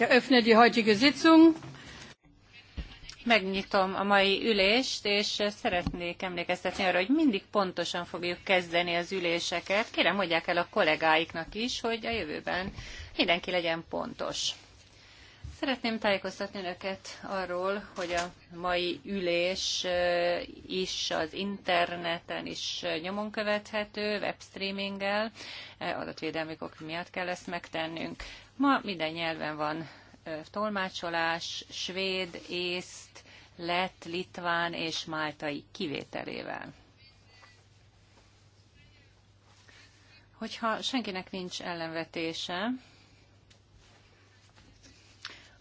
Ich eröffne die heutige Sitzung. Megnyitom a mai ülést, és szeretnék emlékeztetni arra, hogy mindig pontosan fogjuk kezdeni az üléseket. Kérem, mondják el a kollégáiknak is, hogy a jövőben mindenki legyen pontos. Szeretném tájékoztatni Önöket arról, hogy a mai ülés is az interneten is nyomon követhető, webstreaminggel, adatvédelmi ok miatt kell ezt megtennünk. Ma minden nyelven van tolmácsolás, svéd, észt, lett, litván és máltai kivételével. Hogyha senkinek nincs ellenvetése,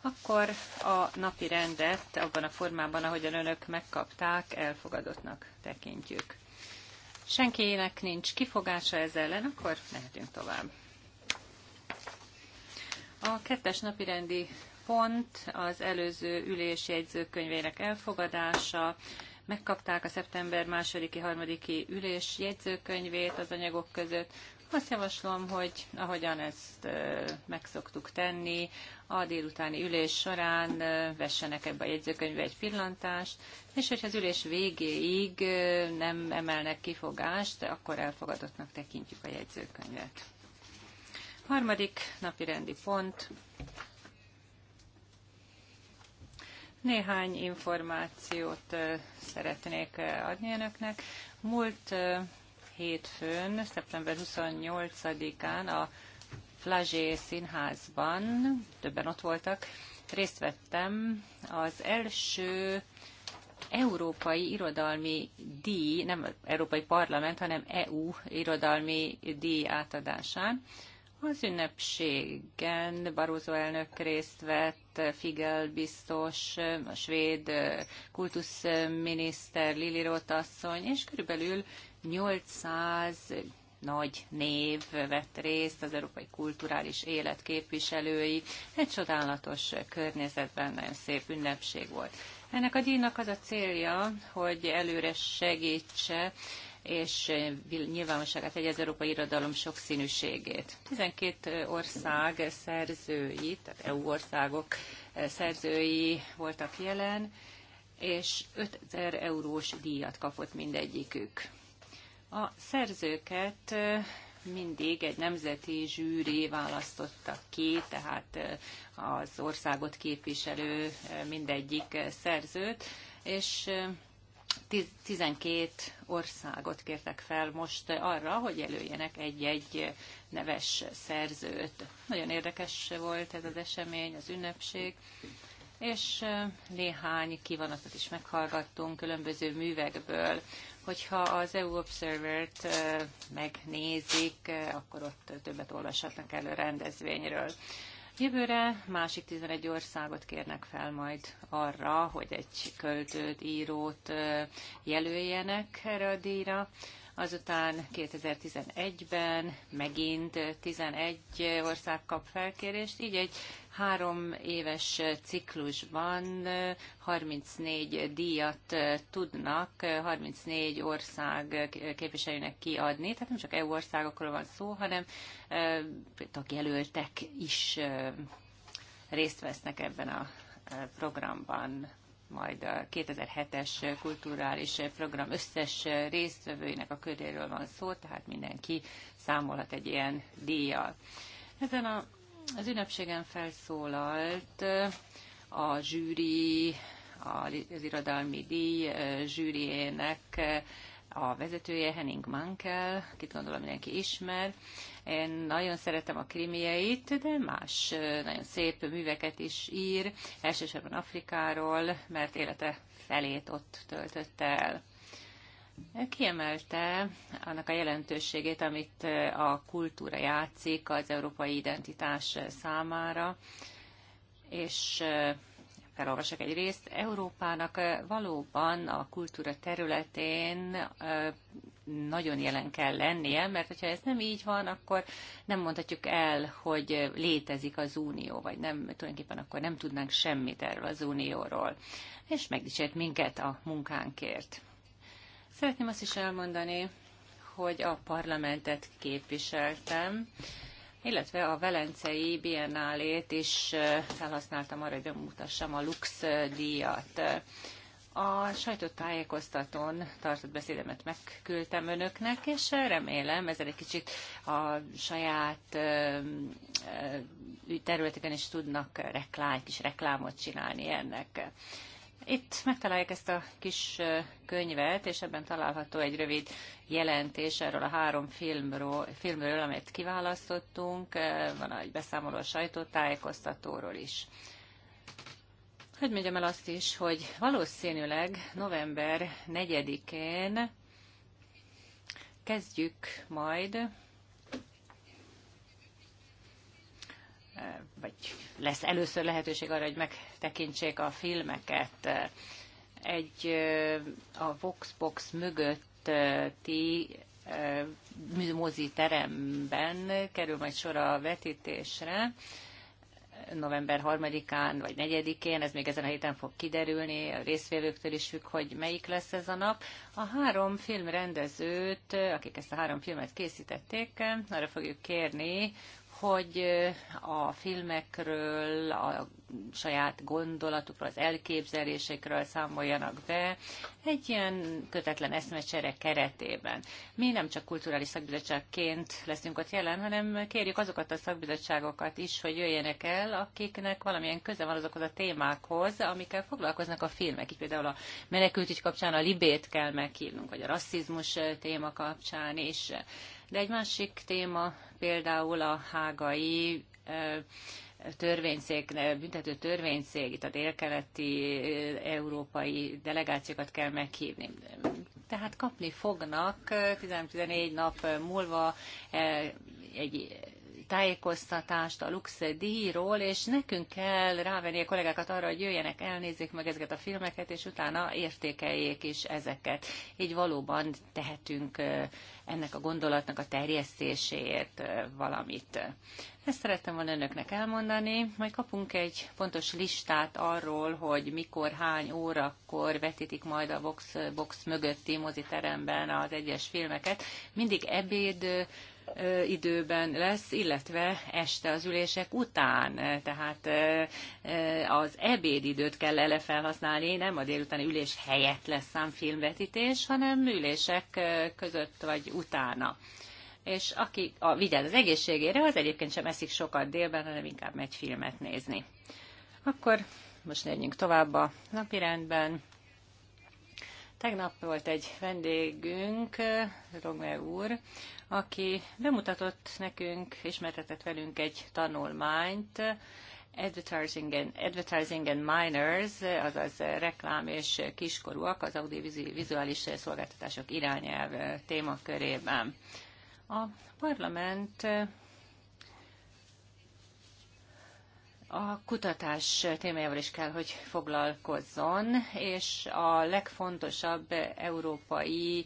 akkor a napi rendet abban a formában, ahogyan önök megkapták, elfogadottnak tekintjük. Senkinek nincs kifogása ez ellen, akkor mehetünk tovább. A kettes napirendi pont az előző ülés jegyzőkönyvének elfogadása. Megkapták a szeptember második-harmadiki ülés jegyzőkönyvét az anyagok között. Azt javaslom, hogy ahogyan ezt megszoktuk tenni, a délutáni ülés során vessenek ebbe a jegyzőkönyvbe egy pillantást, és hogyha az ülés végéig nem emelnek kifogást, akkor elfogadottnak tekintjük a jegyzőkönyvet. Harmadik napi rendi pont. Néhány információt szeretnék adni önöknek. Múlt hétfőn, szeptember 28-án a Flagé színházban, többen ott voltak, részt vettem az első Európai Irodalmi Díj, nem Európai Parlament, hanem EU Irodalmi Díj átadásán. Az ünnepségen Barózó elnök részt vett, Figel biztos, a svéd kultuszminiszter Lili Rotasszony, és körülbelül 800 nagy név vett részt, az európai kulturális élet képviselői. Egy csodálatos környezetben nagyon szép ünnepség volt. Ennek a díjnak az a célja, hogy előre segítse és nyilvánosságát egy az európai irodalom sokszínűségét. 12 ország szerzői, tehát EU országok szerzői voltak jelen, és 5000 eurós díjat kapott mindegyikük. A szerzőket mindig egy nemzeti zsűri választotta ki, tehát az országot képviselő mindegyik szerzőt, és 12 országot kértek fel most arra, hogy előjenek egy-egy neves szerzőt. Nagyon érdekes volt ez az esemény, az ünnepség, és néhány kivonatot is meghallgattunk különböző művekből hogyha az EU Observer-t megnézik, akkor ott többet olvashatnak elő rendezvényről. Jövőre másik 11 országot kérnek fel majd arra, hogy egy költőt, írót jelöljenek erre a díjra. Azután 2011-ben megint 11 ország kap felkérést, így egy Három éves ciklusban 34 díjat tudnak 34 ország képviselőnek kiadni, tehát nem csak EU országokról van szó, hanem jelöltek is részt vesznek ebben a programban majd a 2007-es kulturális program összes résztvevőinek a köréről van szó, tehát mindenki számolhat egy ilyen díjjal. Ezen a az ünnepségen felszólalt eh, a zsűri, az irodalmi díj eh, zsűriének eh, a vezetője Henning Mankel, akit gondolom mindenki ismer. Én nagyon szeretem a krimieit, de más nagyon szép műveket is ír, elsősorban Afrikáról, mert élete felét ott töltötte el. Kiemelte annak a jelentőségét, amit eh, a kultúra játszik az európai identitás eh, számára, és eh, felolvasok egy részt. Európának valóban a kultúra területén nagyon jelen kell lennie, mert hogyha ez nem így van, akkor nem mondhatjuk el, hogy létezik az unió, vagy nem, tulajdonképpen akkor nem tudnánk semmit erről az unióról. És megdicsért minket a munkánkért. Szeretném azt is elmondani, hogy a parlamentet képviseltem, illetve a Velencei Biennálét is felhasználtam arra, hogy bemutassam a Lux díjat. A sajtótájékoztatón tartott beszédemet megküldtem önöknek, és remélem ezzel egy kicsit a saját területeken is tudnak kis reklámot csinálni ennek. Itt megtalálják ezt a kis könyvet, és ebben található egy rövid jelentés erről a három filmről, filmről amelyet kiválasztottunk, van egy beszámoló a sajtótájékoztatóról is. Hogy mondjam el azt is, hogy valószínűleg november 4-én kezdjük majd Eh, vagy lesz először lehetőség arra, hogy megtekintsék a filmeket. Egy eh, a Voxbox mögötti eh, mozi teremben kerül majd sor a vetítésre november 3-án vagy 4-én, ez még ezen a héten fog kiderülni, a részvevőktől is függ, hogy melyik lesz ez a nap. A három filmrendezőt, akik ezt a három filmet készítették, arra fogjuk kérni, hogy a filmekről, a saját gondolatukról, az elképzelésekről számoljanak be egy ilyen kötetlen eszmecsere keretében. Mi nem csak kulturális szakbizottságként leszünk ott jelen, hanem kérjük azokat a szakbizottságokat is, hogy jöjjenek el, akiknek valamilyen köze van azokhoz a témákhoz, amikkel foglalkoznak a filmek. Így például a menekültügy kapcsán a libét kell meghívnunk, vagy a rasszizmus téma kapcsán is. De egy másik téma például a hágai törvényszék, büntető törvényszék, itt a délkeleti európai delegációkat kell meghívni. Tehát kapni fognak 14 nap múlva egy tájékoztatást a Lux díjról, és nekünk kell rávenni a kollégákat arra, hogy jöjjenek, elnézzék meg ezeket a filmeket, és utána értékeljék is ezeket. Így valóban tehetünk ennek a gondolatnak a terjesztéséért valamit. Ezt szerettem volna önöknek elmondani, majd kapunk egy pontos listát arról, hogy mikor, hány órakor vetítik majd a box, box mögötti moziteremben az egyes filmeket. Mindig ebéd időben lesz, illetve este az ülések után. Tehát az ebédidőt kell ele felhasználni, nem a délutáni ülés helyett lesz szám filmvetítés, hanem ülések között vagy utána. És aki a, vigyáz az egészségére, az egyébként sem eszik sokat délben, hanem inkább megy filmet nézni. Akkor most nézzünk tovább a napirendben. Tegnap volt egy vendégünk, Rogme úr, aki bemutatott nekünk, ismertetett velünk egy tanulmányt, Advertising and, Advertising and Minors, azaz reklám és kiskorúak az audiovizuális szolgáltatások irányelv témakörében. A parlament a kutatás témájával is kell, hogy foglalkozzon, és a legfontosabb európai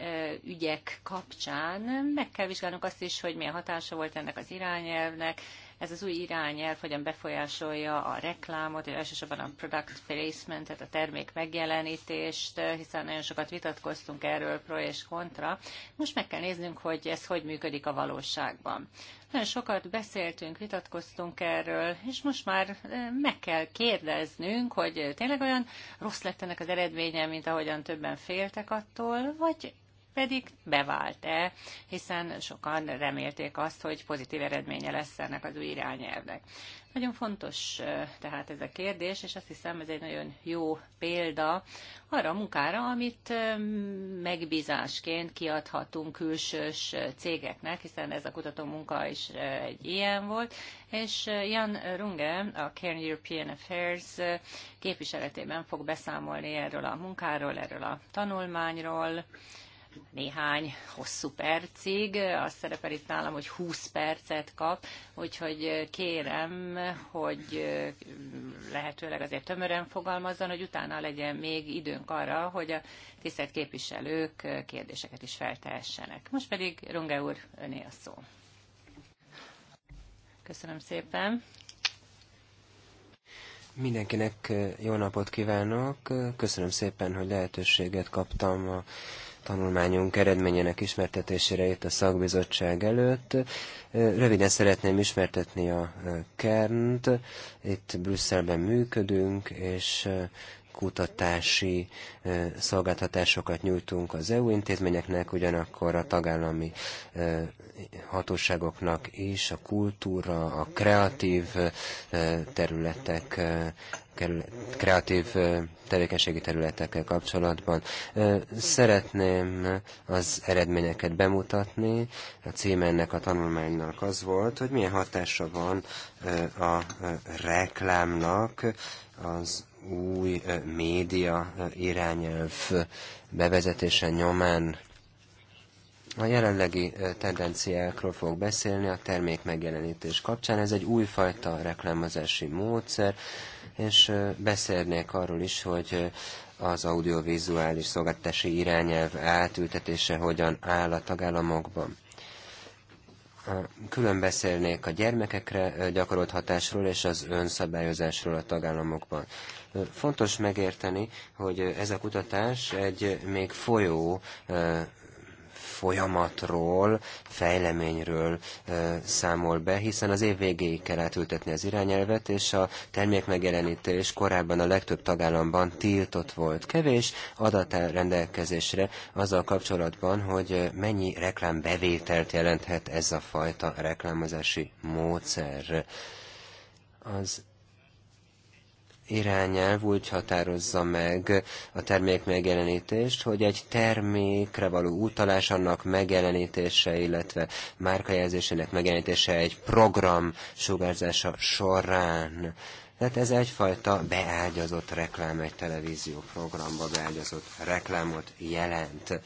Eh, ügyek kapcsán meg kell vizsgálnunk azt is, hogy milyen hatása volt ennek az irányelvnek, ez az új irányelv hogyan befolyásolja a reklámot, és elsősorban a product placement, tehát a termék megjelenítést, eh, hiszen nagyon sokat vitatkoztunk erről pro és kontra. Most meg kell néznünk, hogy ez hogy működik a valóságban. Nagyon sokat beszéltünk, vitatkoztunk erről, és most már eh, meg kell kérdeznünk, hogy tényleg olyan rossz lett ennek az eredménye, mint ahogyan többen féltek attól, vagy pedig bevált-e, hiszen sokan remélték azt, hogy pozitív eredménye lesz ennek az új irányelvnek. Nagyon fontos tehát ez a kérdés, és azt hiszem ez egy nagyon jó példa arra a munkára, amit megbízásként kiadhatunk külsős cégeknek, hiszen ez a kutató munka is egy ilyen volt, és Jan Runge, a Cairn European Affairs képviseletében fog beszámolni erről a munkáról, erről a tanulmányról, néhány hosszú percig, azt szerepel itt nálam, hogy 20 percet kap, úgyhogy kérem, hogy lehetőleg azért tömören fogalmazzon, hogy utána legyen még időnk arra, hogy a tisztelt képviselők kérdéseket is feltehessenek. Most pedig Runge úr, öné a szó. Köszönöm szépen. Mindenkinek jó napot kívánok. Köszönöm szépen, hogy lehetőséget kaptam a tanulmányunk eredményének ismertetésére itt a szakbizottság előtt. Röviden szeretném ismertetni a kernt. Itt Brüsszelben működünk, és kutatási szolgáltatásokat nyújtunk az EU intézményeknek, ugyanakkor a tagállami hatóságoknak is a kultúra, a kreatív területek kreatív tevékenységi területekkel kapcsolatban. Szeretném az eredményeket bemutatni. A címe ennek a tanulmánynak az volt, hogy milyen hatása van a reklámnak az új eh, média eh, irányelv eh, bevezetése nyomán a jelenlegi tendenciákról fog beszélni a termék megjelenítés kapcsán. Ez egy újfajta reklámozási módszer, és beszélnék arról is, hogy az audiovizuális szolgáltatási irányelv átültetése hogyan áll a tagállamokban. Külön beszélnék a gyermekekre gyakorolt hatásról és az önszabályozásról a tagállamokban. Fontos megérteni, hogy ez a kutatás egy még folyó folyamatról, fejleményről számol be, hiszen az év végéig kell átültetni az irányelvet, és a termék megjelenítés korábban a legtöbb tagállamban tiltott volt. Kevés adat rendelkezésre azzal kapcsolatban, hogy mennyi reklámbevételt jelenthet ez a fajta reklámozási módszer. Az irányelv úgy határozza meg a termék megjelenítést, hogy egy termékre való utalás annak megjelenítése, illetve márkajelzésének megjelenítése egy program sugárzása során. Tehát ez egyfajta beágyazott reklám, egy televízió programba beágyazott reklámot jelent.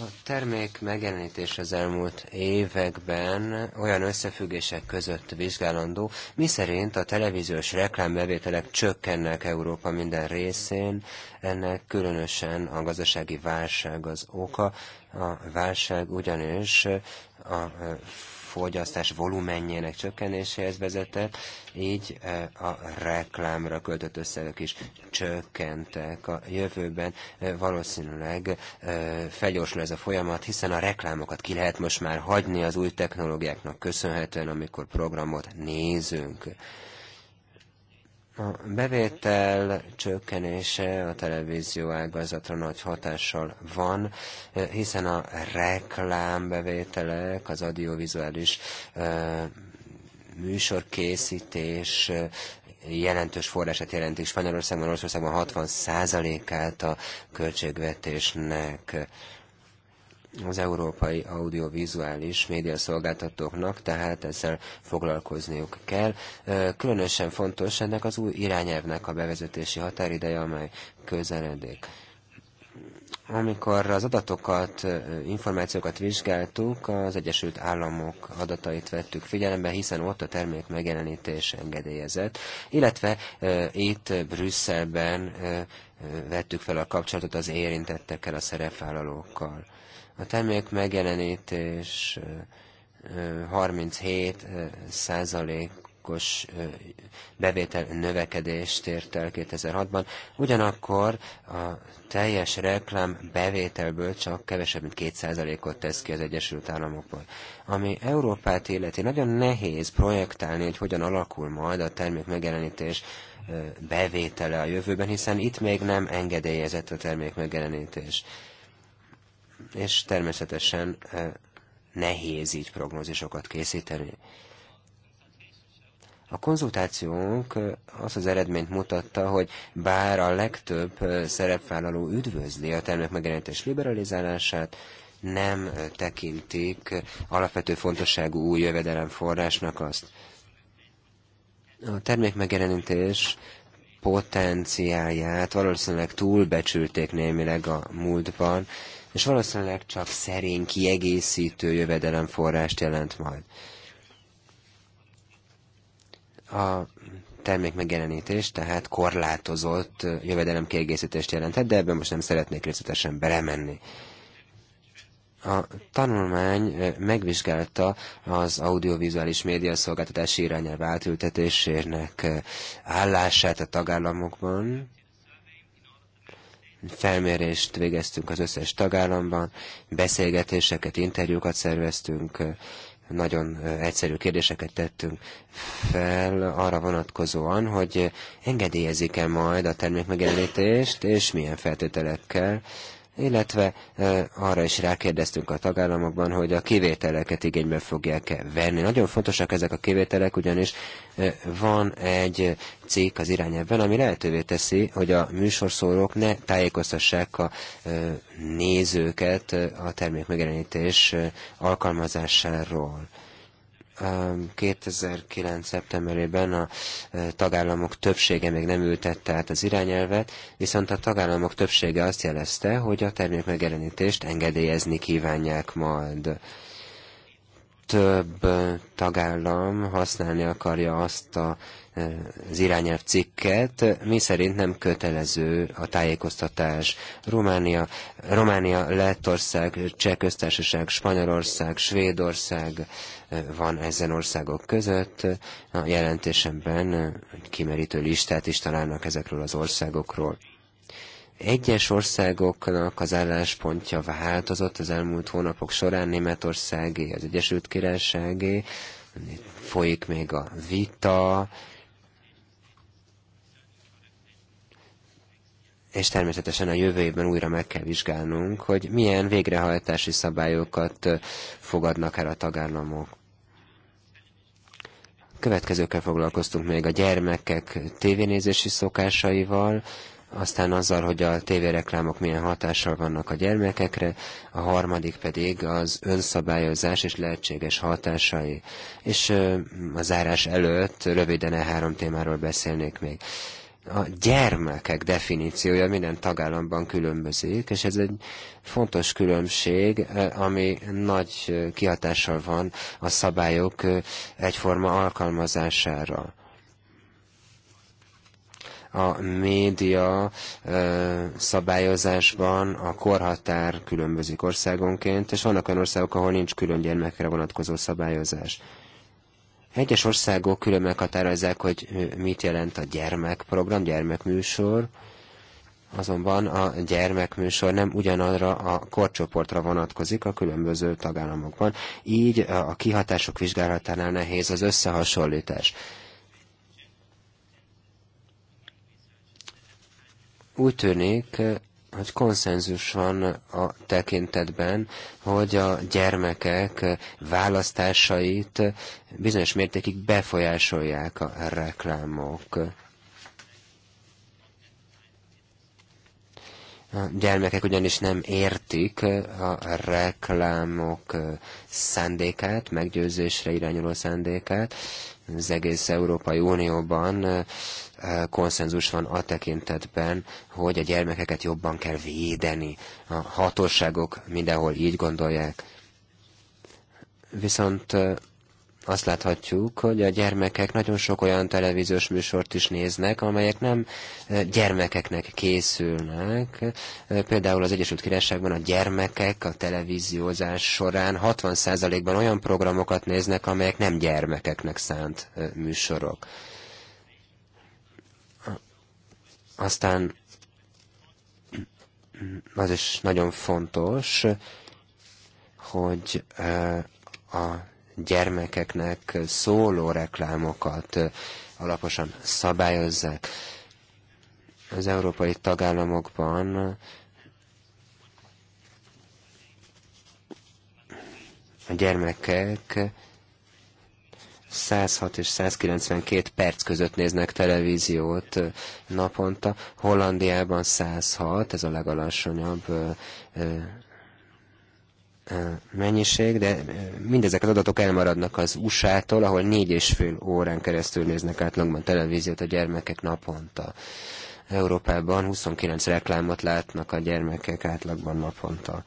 A termék megjelenítés az elmúlt években olyan összefüggések között vizsgálandó, miszerint a televíziós reklámbevételek csökkennek Európa minden részén, ennek különösen a gazdasági válság az oka. A válság ugyanis a fogyasztás volumenjének csökkenéséhez vezetett, így e, a reklámra költött összegek is csökkentek a jövőben. E, valószínűleg e, felgyorsul ez a folyamat, hiszen a reklámokat ki lehet most már hagyni az új technológiáknak köszönhetően, amikor programot nézünk. A bevétel csökkenése a televízió ágazatra nagy hatással van, hiszen a reklámbevételek, az audiovizuális műsorkészítés jelentős forrását jelenti Spanyolországban, Oroszországban 60 át a költségvetésnek az európai audiovizuális médiaszolgáltatóknak, tehát ezzel foglalkozniuk kell. Különösen fontos ennek az új irányelvnek a bevezetési határideje, amely közeledik. Amikor az adatokat, információkat vizsgáltuk, az Egyesült Államok adatait vettük figyelembe, hiszen ott a termék megjelenítés engedélyezett, illetve e, itt Brüsszelben e, vettük fel a kapcsolatot az érintettekkel, a szerepvállalókkal. A termék megjelenítés 37 százalékos bevétel növekedést ért el 2006-ban, ugyanakkor a teljes reklám bevételből csak kevesebb, mint 2 százalékot tesz ki az Egyesült Államokból. Ami Európát illeti, nagyon nehéz projektálni, hogy hogyan alakul majd a termék megjelenítés bevétele a jövőben, hiszen itt még nem engedélyezett a termék megjelenítés és természetesen nehéz így prognózisokat készíteni. A konzultációnk az az eredményt mutatta, hogy bár a legtöbb szerepvállaló üdvözli a termék megjelenítés liberalizálását, nem tekintik alapvető fontosságú új jövedelemforrásnak azt. A termék megjelenítés potenciálját valószínűleg túlbecsülték némileg a múltban, és valószínűleg csak szerény kiegészítő jövedelemforrást jelent majd. A termék megjelenítés, tehát korlátozott kiegészítést jelentett, de ebben most nem szeretnék részletesen belemenni. A tanulmány eh, megvizsgálta az audiovizuális médiaszolgáltatási irányelv átültetésének eh, állását a tagállamokban. Felmérést végeztünk az összes tagállamban, beszélgetéseket, interjúkat szerveztünk, eh, nagyon egyszerű kérdéseket tettünk fel arra vonatkozóan, hogy engedélyezik-e majd a termék megjelenítést, és milyen feltételekkel illetve arra is rákérdeztünk a tagállamokban, hogy a kivételeket igénybe fogják-e venni. Nagyon fontosak ezek a kivételek, ugyanis van egy cikk az irányelvben, ami lehetővé teszi, hogy a műsorszórók ne tájékoztassák a nézőket a termék megjelenítés alkalmazásáról. 2009. Ehm, szeptemberében a e, tagállamok többsége még nem ültette át az irányelvet, viszont a tagállamok többsége azt jelezte, hogy a termék megjelenítést engedélyezni kívánják majd. Több e, tagállam használni akarja azt a az irányelv cikket, mi szerint nem kötelező a tájékoztatás. Románia, Románia Lettország, Cseh köztársaság, Spanyolország, Svédország eh, van ezen országok között. A jelentésemben eh, kimerítő listát is találnak ezekről az országokról. Egyes országoknak az álláspontja változott az elmúlt hónapok során, Németországé, az Egyesült Királyságé, itt folyik még a vita, és természetesen a jövő évben újra meg kell vizsgálnunk, hogy milyen végrehajtási szabályokat fogadnak el a tagállamok. Következőkkel foglalkoztunk még a gyermekek tévénézési szokásaival, aztán azzal, hogy a tévéreklámok milyen hatással vannak a gyermekekre, a harmadik pedig az önszabályozás és lehetséges hatásai. És a zárás előtt röviden e három témáról beszélnék még a gyermekek definíciója minden tagállamban különbözik, és ez egy fontos különbség, eh, ami nagy eh, kihatással van a szabályok eh, egyforma alkalmazására. A média szabályozásban a korhatár különbözik országonként, és vannak olyan országok, ahol nincs külön gyermekre vonatkozó szabályozás. Egyes országok külön meghatározzák, hogy mit jelent a gyermekprogram, gyermekműsor, azonban a gyermekműsor nem ugyanarra a korcsoportra vonatkozik a különböző tagállamokban, így a kihatások vizsgálatánál nehéz az összehasonlítás. Úgy tűnik, hogy konszenzus van a tekintetben, hogy a gyermekek választásait bizonyos mértékig befolyásolják a reklámok. A gyermekek ugyanis nem értik a reklámok szándékát, meggyőzésre irányuló szándékát. Az egész Európai Unióban konszenzus van a tekintetben, hogy a gyermekeket jobban kell védeni. A hatóságok mindenhol így gondolják. Viszont azt láthatjuk, hogy a gyermekek nagyon sok olyan televíziós műsort is néznek, amelyek nem gyermekeknek készülnek. Például az Egyesült Királyságban a gyermekek a televíziózás során 60%-ban olyan programokat néznek, amelyek nem gyermekeknek szánt műsorok. Aztán az is nagyon fontos, hogy a gyermekeknek szóló reklámokat alaposan szabályozzák. Az európai tagállamokban a gyermekek 106 és 192 perc között néznek televíziót naponta. Hollandiában 106, ez a legalacsonyabb mennyiség, de mindezek az adatok elmaradnak az USA-tól, ahol négy és fél órán keresztül néznek átlagban televíziót a gyermekek naponta. Európában 29 reklámot látnak a gyermekek átlagban naponta.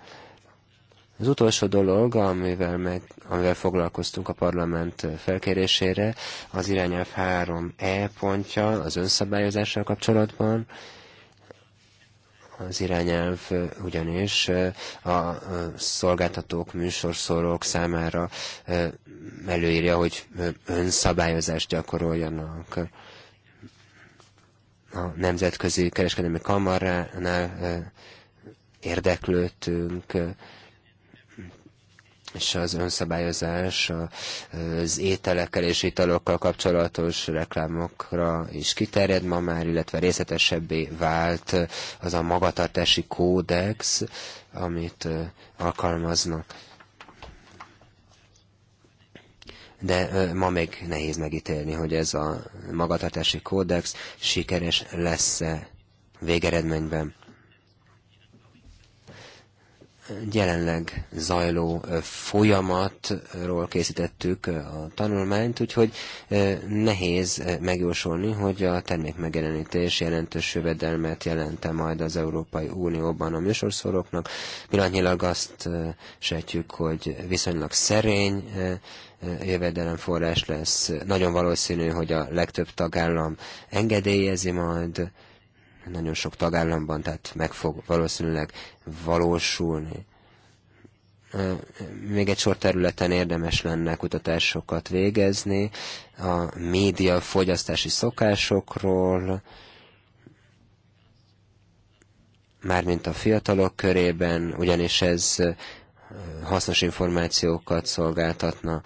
Az utolsó dolog, amivel, meg, amivel foglalkoztunk a parlament felkérésére, az irányelv 3E pontja az önszabályozással kapcsolatban. Az irányelv ugyanis a szolgáltatók, műsorszórók számára előírja, hogy önszabályozást gyakoroljanak a Nemzetközi Kereskedelmi Kamaránál érdeklődtünk, és az önszabályozás az ételekkel és italokkal kapcsolatos reklámokra is kiterjed ma már, illetve részletesebbé vált az a magatartási kódex, amit alkalmaznak. De ma még nehéz megítélni, hogy ez a magatartási kódex sikeres lesz-e végeredményben jelenleg zajló folyamatról készítettük a tanulmányt, úgyhogy nehéz megjósolni, hogy a termék megjelenítés jelentős jövedelmet jelente majd az Európai Unióban a műsorszoroknak. Pillanatnyilag azt sejtjük, hogy viszonylag szerény jövedelemforrás lesz. Nagyon valószínű, hogy a legtöbb tagállam engedélyezi majd nagyon sok tagállamban, tehát meg fog valószínűleg valósulni. Még egy sor területen érdemes lenne kutatásokat végezni, a média fogyasztási szokásokról, mármint a fiatalok körében, ugyanis ez hasznos információkat szolgáltatna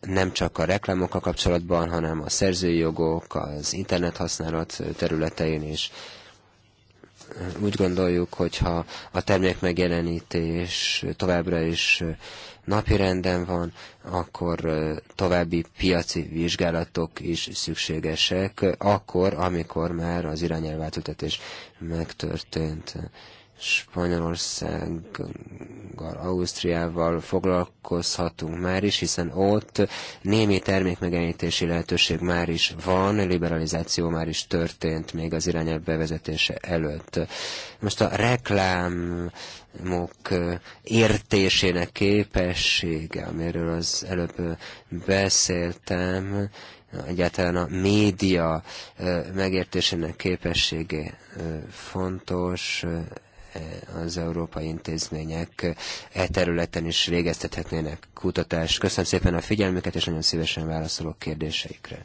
nem csak a reklámokkal kapcsolatban, hanem a szerzői jogok, az internethasználat területein is. Úgy gondoljuk, hogyha a termék megjelenítés továbbra is napi renden van, akkor további piaci vizsgálatok is szükségesek, akkor, amikor már az irányelváltatás megtörtént. Spanyolországgal, Ausztriával foglalkozhatunk már is, hiszen ott némi termékmegenítési lehetőség már is van, liberalizáció már is történt még az irányelv bevezetése előtt. Most a reklámok értésének képessége, amiről az előbb beszéltem, egyáltalán a média megértésének képessége fontos, az európai intézmények e területen is végeztethetnének kutatást. Köszönöm szépen a figyelmüket, és nagyon szívesen válaszolok kérdéseikre.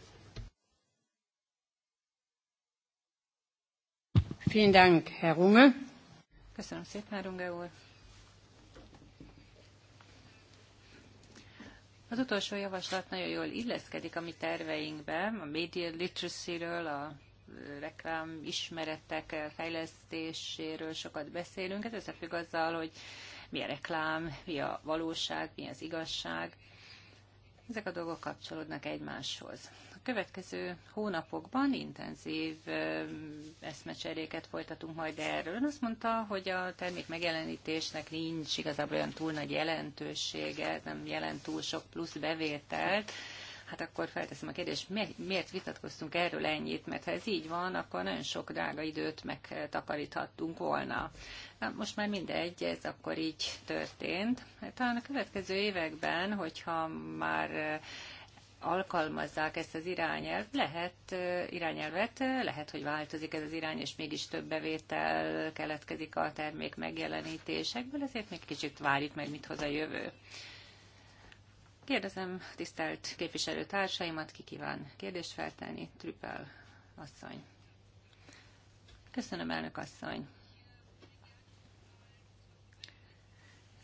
Vielen Dank, Herr Runge. Köszönöm szépen, Runge úr. Az utolsó javaslat nagyon jól illeszkedik a mi terveinkbe, a media literacy-ről, a reklám ismeretek fejlesztéséről sokat beszélünk. Ez összefügg azzal, hogy mi a reklám, mi a valóság, mi az igazság. Ezek a dolgok kapcsolódnak egymáshoz. A következő hónapokban intenzív eszmecseréket folytatunk majd erről. Ön azt mondta, hogy a termék megjelenítésnek nincs igazából olyan túl nagy jelentősége, nem jelent túl sok plusz bevételt, hát akkor felteszem a kérdést, miért, vitatkoztunk erről ennyit, mert ha ez így van, akkor nagyon sok drága időt megtakaríthattunk volna. Na, most már mindegy, ez akkor így történt. Hát talán a következő években, hogyha már alkalmazzák ezt az irányelv, lehet, irányelvet, lehet, hogy változik ez az irány, és mégis több bevétel keletkezik a termék megjelenítésekből, ezért még kicsit várjuk meg, mit hoz a jövő. Kérdezem tisztelt képviselőtársaimat, ki kíván kérdést feltenni, Trüppel asszony. Köszönöm, elnök asszony.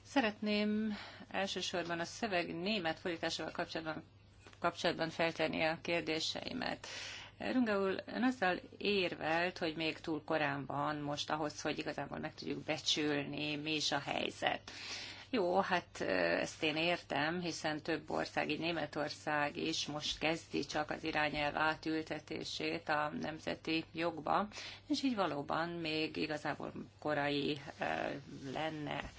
Szeretném elsősorban a szöveg német fordításával kapcsolatban, kapcsolatban feltenni a kérdéseimet. Rungaul ön azzal érvelt, hogy még túl korán van most ahhoz, hogy igazából meg tudjuk becsülni, mi is a helyzet. Jó, hát ezt én értem, hiszen több ország, így Németország is most kezdi csak az irányelv átültetését a nemzeti jogba, és így valóban még igazából korai lenne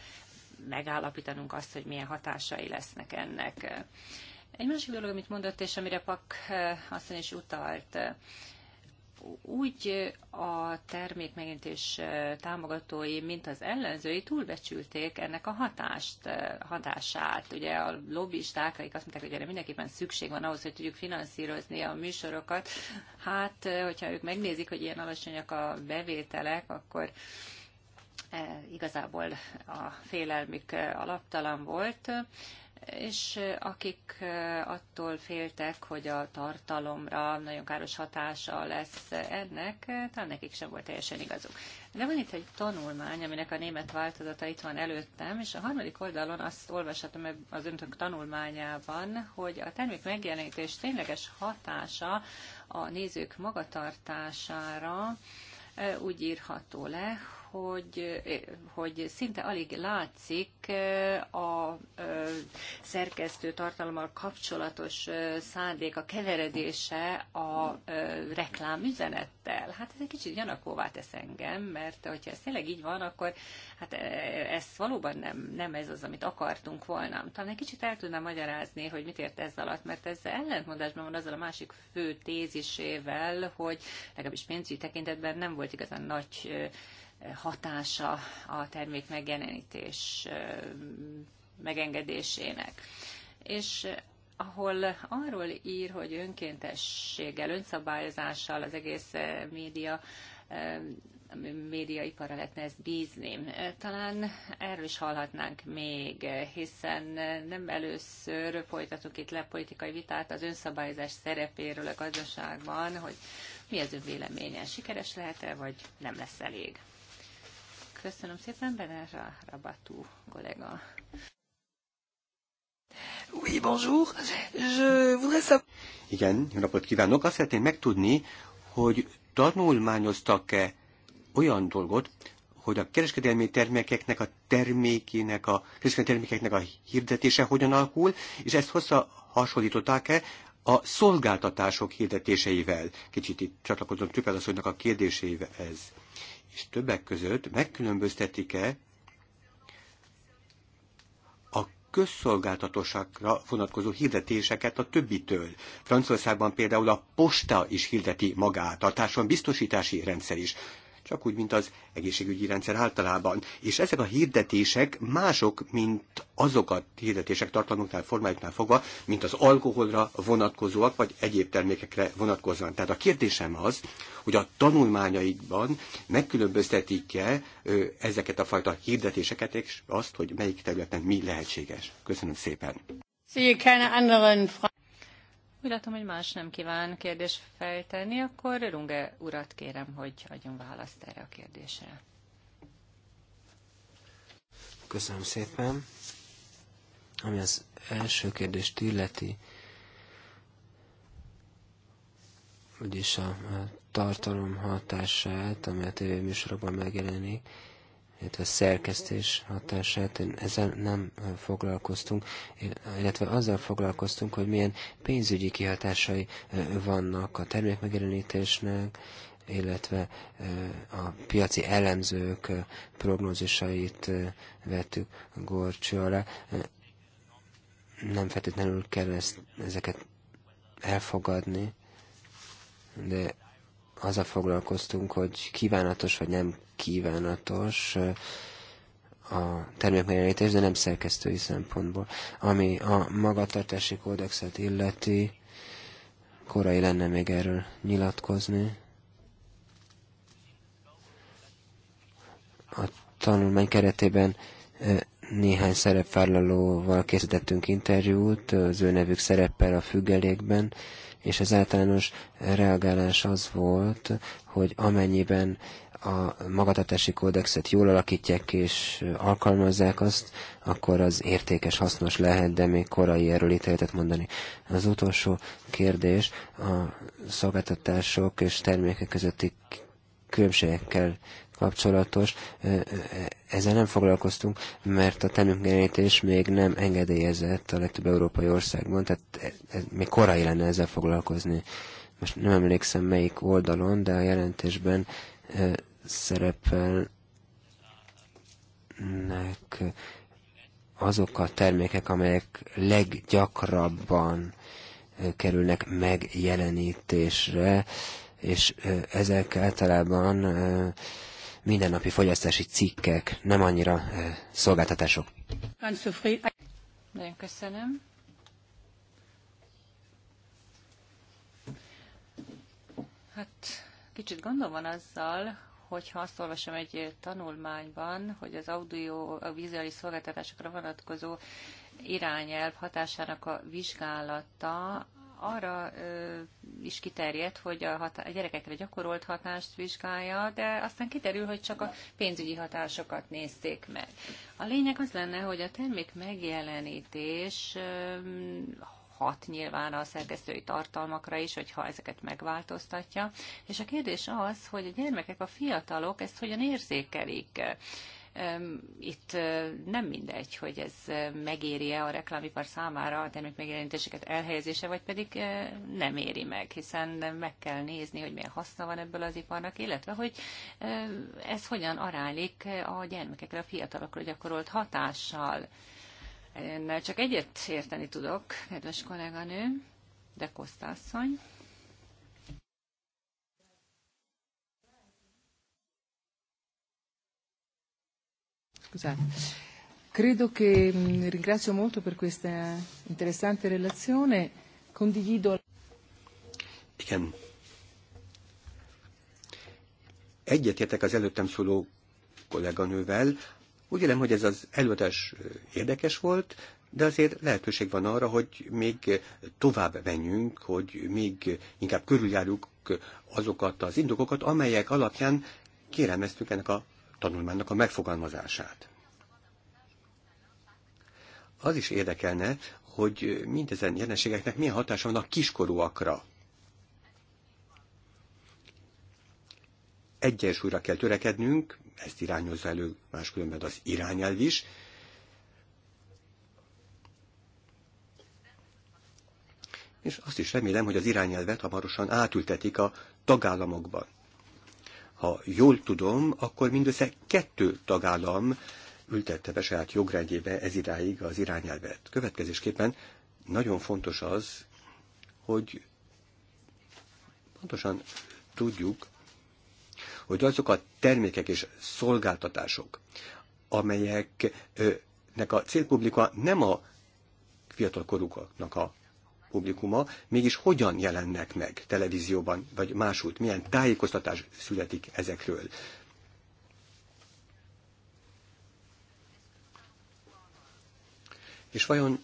megállapítanunk azt, hogy milyen hatásai lesznek ennek. Egy másik dolog, amit mondott, és amire Pak aztán is utalt, úgy a termék megjelentés támogatói, mint az ellenzői túlbecsülték ennek a hatást, hatását. Ugye a lobbisták, akik azt mondták, hogy erre mindenképpen szükség van ahhoz, hogy tudjuk finanszírozni a műsorokat, hát hogyha ők megnézik, hogy ilyen alacsonyak a bevételek, akkor igazából a félelmük alaptalan volt és akik attól féltek, hogy a tartalomra nagyon káros hatása lesz ennek, talán nekik sem volt teljesen igazuk. De van itt egy tanulmány, aminek a német változata itt van előttem, és a harmadik oldalon azt olvashatom az öntök tanulmányában, hogy a termék megjelenítés tényleges hatása a nézők magatartására úgy írható le, hogy, hogy szinte alig látszik a szerkesztő tartalommal kapcsolatos szándék, a keveredése a reklámüzenettel. Hát ez egy kicsit gyanakóvá tesz engem, mert hogyha ez tényleg így van, akkor hát ez valóban nem, nem ez az, amit akartunk volna. Talán egy kicsit el tudnám magyarázni, hogy mit ért ez alatt, mert ez ellentmondásban van azzal a másik fő tézisével, hogy legalábbis pénzügyi tekintetben nem volt igazán nagy hatása a termék megjelenítés megengedésének. És ahol arról ír, hogy önkéntességgel, önszabályozással az egész média médiaiparra lehetne ezt bízni. Talán erről is hallhatnánk még, hiszen nem először folytatunk itt le politikai vitát az önszabályozás szerepéről a gazdaságban, hogy mi az ön véleménye, sikeres lehet-e, vagy nem lesz elég. Köszönöm szépen, a Rabatú kollega. Oui, bonjour. Je voudrais ça... Igen, jó napot kívánok. Azt szeretném megtudni, hogy tanulmányoztak-e olyan dolgot, hogy a kereskedelmi termékeknek a termékének, a kereskedelmi termékeknek a hirdetése hogyan alakul, és ezt hozzá hasonlították-e a szolgáltatások hirdetéseivel. Kicsit itt csatlakozom Tüpelasszonynak a kérdéseivel ez és többek között megkülönböztetik-e a közszolgáltatósakra vonatkozó hirdetéseket a többitől. Franciaországban például a posta is hirdeti magát, a biztosítási rendszer is csak úgy, mint az egészségügyi rendszer általában. És ezek a hirdetések mások, mint azok a hirdetések tartalmuknál, formájuknál fogva, mint az alkoholra vonatkozóak, vagy egyéb termékekre vonatkozóan. Tehát a kérdésem az, hogy a tanulmányaikban megkülönböztetik-e ezeket a fajta hirdetéseket, és azt, hogy melyik területen mi lehetséges. Köszönöm szépen. Úgy látom, hogy más nem kíván kérdést feltenni, akkor Runge urat kérem, hogy adjon választ erre a kérdésre. Köszönöm szépen. Ami az első kérdést illeti, vagyis a tartalom hatását, ami a tévéműsorokban megjelenik, illetve szerkesztés hatását, ezzel nem foglalkoztunk, illetve azzal foglalkoztunk, hogy milyen pénzügyi kihatásai vannak a termék megjelenítésnek, illetve a piaci elemzők prognózisait vettük gorcső alá. Nem feltétlenül kell ezt, ezeket elfogadni, de azzal foglalkoztunk, hogy kívánatos vagy nem kívánatos a termék megjelentés, de nem szerkesztői szempontból. Ami a magatartási kódexet illeti, korai lenne még erről nyilatkozni. A tanulmány keretében néhány szerepvállalóval készítettünk interjút, az ő nevük szerepel a függelékben, és az általános reagálás az volt, hogy amennyiben a magatartási kódexet jól alakítják és alkalmazzák azt, akkor az értékes, hasznos lehet, de még korai erről ítéletet mondani. Az utolsó kérdés a szolgáltatások és termékek közötti különbségekkel kapcsolatos, ezzel nem foglalkoztunk, mert a termékgenítés még nem engedélyezett a legtöbb európai országban, tehát ez, e, még korai lenne ezzel foglalkozni. Most nem emlékszem melyik oldalon, de a jelentésben szerepelnek azok a termékek, amelyek leggyakrabban kerülnek megjelenítésre, és ezek általában mindennapi fogyasztási cikkek, nem annyira eh, szolgáltatások. Nagyon köszönöm. Hát kicsit gondom van azzal, hogyha azt olvasom egy tanulmányban, hogy az audio-vizuális a szolgáltatásokra vonatkozó irányelv hatásának a vizsgálata arra is kiterjedt, hogy a, hatá- a gyerekekre gyakorolt hatást vizsgálja, de aztán kiderül, hogy csak a pénzügyi hatásokat nézték meg. A lényeg az lenne, hogy a termék megjelenítés hat nyilván a szerkesztői tartalmakra is, hogyha ezeket megváltoztatja. És a kérdés az, hogy a gyermekek, a fiatalok ezt hogyan érzékelik itt nem mindegy, hogy ez megéri-e a reklámipar számára a termék megjelenítéseket elhelyezése, vagy pedig nem éri meg, hiszen meg kell nézni, hogy milyen haszna van ebből az iparnak, illetve hogy ez hogyan arálik a gyermekekre, a fiatalokra gyakorolt hatással. Én csak egyet érteni tudok, kedves kolléganő, de Kosztászony. Scusate. Credo che mm, ringrazio molto per questa interessante relazione. Condivido. Igen. Egyetértek az előttem szóló kolléganővel. Úgy élem, hogy ez az előadás érdekes volt, de azért lehetőség van arra, hogy még tovább menjünk, hogy még inkább körüljárjuk azokat az indokokat, amelyek alapján kérelmeztük ennek a tanulmánynak a megfogalmazását. Az is érdekelne, hogy mindezen jelenségeknek milyen hatása van a kiskorúakra. Egyensúlyra kell törekednünk, ezt irányozza elő máskülönben az irányelv is, és azt is remélem, hogy az irányelvet hamarosan átültetik a tagállamokban. Ha jól tudom, akkor mindössze kettő tagállam ültette be saját jogrendjébe ez idáig az irányelvet. Következésképpen nagyon fontos az, hogy pontosan tudjuk, hogy azok a termékek és szolgáltatások, amelyeknek a célpublika nem a fiatalkorúknak a publikuma mégis hogyan jelennek meg televízióban, vagy máshogy, milyen tájékoztatás születik ezekről. És vajon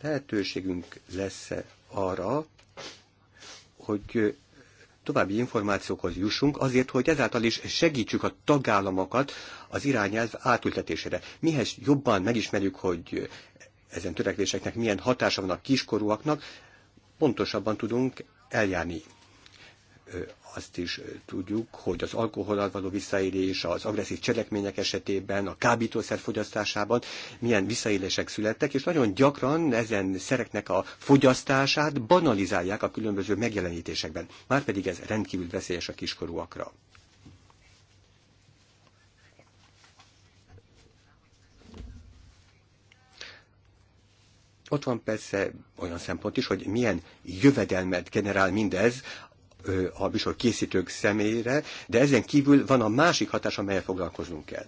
lehetőségünk lesz -e arra, hogy további információkhoz jussunk, azért, hogy ezáltal is segítsük a tagállamokat az irányelv átültetésére. Mihez jobban megismerjük, hogy ezen törekvéseknek milyen hatása van a kiskorúaknak, pontosabban tudunk eljárni azt is tudjuk, hogy az alkoholal való visszaélés, az agresszív cselekmények esetében, a kábítószer fogyasztásában milyen visszaélések születtek, és nagyon gyakran ezen szereknek a fogyasztását banalizálják a különböző megjelenítésekben. Márpedig ez rendkívül veszélyes a kiskorúakra. Ott van persze olyan szempont is, hogy milyen jövedelmet generál mindez a műsor készítők szemére, de ezen kívül van a másik hatás, amelyel foglalkoznunk kell.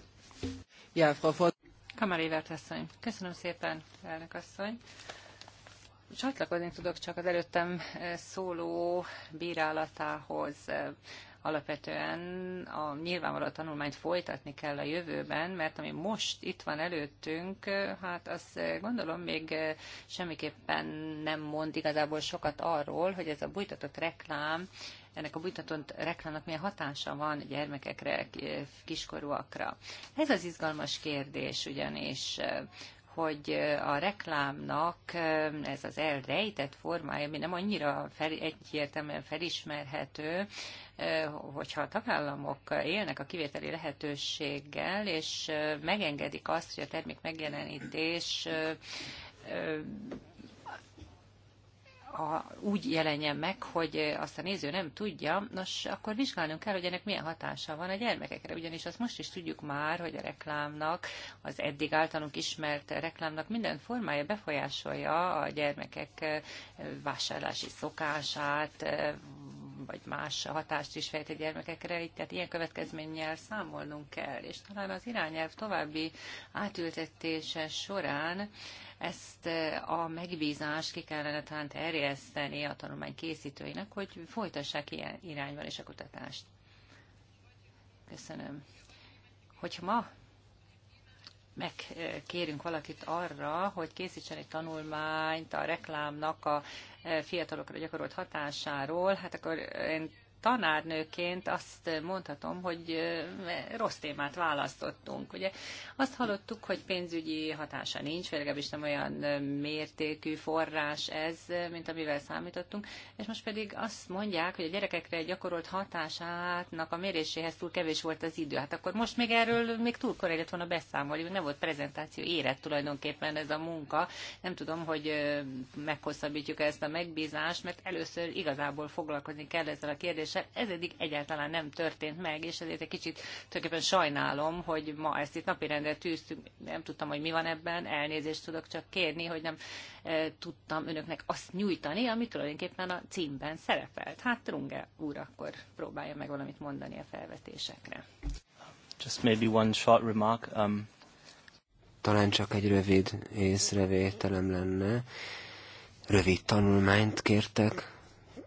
Ja, Frau Ford. Kamarévert asszony. Köszönöm szépen, elnök asszony. Csatlakozni tudok csak az előttem szóló bírálatához alapvetően a nyilvánvaló tanulmányt folytatni kell a jövőben, mert ami most itt van előttünk, hát azt gondolom még semmiképpen nem mond igazából sokat arról, hogy ez a bújtatott reklám, ennek a bújtatott reklámnak milyen hatása van gyermekekre, kiskorúakra. Ez az izgalmas kérdés ugyanis hogy eh, a reklámnak eh, ez az elrejtett formája, ami nem annyira fel, egyértelműen felismerhető, eh, hogyha a tagállamok élnek a kivételi lehetőséggel, és megengedik azt, hogy a termék megjelenítés a, úgy jelenjen meg, hogy azt a néző nem tudja, nos, akkor vizsgálnunk kell, hogy ennek milyen hatása van a gyermekekre, ugyanis azt most is tudjuk már, hogy a reklámnak, az eddig általunk ismert reklámnak minden formája befolyásolja a gyermekek vásárlási szokását, vagy más hatást is fejt a gyermekekre, így tehát ilyen következménnyel számolnunk kell, és talán az irányelv további átültetése során ezt eh, a megbízást ki kellene talán terjeszteni a tanulmány készítőinek, hogy folytassák ilyen irányban is a kutatást. Köszönöm. Hogyha ma megkérünk valakit arra, hogy készítsen egy tanulmányt a reklámnak a e, fiatalokra gyakorolt hatásáról, hát akkor én tanárnőként azt mondhatom, hogy rossz témát választottunk. Ugye azt hallottuk, hogy pénzügyi hatása nincs, vagy legalábbis nem olyan mértékű forrás ez, mint amivel számítottunk, és most pedig azt mondják, hogy a gyerekekre gyakorolt hatásának a méréséhez túl kevés volt az idő. Hát akkor most még erről még túl korrekt volna beszámolni, nem volt prezentáció, érett tulajdonképpen ez a munka. Nem tudom, hogy meghosszabbítjuk ezt a megbízást, mert először igazából foglalkozni kell ezzel a kérdéssel, kérdéssel. Ez eddig egyáltalán nem történt meg, és ezért egy kicsit tulajdonképpen sajnálom, hogy ma ezt itt napirendre tűztük, nem tudtam, hogy mi van ebben, elnézést tudok csak kérni, hogy nem e, tudtam önöknek azt nyújtani, ami tulajdonképpen a címben szerepelt. Hát Runge úr akkor próbálja meg valamit mondani a felvetésekre. Just maybe one short remark. Um... Talán csak egy rövid észrevételem lenne. Rövid tanulmányt kértek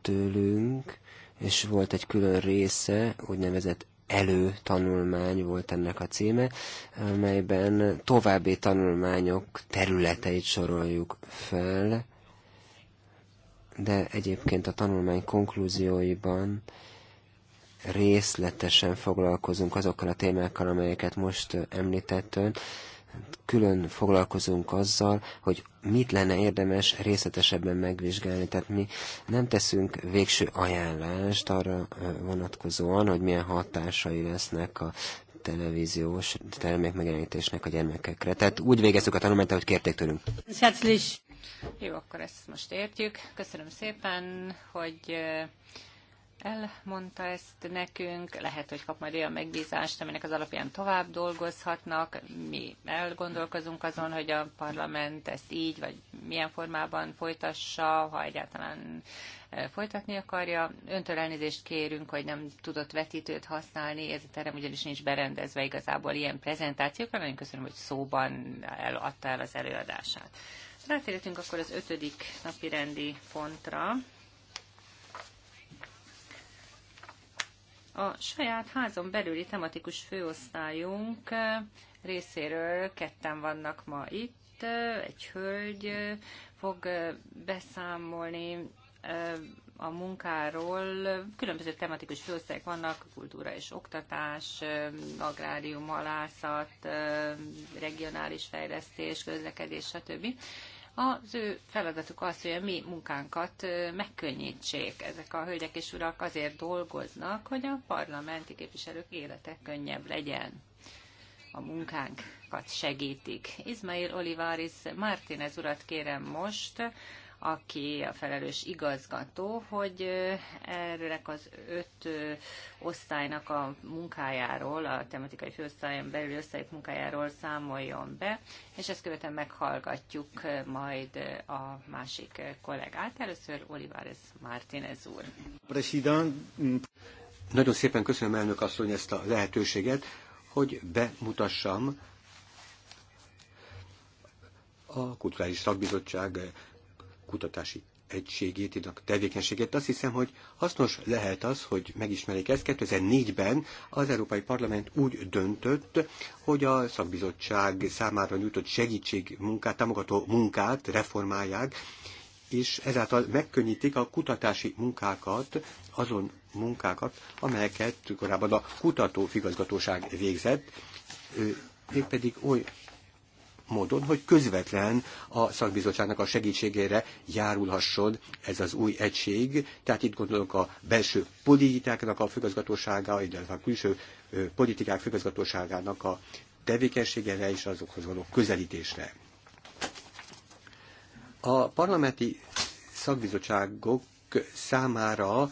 tőlünk és volt egy külön része, úgynevezett előtanulmány volt ennek a címe, amelyben további tanulmányok területeit soroljuk fel, de egyébként a tanulmány konklúzióiban részletesen foglalkozunk azokkal a témákkal, amelyeket most említettön külön foglalkozunk azzal, hogy mit lenne érdemes részletesebben megvizsgálni. Tehát mi nem teszünk végső ajánlást arra vonatkozóan, hogy milyen hatásai lesznek a televíziós termék megjelenítésnek a gyermekekre. Tehát úgy végeztük a tanulmányt, ahogy kérték tőlünk. Jó, akkor ezt most értjük. Köszönöm szépen, hogy elmondta ezt nekünk, lehet, hogy kap majd olyan megbízást, aminek az alapján tovább dolgozhatnak. Mi elgondolkozunk azon, hogy a parlament ezt így, vagy milyen formában folytassa, ha egyáltalán e, folytatni akarja. Öntől elnézést kérünk, hogy nem tudott vetítőt használni, ez a terem ugyanis nincs berendezve igazából ilyen prezentációkra. Nagyon köszönöm, hogy szóban eladta el az előadását. Rátérhetünk akkor az ötödik napi rendi pontra, A saját házon belüli tematikus főosztályunk részéről ketten vannak ma itt. Egy hölgy fog beszámolni a munkáról. Különböző tematikus főosztályok vannak, kultúra és oktatás, agrárium, halászat, regionális fejlesztés, közlekedés, stb. Az ő feladatuk az, hogy a mi munkánkat megkönnyítsék. Ezek a hölgyek és urak azért dolgoznak, hogy a parlamenti képviselők élete könnyebb legyen. A munkánkat segítik. Izmail Olivaris Martínez urat kérem most, aki a felelős igazgató, hogy erről az öt osztálynak a munkájáról, a tematikai főosztályon belül osztályok munkájáról számoljon be, és ezt követően meghallgatjuk majd a másik kollégát. Először Olivares Martínez úr. President. Mm. Nagyon szépen köszönöm elnök asszony ezt a lehetőséget, hogy bemutassam a Kulturális Szakbizottság kutatási egységét, a tevékenységét. Azt hiszem, hogy hasznos lehet az, hogy megismerik ezt. 2004-ben az Európai Parlament úgy döntött, hogy a szakbizottság számára nyújtott segítség munkát, támogató munkát reformálják, és ezáltal megkönnyítik a kutatási munkákat, azon munkákat, amelyeket korábban a kutató figazgatóság végzett, mégpedig oly módon, hogy közvetlen a szakbizottságnak a segítségére járulhasson ez az új egység. Tehát itt gondolok a belső politikáknak a főgazgatósága, illetve a külső politikák főgazgatóságának a tevékenységére és azokhoz való közelítésre. A parlamenti szakbizottságok számára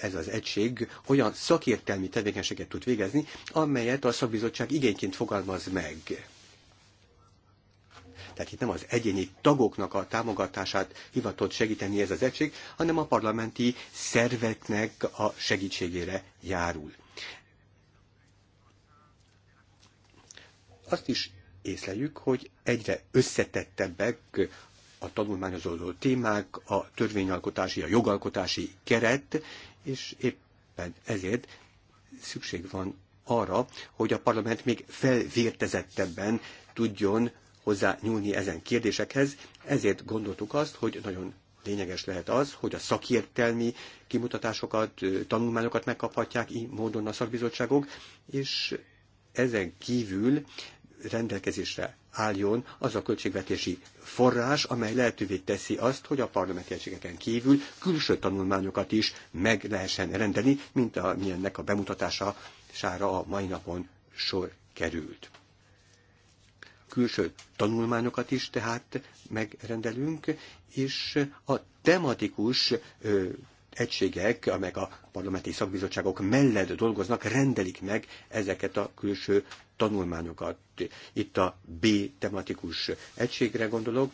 ez az egység olyan szakértelmi tevékenységet tud végezni, amelyet a szakbizottság igényként fogalmaz meg. Tehát itt nem az egyéni tagoknak a támogatását hivatott segíteni ez az egység, hanem a parlamenti szerveknek a segítségére járul. Azt is észleljük, hogy egyre összetettebbek a tanulmányozódó témák, a törvényalkotási, a jogalkotási keret, és éppen ezért szükség van arra, hogy a parlament még felvértezettebben tudjon hozzá nyúlni ezen kérdésekhez, ezért gondoltuk azt, hogy nagyon lényeges lehet az, hogy a szakértelmi kimutatásokat, tanulmányokat megkaphatják így módon a szakbizottságok, és ezen kívül rendelkezésre álljon az a költségvetési forrás, amely lehetővé teszi azt, hogy a parlamenti egységeken kívül külső tanulmányokat is meg lehessen rendelni, mint amilyennek a bemutatására a mai napon sor került külső tanulmányokat is tehát megrendelünk, és a tematikus ö, egységek, amelyek a parlamenti szakbizottságok mellett dolgoznak, rendelik meg ezeket a külső tanulmányokat. Itt a B tematikus egységre gondolok,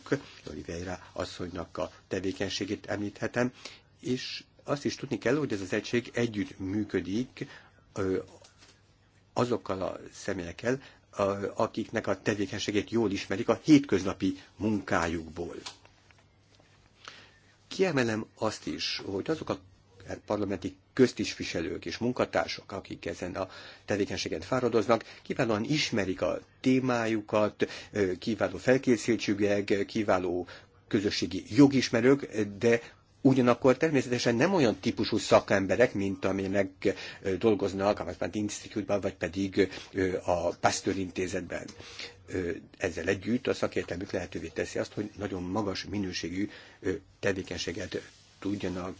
Oliveira asszonynak a tevékenységét említhetem, és azt is tudni kell, hogy ez az egység együtt működik azokkal a személyekkel, akiknek a tevékenységét jól ismerik a hétköznapi munkájukból. Kiemelem azt is, hogy azok a parlamenti köztisviselők és munkatársak, akik ezen a tevékenységen fáradoznak, kiválóan ismerik a témájukat, kiváló felkészültségek, kiváló közösségi jogismerők, de Ugyanakkor természetesen nem olyan típusú szakemberek, mint amilyenek dolgoznak a Mathmat institute vagy pedig a Pasteur Intézetben. Ezzel együtt a szakértelmük lehetővé teszi azt, hogy nagyon magas minőségű tevékenységet tudjanak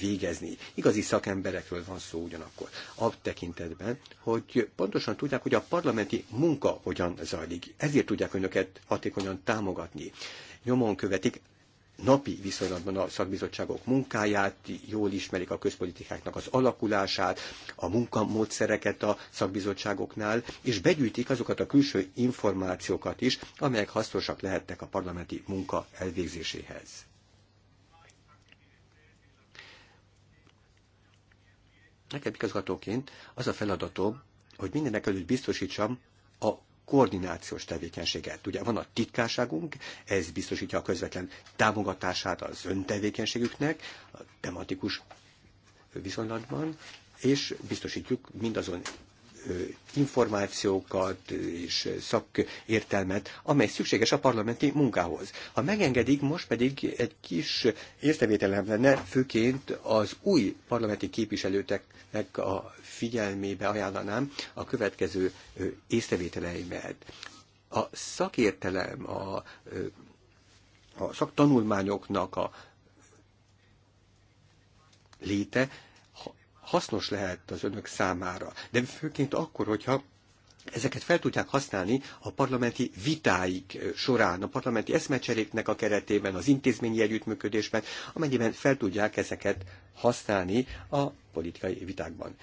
végezni. Igazi szakemberekről van szó ugyanakkor. A tekintetben, hogy pontosan tudják, hogy a parlamenti munka hogyan zajlik. Ezért tudják önöket hatékonyan támogatni. Nyomon követik napi viszonylatban a szakbizottságok munkáját, jól ismerik a közpolitikáknak az alakulását, a munkamódszereket a szakbizottságoknál, és begyűjtik azokat a külső információkat is, amelyek hasznosak lehetnek a parlamenti munka elvégzéséhez. Nekem igazgatóként az a feladatom, hogy mindenek előtt biztosítsam a koordinációs tevékenységet. Ugye van a titkárságunk, ez biztosítja a közvetlen támogatását az öntevékenységüknek, a tematikus viszonylatban, és biztosítjuk mindazon információkat és szakértelmet, amely szükséges a parlamenti munkához. Ha megengedik, most pedig egy kis észrevételem lenne, főként az új parlamenti képviselőteknek a figyelmébe ajánlanám a következő észrevételeimet. A szakértelem, a, a szaktanulmányoknak a léte hasznos lehet az önök számára. De főként akkor, hogyha ezeket fel tudják használni a parlamenti vitáik során, a parlamenti eszmecseréknek a keretében, az intézményi együttműködésben, amennyiben fel tudják ezeket használni a politikai vitákban.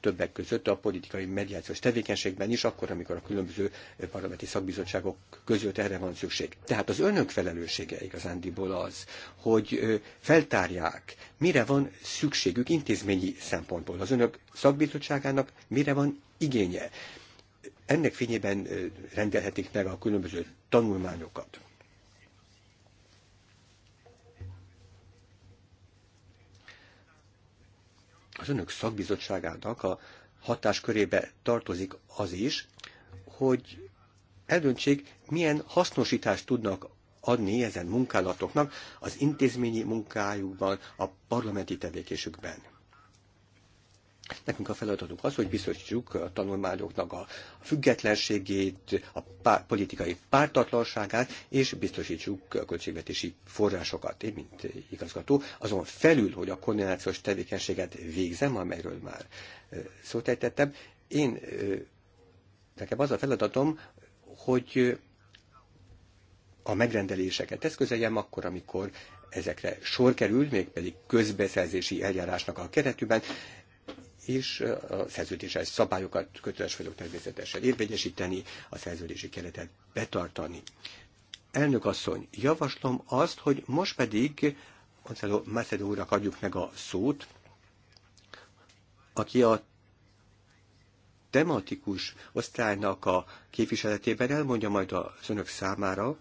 Többek között a politikai mediációs tevékenységben is, akkor, amikor a különböző parlamenti szakbizottságok között erre van szükség. Tehát az önök felelőssége igazándiból az, hogy feltárják, mire van szükségük intézményi szempontból, az önök szakbizottságának mire van igénye ennek fényében rendelhetik meg a különböző tanulmányokat. Az önök szakbizottságának a hatáskörébe tartozik az is, hogy eldöntsék, milyen hasznosítást tudnak adni ezen munkálatoknak az intézményi munkájukban, a parlamenti tevékésükben. Nekünk a feladatunk az, hogy biztosítsuk a tanulmányoknak a függetlenségét, a pár, politikai pártatlanságát, és biztosítsuk a költségvetési forrásokat. Én, mint igazgató, azon felül, hogy a koordinációs tevékenységet végzem, amelyről már szót ejtettem, én nekem az a feladatom, hogy a megrendeléseket eszközeljem akkor, amikor ezekre sor kerül, mégpedig közbeszerzési eljárásnak a keretében, és a szerződéses szabályokat köteles vagyok természetesen érvényesíteni, a szerződési keretet betartani. Elnök asszony, javaslom azt, hogy most pedig Gonzalo Macedo úrnak adjuk meg a szót, aki a tematikus osztálynak a képviseletében elmondja majd az önök számára,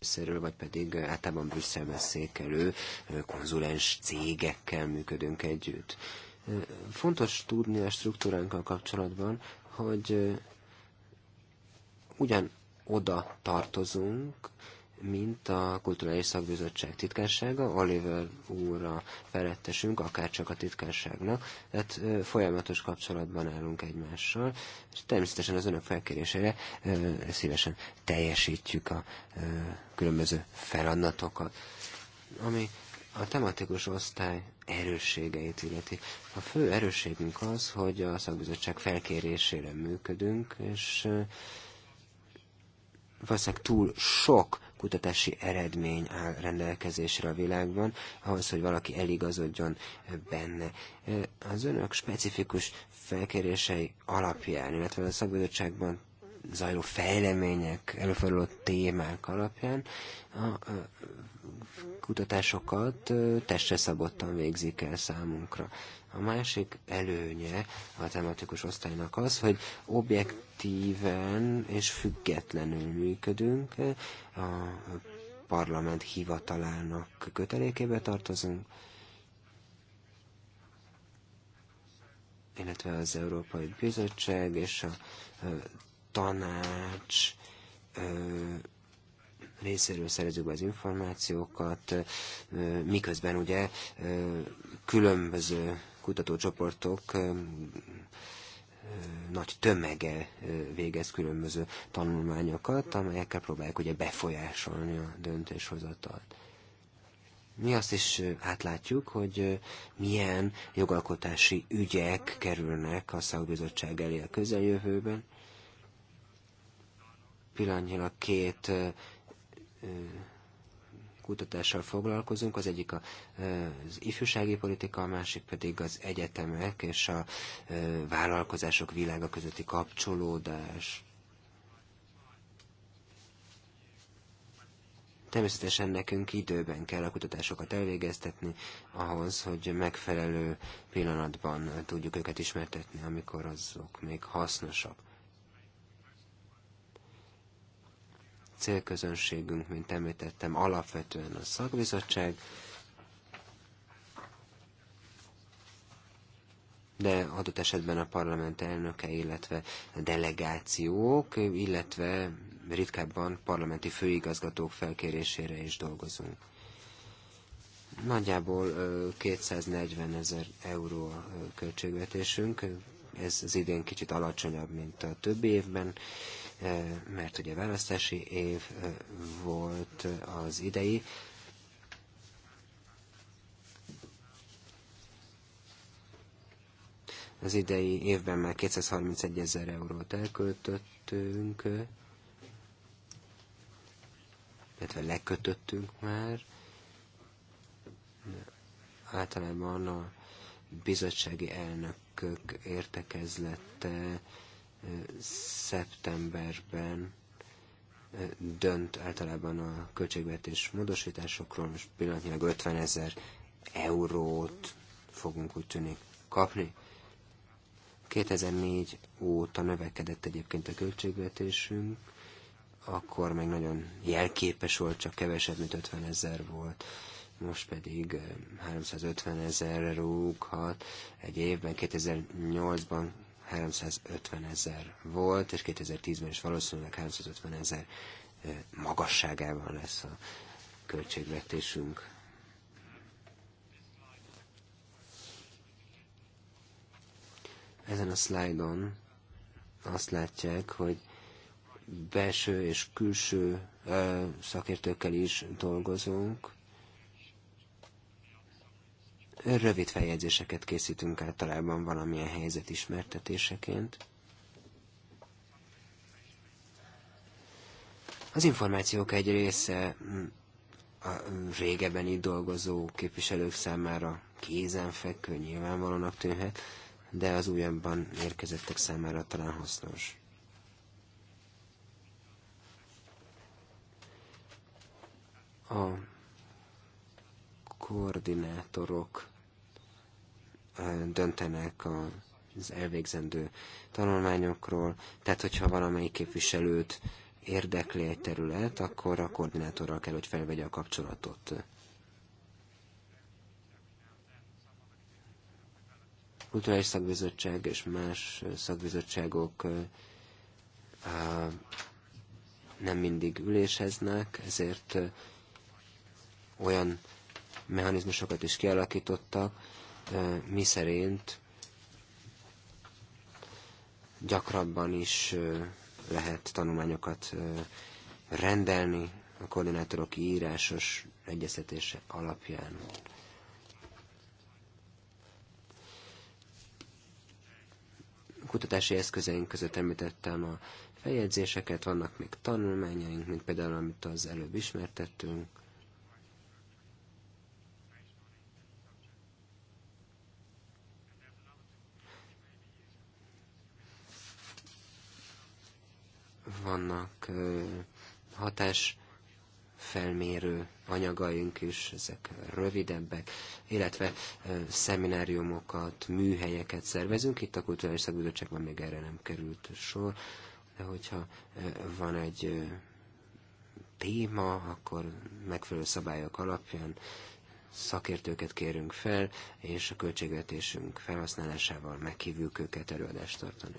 részéről, vagy pedig általában Brüsszelben székelő konzulens cégekkel működünk együtt. Fontos tudni a struktúránkkal kapcsolatban, hogy ugyan oda tartozunk, mint a Kulturális Szakbizottság titkársága, Oliver úr a felettesünk, csak a titkárságnak, tehát folyamatos kapcsolatban állunk egymással, és természetesen az önök felkérésére szívesen teljesítjük a különböző feladatokat. Ami a tematikus osztály erősségeit illeti. A fő erősségünk az, hogy a szakbizottság felkérésére működünk, és valószínűleg túl sok kutatási eredmény áll rendelkezésre a világban, ahhoz, hogy valaki eligazodjon benne. Az önök specifikus felkérései alapján, illetve a szakbizottságban zajló fejlemények, előforduló témák alapján a kutatásokat testre szabottan végzik el számunkra. A másik előnye a tematikus osztálynak az, hogy objektíven és függetlenül működünk, a parlament hivatalának kötelékébe tartozunk, illetve az Európai Bizottság és a tanács részéről szerezzük be az információkat, miközben ugye különböző kutatócsoportok nagy tömege végez különböző tanulmányokat, amelyekkel próbálják ugye befolyásolni a döntéshozatalt. Mi azt is átlátjuk, hogy milyen jogalkotási ügyek kerülnek a szakbizottság elé a közeljövőben. Pillanatnyilag két kutatással foglalkozunk, az egyik az ifjúsági politika, a másik pedig az egyetemek és a vállalkozások világa közötti kapcsolódás. Természetesen nekünk időben kell a kutatásokat elvégeztetni ahhoz, hogy megfelelő pillanatban tudjuk őket ismertetni, amikor azok még hasznosak. célközönségünk, mint említettem, alapvetően a szakbizottság, de adott esetben a parlament elnöke, illetve delegációk, illetve ritkábban parlamenti főigazgatók felkérésére is dolgozunk. Nagyjából 240 ezer euró a költségvetésünk, ez az idén kicsit alacsonyabb, mint a többi évben, Eh, mert ugye választási év eh, volt eh, az idei, az idei évben már 231 ezer eurót elköltöttünk, illetve lekötöttünk már. Általában a bizottsági elnökök értekezlete szeptemberben dönt általában a költségvetés módosításokról, most pillanatnyilag 50 ezer eurót fogunk úgy tűnik kapni. 2004 óta növekedett egyébként a költségvetésünk, akkor még nagyon jelképes volt, csak kevesebb, mint 50 ezer volt. Most pedig 350 ezerre rúghat egy évben, 2008-ban 350 ezer volt, és 2010-ben is valószínűleg 350 ezer magasságában lesz a költségvetésünk. Ezen a szlájdon azt látják, hogy belső és külső szakértőkkel is dolgozunk, Rövid feljegyzéseket készítünk általában valamilyen helyzet ismertetéseként. Az információk egy része hm, a hm, régebben itt dolgozó képviselők számára kézenfekvő nyilvánvalónak tűnhet, de az újabban érkezettek számára talán hasznos. A koordinátorok döntenek az elvégzendő tanulmányokról, tehát hogyha valamelyik képviselőt érdekli egy terület, akkor a koordinátorral kell, hogy felvegye a kapcsolatot. Kulturális szakbizottság és más szakbizottságok nem mindig üléseznek, ezért olyan mechanizmusokat is kialakítottak, mi szerint gyakrabban is lehet tanulmányokat rendelni a koordinátorok írásos egyeztetése alapján. Kutatási eszközeink között említettem a feljegyzéseket, vannak még tanulmányaink, mint például, amit az előbb ismertettünk, vannak hatás felmérő anyagaink is, ezek rövidebbek, illetve szemináriumokat, műhelyeket szervezünk. Itt a Kulturális Szakbizottságban még erre nem került sor, de hogyha van egy téma, akkor megfelelő szabályok alapján szakértőket kérünk fel, és a költségvetésünk felhasználásával meghívjuk őket előadást tartani.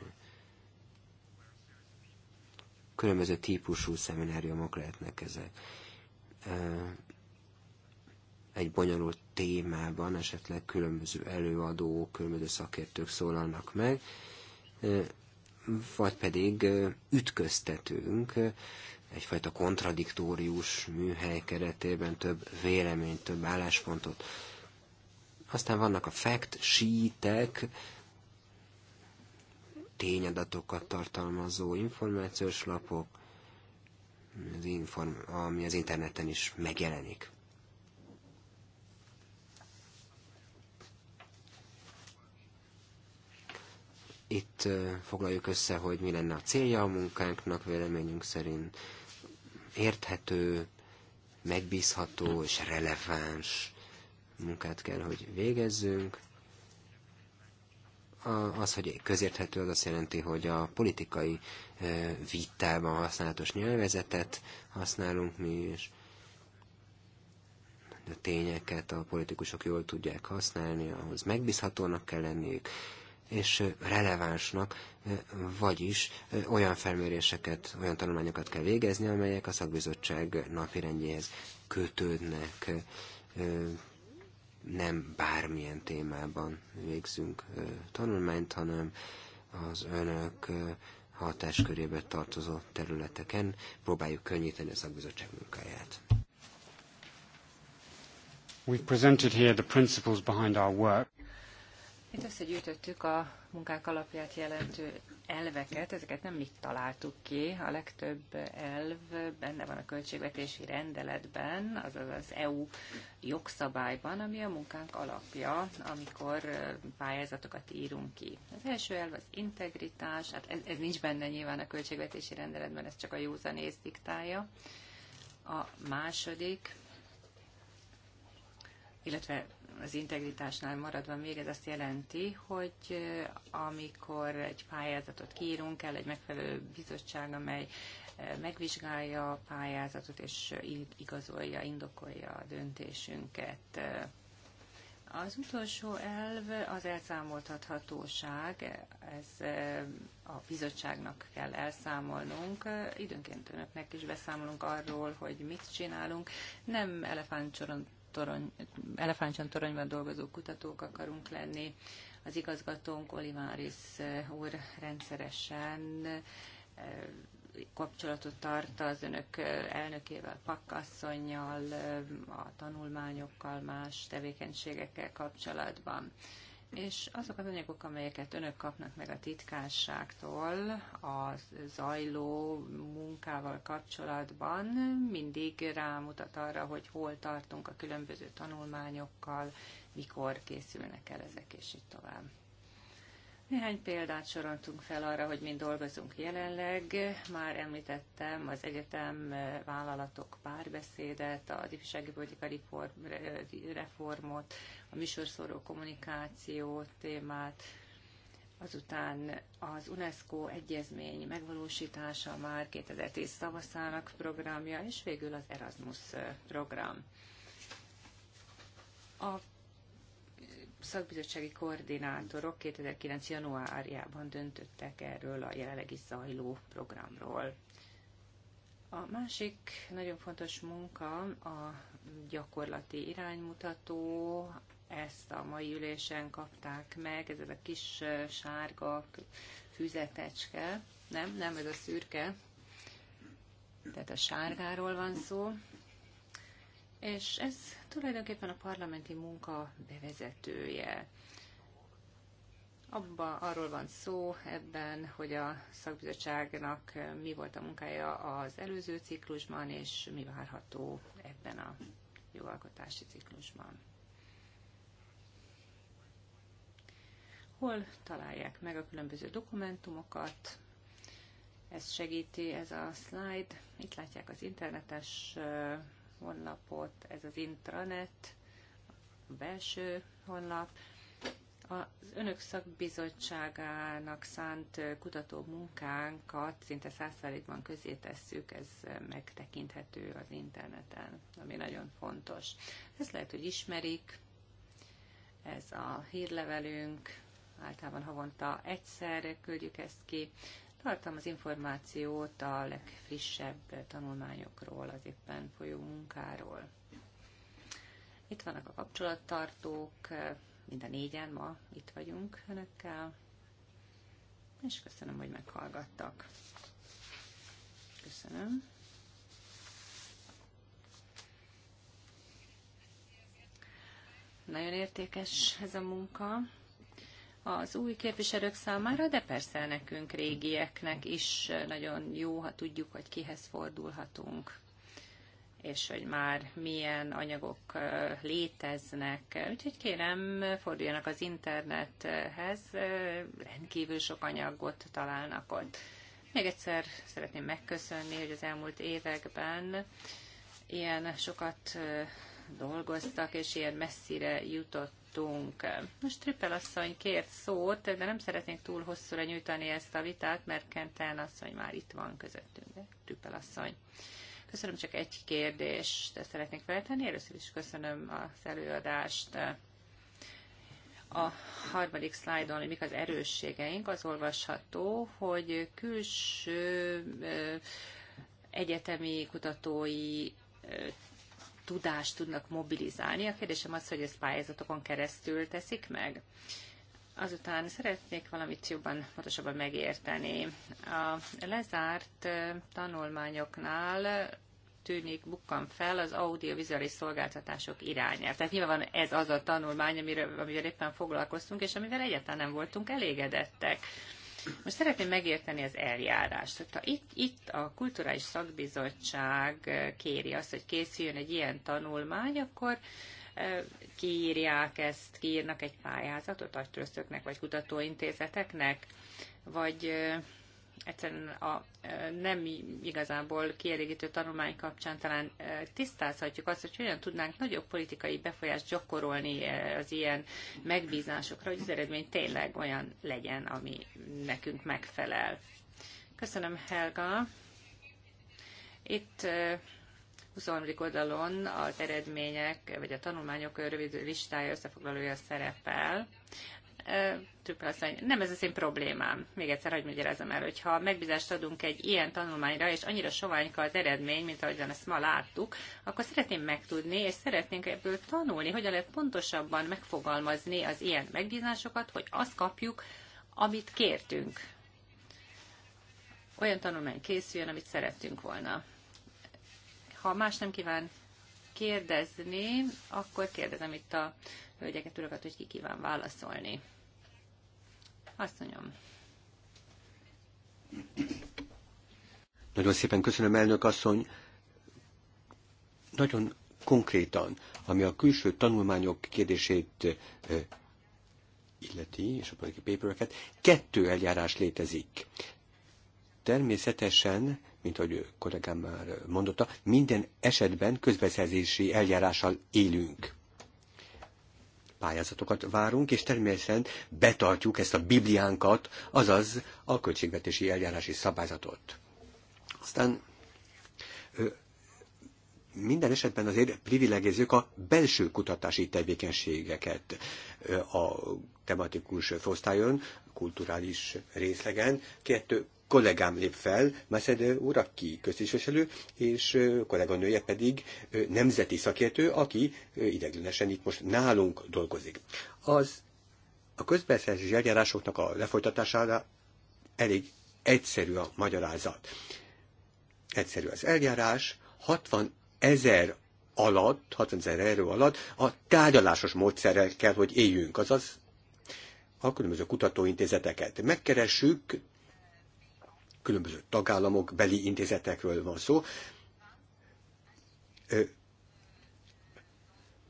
Különböző típusú szemináriumok lehetnek ezek. Egy bonyolult témában esetleg különböző előadók, különböző szakértők szólalnak meg, vagy pedig ütköztetünk egyfajta kontradiktórius műhely keretében több véleményt, több álláspontot. Aztán vannak a fact sheetek, tényadatokat tartalmazó információs lapok, az inform- ami az interneten is megjelenik. Itt foglaljuk össze, hogy mi lenne a célja a munkánknak, véleményünk szerint érthető, megbízható és releváns munkát kell, hogy végezzünk az, hogy közérthető, az azt jelenti, hogy a politikai e, vitában használatos nyelvezetet használunk mi, és a tényeket a politikusok jól tudják használni, ahhoz megbízhatónak kell lenniük, és e, relevánsnak, e, vagyis olyan felméréseket, olyan tanulmányokat kell végezni, amelyek a szakbizottság napirendjéhez kötődnek nem bármilyen témában végzünk tanulmányt, hanem az önök hatáskörébe tartozó területeken próbáljuk könnyíteni a szakbizottság munkáját. We've presented here the principles behind our work. Itt összegyűjtöttük a munkák alapját jelentő elveket, ezeket nem mit találtuk ki, a legtöbb elv benne van a költségvetési rendeletben, azaz az EU jogszabályban, ami a munkánk alapja, amikor pályázatokat írunk ki. Az első elv az integritás, hát ez, ez nincs benne nyilván a költségvetési rendeletben, ez csak a józan ész diktálja. A második illetve az integritásnál maradva még ez azt jelenti, hogy amikor egy pályázatot kiírunk kell egy megfelelő bizottság, amely megvizsgálja a pályázatot és igazolja, indokolja a döntésünket. Az utolsó elv az elszámoltathatóság, ez a bizottságnak kell elszámolnunk, időnként önöknek is beszámolunk arról, hogy mit csinálunk. Nem elefántcsoron torony, toronyban dolgozó kutatók akarunk lenni. Az igazgatónk Oliváris eh, úr rendszeresen eh, kapcsolatot tart az önök eh, elnökével, pakkasszonyjal, a tanulmányokkal, más tevékenységekkel kapcsolatban és azok az anyagok, amelyeket önök kapnak meg a titkásságtól, a zajló munkával kapcsolatban, mindig rámutat arra, hogy hol tartunk a különböző tanulmányokkal, mikor készülnek el ezek, és így tovább. Néhány példát soroltunk fel arra, hogy mind dolgozunk jelenleg. Már említettem az egyetem eh, vállalatok párbeszédet, a ifjúsági politikai eh, reformot, a műsorszóró kommunikáció témát, azután az UNESCO egyezmény megvalósítása már 2010 szavaszának programja, és végül az Erasmus eh, program. A szakbizottsági koordinátorok 2009. januárjában döntöttek erről a jelenlegi zajló programról. A másik nagyon fontos munka a gyakorlati iránymutató, ezt a mai ülésen kapták meg, ez a kis sárga füzetecske, nem, nem ez a szürke, tehát a sárgáról van szó, és ez tulajdonképpen a parlamenti munka bevezetője. Abba arról van szó ebben, hogy a szakbizottságnak mi volt a munkája az előző ciklusban, és mi várható ebben a jogalkotási ciklusban. Hol találják meg a különböző dokumentumokat? Ez segíti ez a slide. Itt látják az internetes honlapot, ez az intranet, a belső honlap. Az Önök szakbizottságának szánt kutató munkánkat szinte százszerékban közé tesszük, ez megtekinthető az interneten, ami nagyon fontos. Ez lehet, hogy ismerik, ez a hírlevelünk, általában havonta egyszer küldjük ezt ki tartalmaz információt a legfrissebb tanulmányokról, az éppen folyó munkáról. Itt vannak a kapcsolattartók, mind a négyen ma itt vagyunk önökkel, és köszönöm, hogy meghallgattak. Köszönöm. Nagyon értékes ez a munka az új képviselők számára, de persze nekünk régieknek is nagyon jó, ha tudjuk, hogy kihez fordulhatunk és hogy már milyen anyagok léteznek. Úgyhogy kérem, forduljanak az internethez, rendkívül sok anyagot találnak ott. Még egyszer szeretném megköszönni, hogy az elmúlt években ilyen sokat dolgoztak, és ilyen messzire jutott jutottunk. Most Trippel asszony kért szót, de nem szeretnénk túl hosszúra nyújtani ezt a vitát, mert Kenten asszony már itt van közöttünk, de Trippel asszony. Köszönöm, csak egy kérdést szeretnék feltenni. Először is köszönöm az előadást. A harmadik szlájdon, hogy mik az erősségeink, az olvasható, hogy külső egyetemi kutatói tudást tudnak mobilizálni. A kérdésem az, hogy ezt pályázatokon keresztül teszik meg. Azután szeretnék valamit jobban, pontosabban megérteni. A lezárt tanulmányoknál tűnik, bukkan fel az audiovizuális szolgáltatások irányelv. Tehát nyilván ez az a tanulmány, amiről, amivel éppen foglalkoztunk, és amivel egyáltalán nem voltunk elégedettek. Most szeretném megérteni az eljárást. Ha itt, itt a Kulturális Szakbizottság eh, kéri azt, hogy készüljön egy ilyen tanulmány, akkor eh, kiírják ezt, kiírnak egy pályázatot agytröztöknek vagy kutatóintézeteknek, vagy eh, egyszerűen a e, nem igazából kielégítő tanulmány kapcsán talán e, tisztázhatjuk azt, hogy hogyan tudnánk nagyobb politikai befolyást gyakorolni e, az ilyen megbízásokra, hogy az eredmény tényleg olyan legyen, ami nekünk megfelel. Köszönöm, Helga. Itt 23. oldalon az eredmények, vagy a tanulmányok rövid listája összefoglalója szerepel nem ez az én problémám. Még egyszer, hogy magyarázom el, hogyha megbízást adunk egy ilyen tanulmányra, és annyira soványka az eredmény, mint ahogyan ezt ma láttuk, akkor szeretném megtudni, és szeretnénk ebből tanulni, hogyan lehet pontosabban megfogalmazni az ilyen megbízásokat, hogy azt kapjuk, amit kértünk. Olyan tanulmány készüljön, amit szerettünk volna. Ha más nem kíván kérdezni, akkor kérdezem itt a hölgyeket, urakat, hogy ki kíván válaszolni. Azt mondjam. Nagyon szépen köszönöm, elnök asszony. Nagyon konkrétan, ami a külső tanulmányok kérdését illeti, és a politikai papereket, kettő eljárás létezik. Természetesen, mint ahogy kollégám már mondotta, minden esetben közbeszerzési eljárással élünk pályázatokat várunk, és természetesen betartjuk ezt a bibliánkat, azaz a költségvetési eljárási szabályzatot. Aztán minden esetben azért privilegizzük a belső kutatási tevékenységeket a tematikus fosztályon, kulturális részlegen. Kettő kollégám lép fel, Macedő úr, aki köztisviselő, és kolléganője pedig nemzeti szakértő, aki ideglenesen itt most nálunk dolgozik. Az a közbeszerzési eljárásoknak a lefolytatására elég egyszerű a magyarázat. Egyszerű az eljárás, 60 ezer alatt, 60 ezer erő alatt a tárgyalásos módszerrel kell, hogy éljünk, azaz a különböző kutatóintézeteket megkeressük, különböző tagállamok beli intézetekről van szó.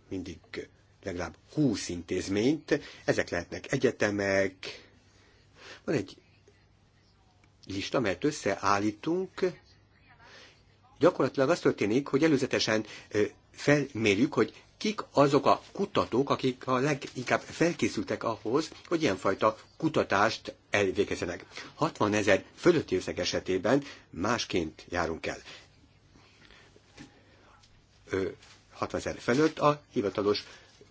Mindig legalább húsz intézményt, ezek lehetnek egyetemek. Van egy lista, amelyet összeállítunk. Gyakorlatilag az történik, hogy előzetesen felmérjük, hogy kik azok a kutatók, akik a leginkább felkészültek ahhoz, hogy ilyenfajta kutatást elvégezzenek. 60 ezer fölötti összeg esetében másként járunk el. 60 ezer fölött a hivatalos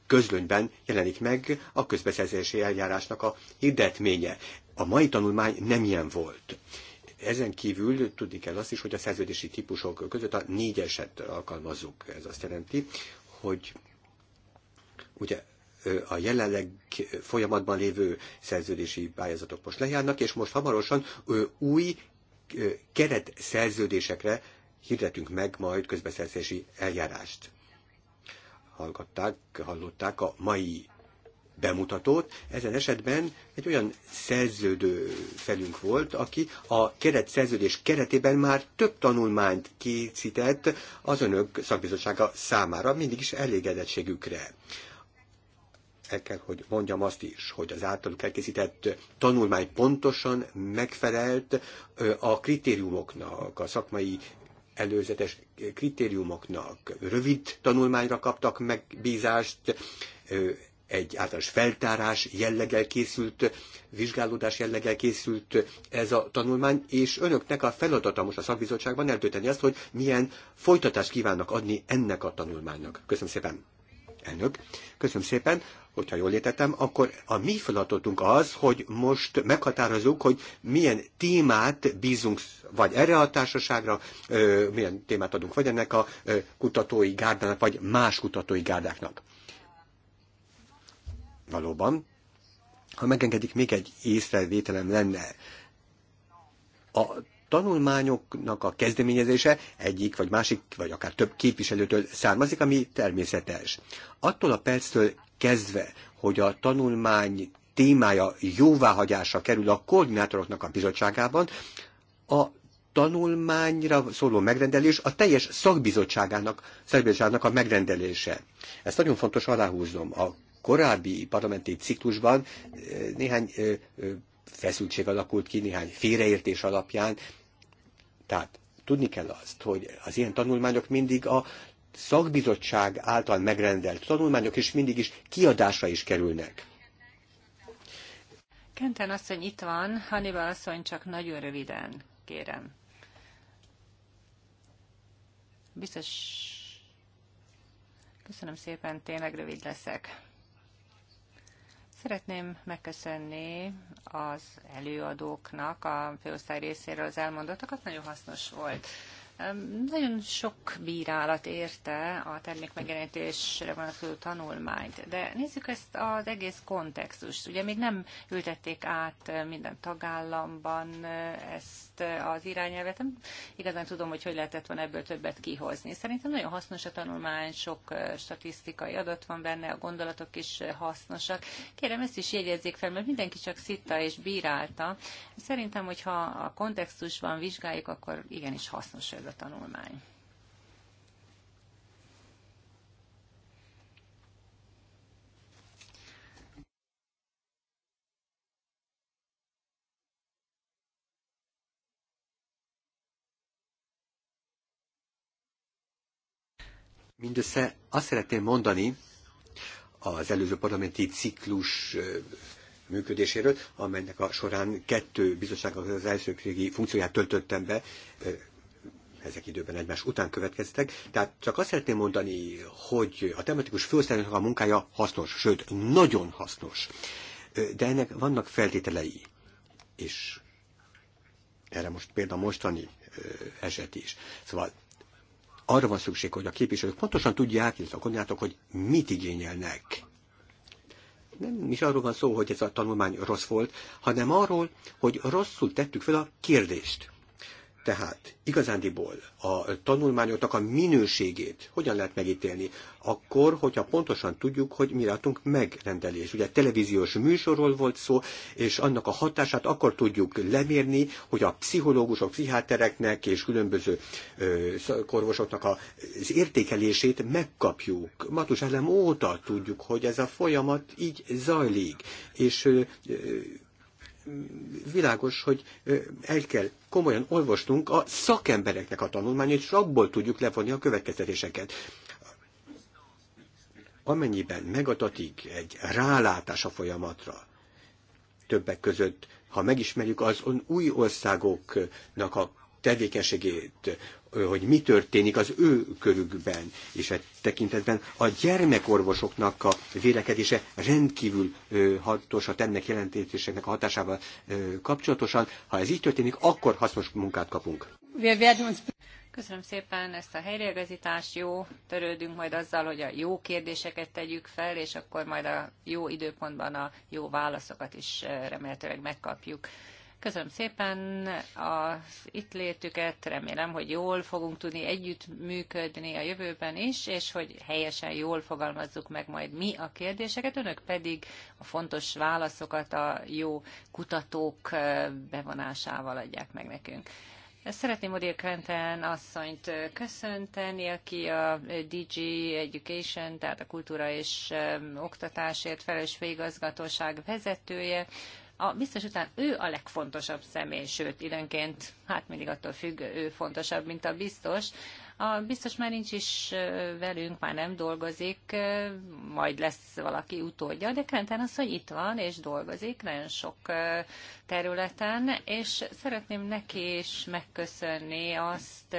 közlönyben jelenik meg a közbeszerzési eljárásnak a hirdetménye. A mai tanulmány nem ilyen volt. Ezen kívül tudni kell azt is, hogy a szerződési típusok között a négyeset alkalmazzuk. Ez azt jelenti, hogy ugye a jelenleg folyamatban lévő szerződési pályázatok most lejárnak, és most hamarosan új keret szerződésekre hirdetünk meg majd közbeszerzési eljárást. Hallgatták, hallották a mai bemutatót. Ezen esetben egy olyan szerződő felünk volt, aki a keret szerződés keretében már több tanulmányt készített az önök szakbizottsága számára, mindig is elégedettségükre el kell, hogy mondjam azt is, hogy az általuk elkészített tanulmány pontosan megfelelt a kritériumoknak, a szakmai előzetes kritériumoknak. Rövid tanulmányra kaptak megbízást, egy általános feltárás jelleggel készült, vizsgálódás jelleggel készült ez a tanulmány, és önöknek a feladata most a szakbizottságban eldönteni azt, hogy milyen folytatást kívánnak adni ennek a tanulmánynak. Köszönöm szépen, elnök. Köszönöm szépen hogyha jól értettem, akkor a mi feladatunk az, hogy most meghatározunk, hogy milyen témát bízunk, vagy erre a társaságra, milyen témát adunk, vagy ennek a kutatói gárdának, vagy más kutatói gárdáknak. Valóban, ha megengedik, még egy észrevételem lenne. A tanulmányoknak a kezdeményezése egyik vagy másik, vagy akár több képviselőtől származik, ami természetes. Attól a perctől kezdve, hogy a tanulmány témája jóváhagyásra kerül a koordinátoroknak a bizottságában, a tanulmányra szóló megrendelés a teljes szakbizottságának, szakbizottságának a megrendelése. Ezt nagyon fontos aláhúznom. A korábbi parlamenti ciklusban eh, néhány eh, eh, feszültség alakult ki, néhány félreértés alapján. Tehát tudni kell azt, hogy az ilyen tanulmányok mindig a szakbizottság által megrendelt tanulmányok, és mindig is kiadásra is kerülnek. Kenten asszony itt van, Hannibal asszony csak nagyon röviden, kérem. Biztos... Köszönöm szépen, tényleg rövid leszek. Szeretném megköszönni az előadóknak a főosztály részéről az elmondottakat, nagyon hasznos volt. Nagyon sok bírálat érte a termék megjelenítésre vonatkozó tanulmányt, de nézzük ezt az egész kontextust. Ugye még nem ültették át eh, minden tagállamban eh, ezt ezt eh, az irányelvet. Nem igazán tudom, hogy hogy lehetett volna ebből többet kihozni. Szerintem nagyon hasznos a tanulmány, sok eh, statisztikai adat van benne, a gondolatok is eh, hasznosak. Kérem, ezt is jegyezzék fel, mert mindenki csak szitta és bírálta. Szerintem, hogyha a kontextusban vizsgáljuk, akkor igenis hasznos ez a tanulmány. Mindössze azt szeretném mondani az előző parlamenti ciklus működéséről, amelynek a során kettő bizottság az elsőségi funkcióját töltöttem be, ezek időben egymás után következtek. Tehát csak azt szeretném mondani, hogy a tematikus főosztálynak a munkája hasznos, sőt, nagyon hasznos. De ennek vannak feltételei, és erre most például mostani eset is. Szóval arra van szükség, hogy a képviselők pontosan tudják, illetve a kormányátok, hogy mit igényelnek. Nem is arról van szó, hogy ez a tanulmány rossz volt, hanem arról, hogy rosszul tettük fel a kérdést. Tehát igazándiból a tanulmányoknak a minőségét hogyan lehet megítélni? Akkor, hogyha pontosan tudjuk, hogy mire adtunk megrendelés. Ugye televíziós műsorról volt szó, és annak a hatását akkor tudjuk lemérni, hogy a pszichológusok, pszichátereknek és különböző korvosoknak az értékelését megkapjuk. Matus elem óta tudjuk, hogy ez a folyamat így zajlik, és ö, ö, világos, hogy el kell komolyan olvasnunk a szakembereknek a tanulmányait, és abból tudjuk levonni a következtetéseket amennyiben megadatik egy rálátás a folyamatra, többek között, ha megismerjük az új országoknak a tevékenységét, hogy mi történik az ő körükben, és egy tekintetben a gyermekorvosoknak a vélekedése rendkívül hatos a termek jelentéseknek a hatásával kapcsolatosan. Ha ez így történik, akkor hasznos munkát kapunk. Köszönöm szépen ezt a helyreigazítást, jó, törődünk majd azzal, hogy a jó kérdéseket tegyük fel, és akkor majd a jó időpontban a jó válaszokat is remélhetőleg megkapjuk. Köszönöm szépen az itt létüket, remélem, hogy jól fogunk tudni együttműködni a jövőben is, és hogy helyesen jól fogalmazzuk meg majd mi a kérdéseket, önök pedig a fontos válaszokat a jó kutatók bevonásával adják meg nekünk. Szeretném Odél Krenten asszonyt köszönteni, aki a DG Education, tehát a Kultúra és Oktatásért Felelős Főigazgatóság vezetője a biztos után ő a legfontosabb személy, sőt, időnként, hát mindig attól függ, ő fontosabb, mint a biztos, a biztos már nincs is velünk, már nem dolgozik, majd lesz valaki utódja, de Krenten az, hogy itt van és dolgozik nagyon sok területen, és szeretném neki is megköszönni azt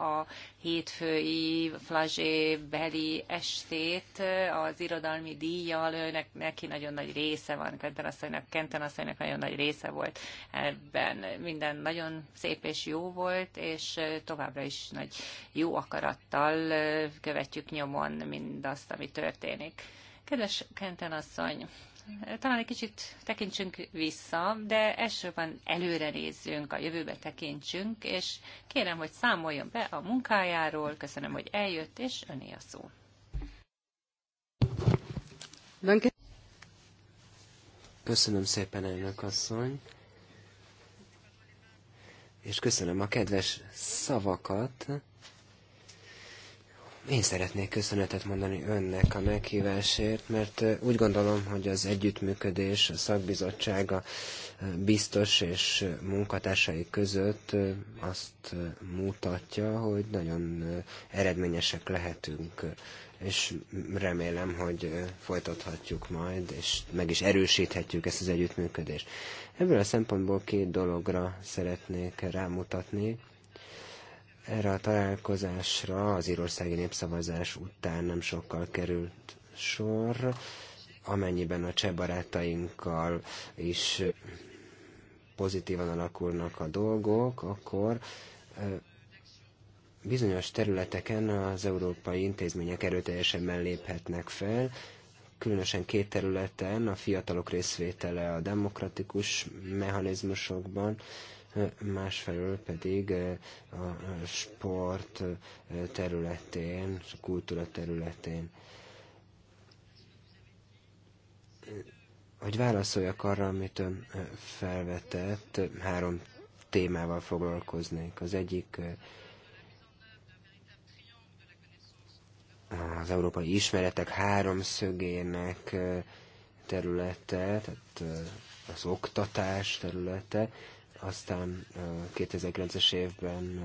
a hétfői flazsé beli estét az irodalmi díjjal, őnek, neki nagyon nagy része van, Kenten asszonynak, Kenten asszonynak nagyon nagy része volt ebben. Minden nagyon szép és jó volt, és továbbra is nagy jó akarattal követjük nyomon mindazt, ami történik. Kedves Kenten asszony, talán egy kicsit tekintsünk vissza, de elsőben előre nézzünk, a jövőbe tekintsünk, és kérem, hogy számoljon be a munkájáról. Köszönöm, hogy eljött, és öné a szó. Köszönöm szépen, elnök asszony, és köszönöm a kedves szavakat. Én szeretnék köszönetet mondani önnek a meghívásért, mert úgy gondolom, hogy az együttműködés a szakbizottsága biztos és munkatársai között azt mutatja, hogy nagyon eredményesek lehetünk, és remélem, hogy folytathatjuk majd, és meg is erősíthetjük ezt az együttműködést. Ebből a szempontból két dologra szeretnék rámutatni. Erre a találkozásra az írországi népszavazás után nem sokkal került sor, amennyiben a cseh barátainkkal is pozitívan alakulnak a dolgok, akkor bizonyos területeken az európai intézmények erőteljesen melléphetnek fel, különösen két területen, a fiatalok részvétele a demokratikus mechanizmusokban, másfelől pedig eh, a eh, sport eh, területén, a kultúra területén. Hogy válaszoljak arra, amit ön felvetett, három témával foglalkoznék. Az egyik az európai ismeretek háromszögének területe, tehát az oktatás területe, aztán 2009-es évben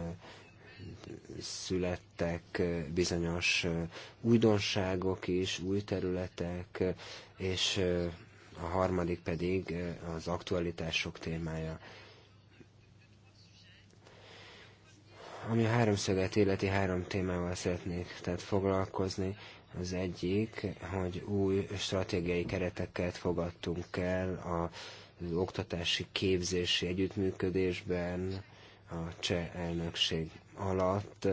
születtek bizonyos újdonságok is, új területek, és a harmadik pedig az aktualitások témája. Ami a háromszöget életi három témával szeretnék tehát foglalkozni, az egyik, hogy új stratégiai kereteket fogadtunk el a oktatási képzési együttműködésben a cseh elnökség alatt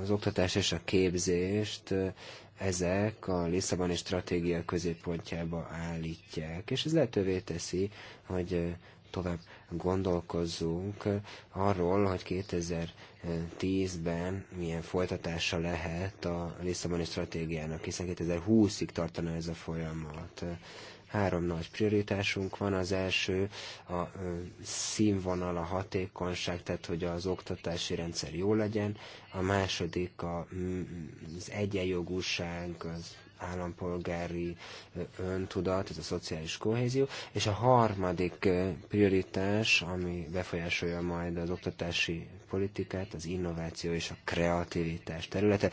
az oktatás és a képzést ezek a Lisszaboni stratégia középpontjába állítják, és ez lehetővé teszi, hogy tovább gondolkozzunk arról, hogy 2000 2010-ben milyen folytatása lehet a Lisszaboni stratégiának, hiszen 2020-ig tartana ez a folyamat. Három nagy prioritásunk van. Az első a színvonal, a hatékonyság, tehát hogy az oktatási rendszer jó legyen. A második a, az egyenjogúság, az állampolgári öntudat, ez a szociális kohézió, és a harmadik prioritás, ami befolyásolja majd az oktatási szakpolitikát, az innováció és a kreativitás területe.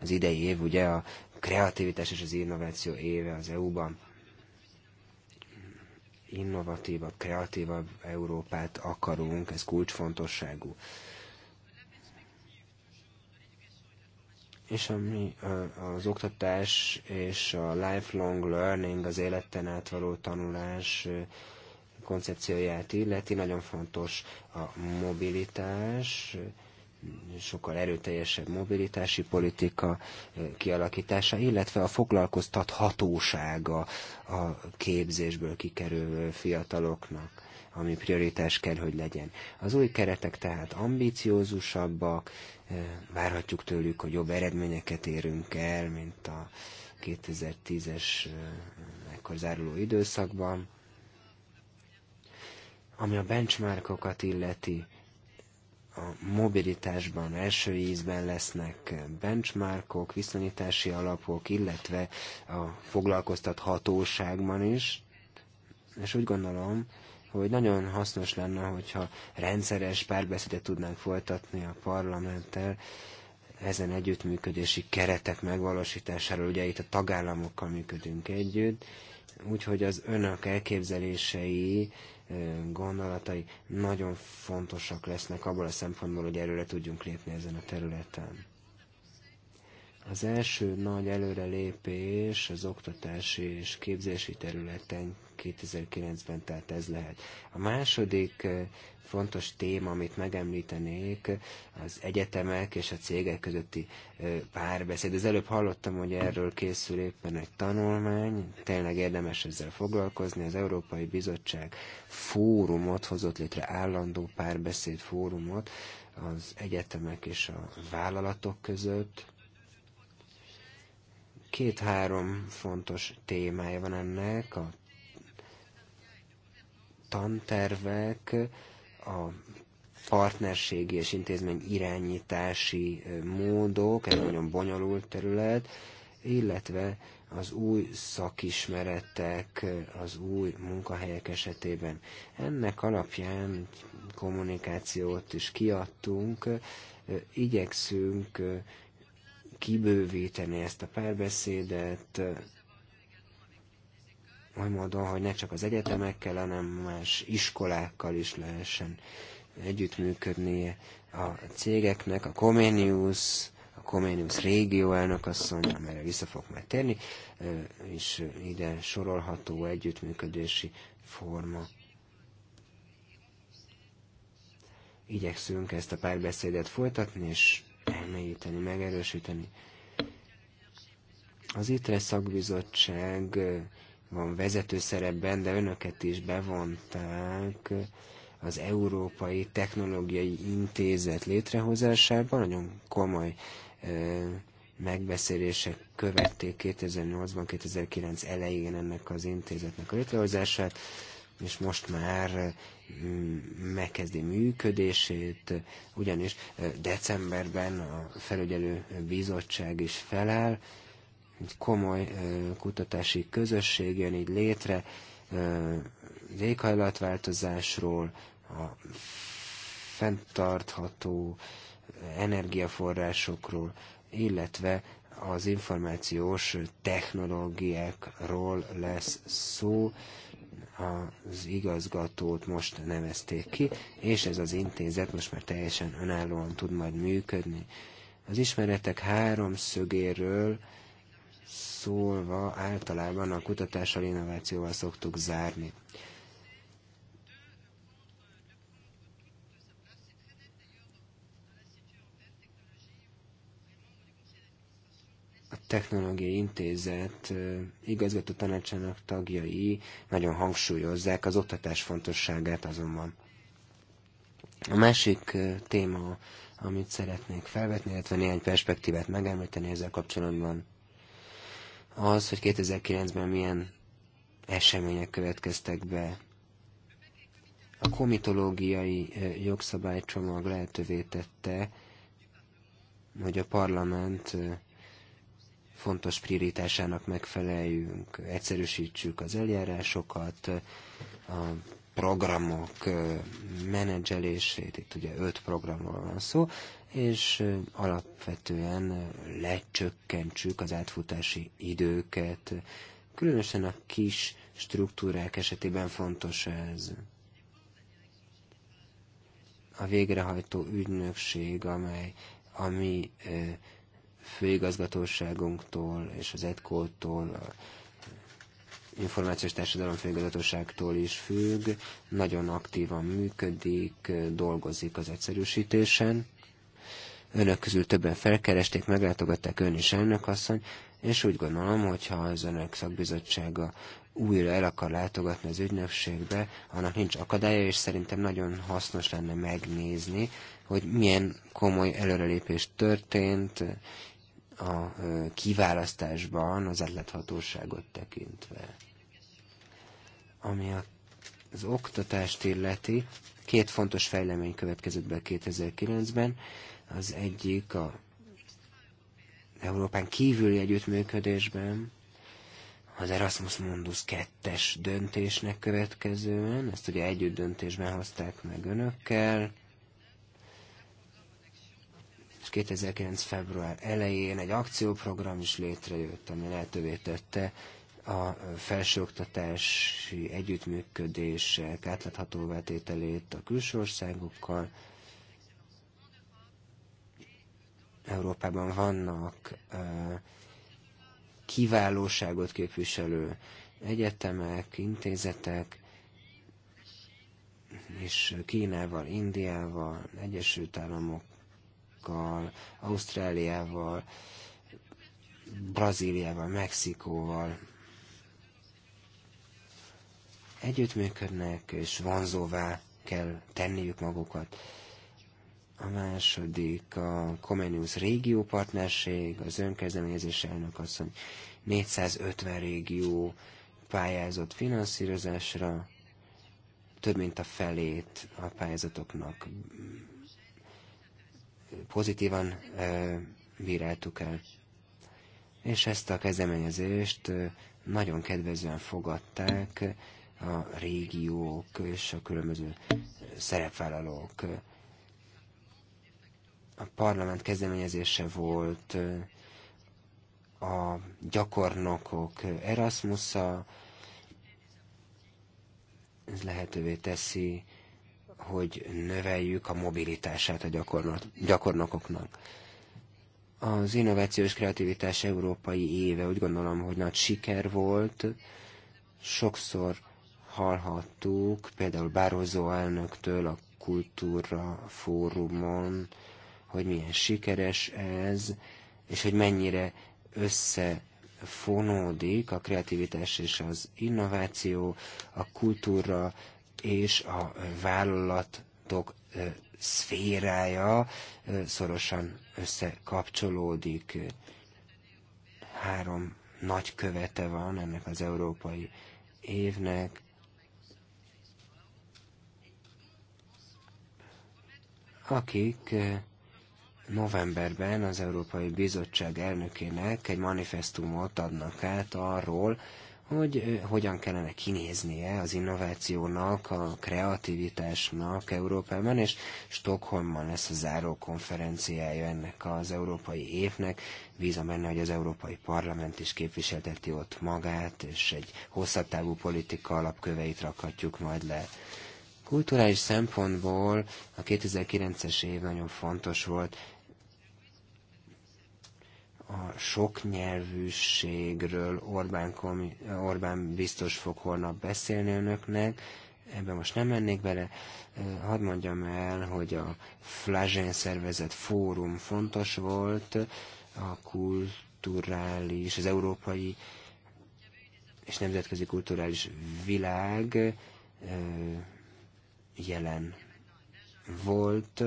Az idei év ugye a kreativitás és az innováció éve az EU-ban. Innovatívabb, kreatívabb Európát akarunk, ez kulcsfontosságú. és ami az oktatás és a lifelong learning, az életen átvaló tanulás koncepcióját illeti, nagyon fontos a mobilitás, sokkal erőteljesebb mobilitási politika kialakítása, illetve a foglalkoztathatósága a képzésből kikerülő fiataloknak ami prioritás kell, hogy legyen. Az új keretek tehát ambíciózusabbak, várhatjuk tőlük, hogy jobb eredményeket érünk el, mint a 2010-es ekkor záruló időszakban. Ami a benchmarkokat illeti, a mobilitásban első ízben lesznek benchmarkok, viszonyítási alapok, illetve a foglalkoztathatóságban is. És úgy gondolom, hogy nagyon hasznos lenne, hogyha rendszeres párbeszédet tudnánk folytatni a parlamenttel ezen együttműködési keretek megvalósításáról. Ugye itt a tagállamokkal működünk együtt, úgyhogy az önök elképzelései gondolatai nagyon fontosak lesznek abból a szempontból, hogy előre tudjunk lépni ezen a területen. Az első nagy előrelépés az oktatási és képzési területen 2009-ben, tehát ez lehet. A második fontos téma, amit megemlítenék, az egyetemek és a cégek közötti párbeszéd. Az előbb hallottam, hogy erről készül éppen egy tanulmány, tényleg érdemes ezzel foglalkozni. Az Európai Bizottság fórumot hozott létre, állandó párbeszéd fórumot az egyetemek és a vállalatok között két-három fontos témája van ennek, a tantervek, a partnerségi és intézmény irányítási módok, egy nagyon bonyolult terület, illetve az új szakismeretek, az új munkahelyek esetében. Ennek alapján kommunikációt is kiadtunk, igyekszünk kibővíteni ezt a párbeszédet, oly módon, hogy ne csak az egyetemekkel, hanem más iskolákkal is lehessen együttműködnie a cégeknek, a Comenius, a Comenius régió elnökasszony, amelyre vissza fog már térni, és ide sorolható együttműködési forma. Igyekszünk ezt a párbeszédet folytatni, és elmélyíteni, megerősíteni. Az ITRE szakbizottság van vezető szerepben, de önöket is bevonták az Európai Technológiai Intézet létrehozásában. Nagyon komoly megbeszélések követték 2008-ban, 2009 elején ennek az intézetnek a létrehozását, és most már megkezdi működését, ugyanis decemberben a felügyelő bizottság is feláll, egy komoly kutatási közösség jön így létre az éghajlatváltozásról, a fenntartható energiaforrásokról, illetve az információs technológiákról lesz szó. Az igazgatót most nevezték ki, és ez az intézet most már teljesen önállóan tud majd működni. Az ismeretek háromszögéről szólva általában a kutatással, innovációval szoktuk zárni. A Technológiai Intézet igazgató tanácsának tagjai nagyon hangsúlyozzák az oktatás fontosságát azonban. A másik téma, amit szeretnék felvetni, illetve néhány perspektívát megemlíteni ezzel kapcsolatban, az, hogy 2009-ben milyen események következtek be. A komitológiai jogszabálycsomag lehetővé tette, hogy a parlament fontos prioritásának megfeleljünk, egyszerűsítsük az eljárásokat, a programok menedzselését, itt ugye öt programról van szó, és alapvetően lecsökkentsük az átfutási időket. Különösen a kis struktúrák esetében fontos ez. A végrehajtó ügynökség, amely a mi főigazgatóságunktól és az ETKO-tól, információs társadalom főigazgatóságtól is függ, nagyon aktívan működik, dolgozik az egyszerűsítésen. Önök közül többen felkeresték, meglátogatták ön is elnökasszony, és úgy gondolom, hogyha az önök szakbizottsága újra el akar látogatni az ügynökségbe, annak nincs akadálya, és szerintem nagyon hasznos lenne megnézni, hogy milyen komoly előrelépés történt a kiválasztásban az átláthatóságot tekintve. Ami az oktatást illeti, két fontos fejlemény következett be 2009-ben. Az egyik a Európán kívüli együttműködésben, az Erasmus Mundus 2-es döntésnek következően, ezt ugye együtt döntésben hozták meg önökkel, és 2009. február elején egy akcióprogram is létrejött, ami lehetővé tette a felsőoktatási együttműködések átláthatóvá tételét a külső országokkal. Európában vannak kiválóságot képviselő egyetemek, intézetek, és Kínával, Indiával, Egyesült Államokkal, Ausztráliával, Brazíliával, Mexikóval együttműködnek, és vonzóvá kell tenniük magukat. A második a Comenius régió partnerség, az önkezdeményezés elnök asszony 450 régió pályázott finanszírozásra, több mint a felét a pályázatoknak pozitívan ö, bíráltuk el. És ezt a kezdeményezést nagyon kedvezően fogadták a régiók és a különböző szerepvállalók. A parlament kezdeményezése volt a gyakornokok a ez lehetővé teszi, hogy növeljük a mobilitását a gyakornok, gyakornokoknak. Az Innovációs Kreativitás Európai Éve úgy gondolom, hogy nagy siker volt. Sokszor hallhattuk, például Bározó elnöktől a Kultúra Fórumon, hogy milyen sikeres ez, és hogy mennyire összefonódik a kreativitás és az innováció, a kultúra és a vállalatok szférája szorosan összekapcsolódik. Három nagy követe van ennek az európai évnek, akik eh, novemberben az Európai Bizottság elnökének egy manifestumot adnak át arról, hogy eh, hogyan kellene kinéznie az innovációnak, a kreativitásnak Európában, és Stockholmban lesz a záró konferenciája ennek az európai évnek. Bízom benne, hogy az Európai Parlament is képviselteti ott magát, és egy hosszabb távú politika alapköveit rakhatjuk majd le. Kulturális szempontból a 2009-es év nagyon fontos volt. A sok nyelvűségről Orbán, komi, Orbán biztos fog holnap beszélni önöknek, ebbe most nem mennék bele, hadd mondjam el, hogy a Flaggen szervezett fórum fontos volt, a kulturális, az európai és nemzetközi kulturális világ jelen volt.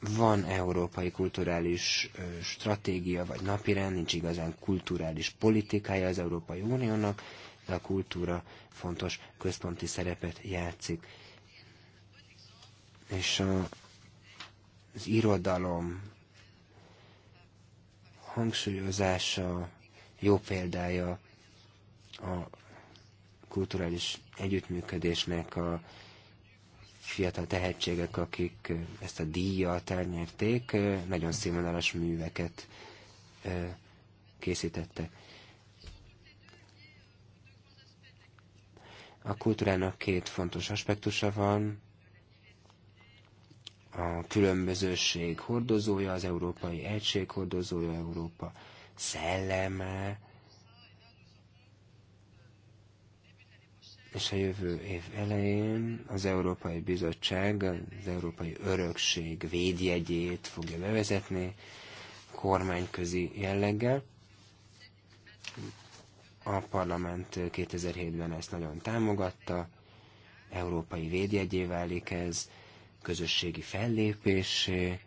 Van európai kulturális stratégia vagy napirend, nincs igazán kulturális politikája az Európai Uniónak, de a kultúra fontos központi szerepet játszik. És a, az irodalom hangsúlyozása jó példája a kulturális együttműködésnek a fiatal tehetségek, akik ezt a díjat elnyerték, nagyon színvonalas műveket készítette. A kultúrának két fontos aspektusa van. A különbözőség hordozója, az európai egység hordozója, Európa szelleme, és a jövő év elején az Európai Bizottság az Európai Örökség védjegyét fogja bevezetni kormányközi jelleggel. A parlament 2007-ben ezt nagyon támogatta, európai védjegyé válik ez, közösségi fellépésé,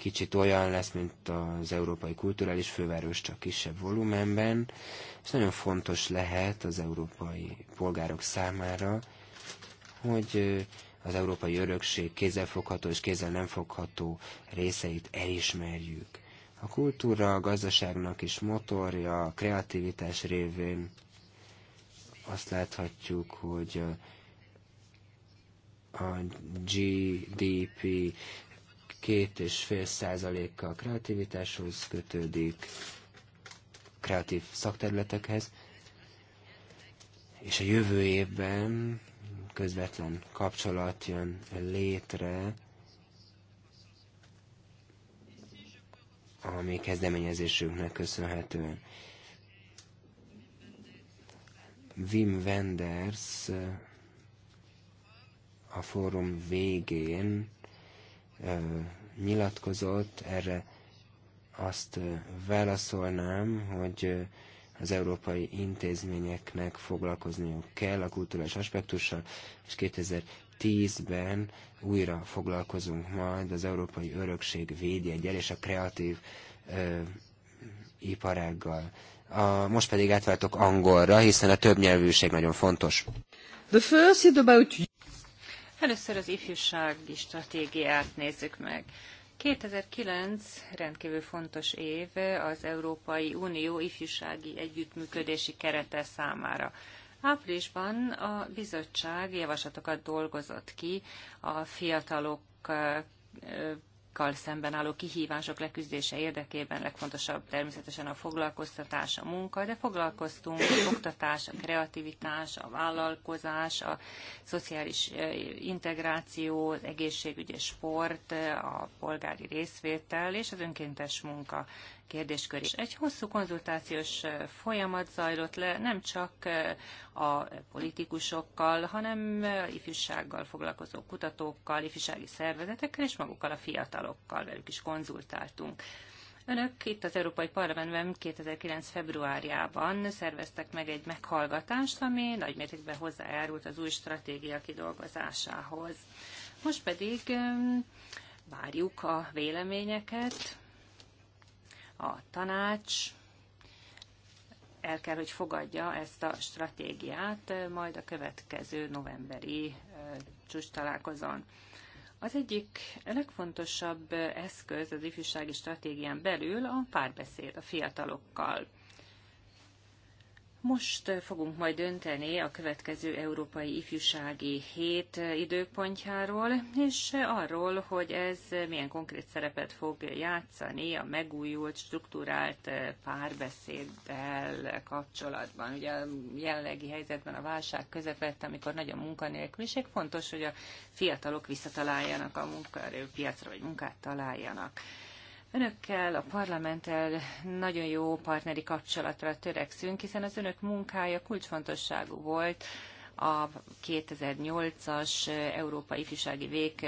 kicsit olyan lesz, mint az európai kulturális főváros, csak kisebb volumenben, és nagyon fontos lehet az európai polgárok számára, hogy az európai örökség kézzelfogható és kézzel nem fogható részeit elismerjük. A kultúra a gazdaságnak is motorja, a kreativitás révén azt láthatjuk, hogy a GDP két és fél százaléka a kreativitáshoz kötődik, kreatív szakterületekhez, és a jövő évben közvetlen kapcsolat jön létre, ami kezdeményezésünknek köszönhetően. Wim Wenders a fórum végén nyilatkozott, erre azt válaszolnám, hogy az európai intézményeknek foglalkozniuk kell a kulturális aspektussal, és 2010-ben újra foglalkozunk majd az Európai Örökség védjegyel és a kreatív ö, iparággal. A, most pedig átváltok angolra, hiszen a többnyelvűség nagyon fontos. The first is about Először az ifjúsági stratégiát nézzük meg. 2009 rendkívül fontos év az Európai Unió ifjúsági együttműködési kerete számára. Áprilisban a bizottság javaslatokat dolgozott ki a fiatalok kal szemben álló kihívások leküzdése érdekében legfontosabb természetesen a foglalkoztatás, a munka, de foglalkoztunk a oktatás, a kreativitás, a vállalkozás, a szociális integráció, az egészségügy és sport, a polgári részvétel és az önkéntes munka. És Egy hosszú konzultációs folyamat zajlott le, nem csak a politikusokkal, hanem ifjúsággal foglalkozó kutatókkal, ifjúsági szervezetekkel és magukkal a fiatalokkal, velük is konzultáltunk. Önök itt az Európai Parlamentben 2009. februárjában szerveztek meg egy meghallgatást, ami nagymértékben hozzájárult az új stratégia kidolgozásához. Most pedig várjuk a véleményeket, a tanács el kell, hogy fogadja ezt a stratégiát majd a következő novemberi csúcs találkozón. Az egyik legfontosabb eszköz az ifjúsági stratégián belül a párbeszéd a fiatalokkal. Most fogunk majd dönteni a következő Európai Ifjúsági Hét időpontjáról, és arról, hogy ez milyen konkrét szerepet fog játszani a megújult, struktúrált párbeszéddel kapcsolatban. Ugye a jelenlegi helyzetben a válság közepett, amikor nagy a munkanélküliség, fontos, hogy a fiatalok visszataláljanak a munkaerőpiacra, vagy munkát találjanak. Önökkel, a parlamenttel nagyon jó partneri kapcsolatra törekszünk, hiszen az önök munkája kulcsfontosságú volt a 2008-as Európa Ifjúsági, Vég,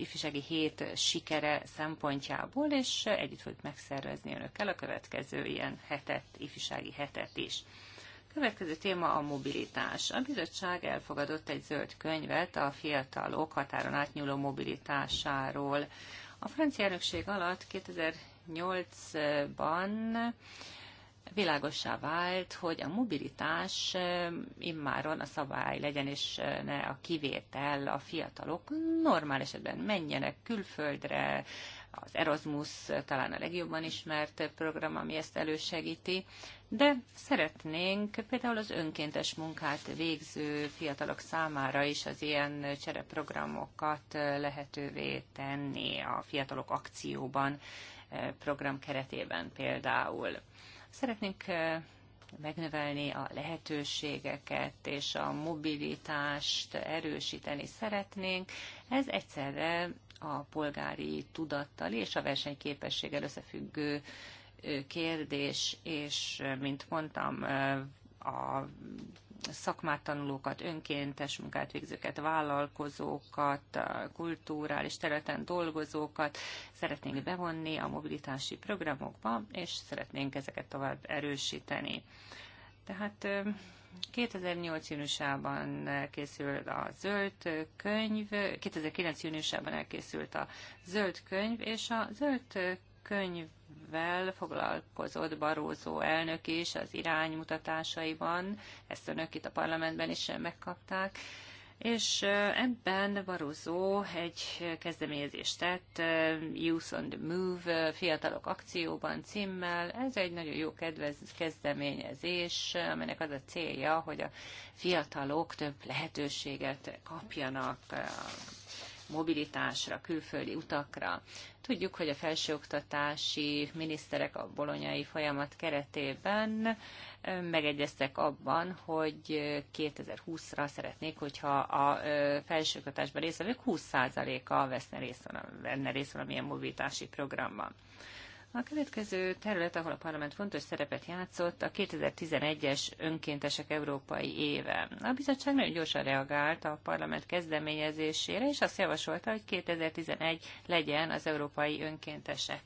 Ifjúsági Hét sikere szempontjából, és együtt fogjuk megszervezni önökkel a következő ilyen hetet, ifjúsági hetet is. Következő téma a mobilitás. A bizottság elfogadott egy zöld könyvet a fiatalok határon átnyúló mobilitásáról. A francia elnökség alatt 2008-ban világosá vált, hogy a mobilitás immáron a szabály legyen, és ne a kivétel a fiatalok normál esetben menjenek külföldre, az Erasmus talán a legjobban ismert program, ami ezt elősegíti, de szeretnénk például az önkéntes munkát végző fiatalok számára is az ilyen csereprogramokat lehetővé tenni a fiatalok akcióban eh, program keretében például. Szeretnénk eh, megnövelni a lehetőségeket és a mobilitást erősíteni szeretnénk. Ez egyszerre a polgári tudattal és a versenyképességgel összefüggő kérdés, és mint mondtam, a szakmát tanulókat, önkéntes munkát végzőket, vállalkozókat, kulturális területen dolgozókat szeretnénk bevonni a mobilitási programokba, és szeretnénk ezeket tovább erősíteni. Tehát 2008 júniusában készült a zöld könyv, 2009 júniusában elkészült a zöld könyv, és a zöld könyvvel foglalkozott Barózó elnök is az iránymutatásaiban, ezt önök itt a parlamentben is megkapták, és ebben Barozó egy kezdeményezést tett, Youth on the Move, Fiatalok Akcióban címmel. Ez egy nagyon jó kedvez, kezdeményezés, amelynek az a célja, hogy a fiatalok több lehetőséget kapjanak mobilitásra, külföldi utakra. Tudjuk, hogy a felsőoktatási miniszterek a bolonyai folyamat keretében megegyeztek abban, hogy 2020-ra szeretnék, hogyha a felsőoktatásban résztvevők 20%-a vesz részt, venne részt valamilyen mobilitási programban. A következő terület, ahol a parlament fontos szerepet játszott, a 2011-es önkéntesek európai éve. A bizottság nagyon gyorsan reagált a parlament kezdeményezésére, és azt javasolta, hogy 2011 legyen az európai önkéntesek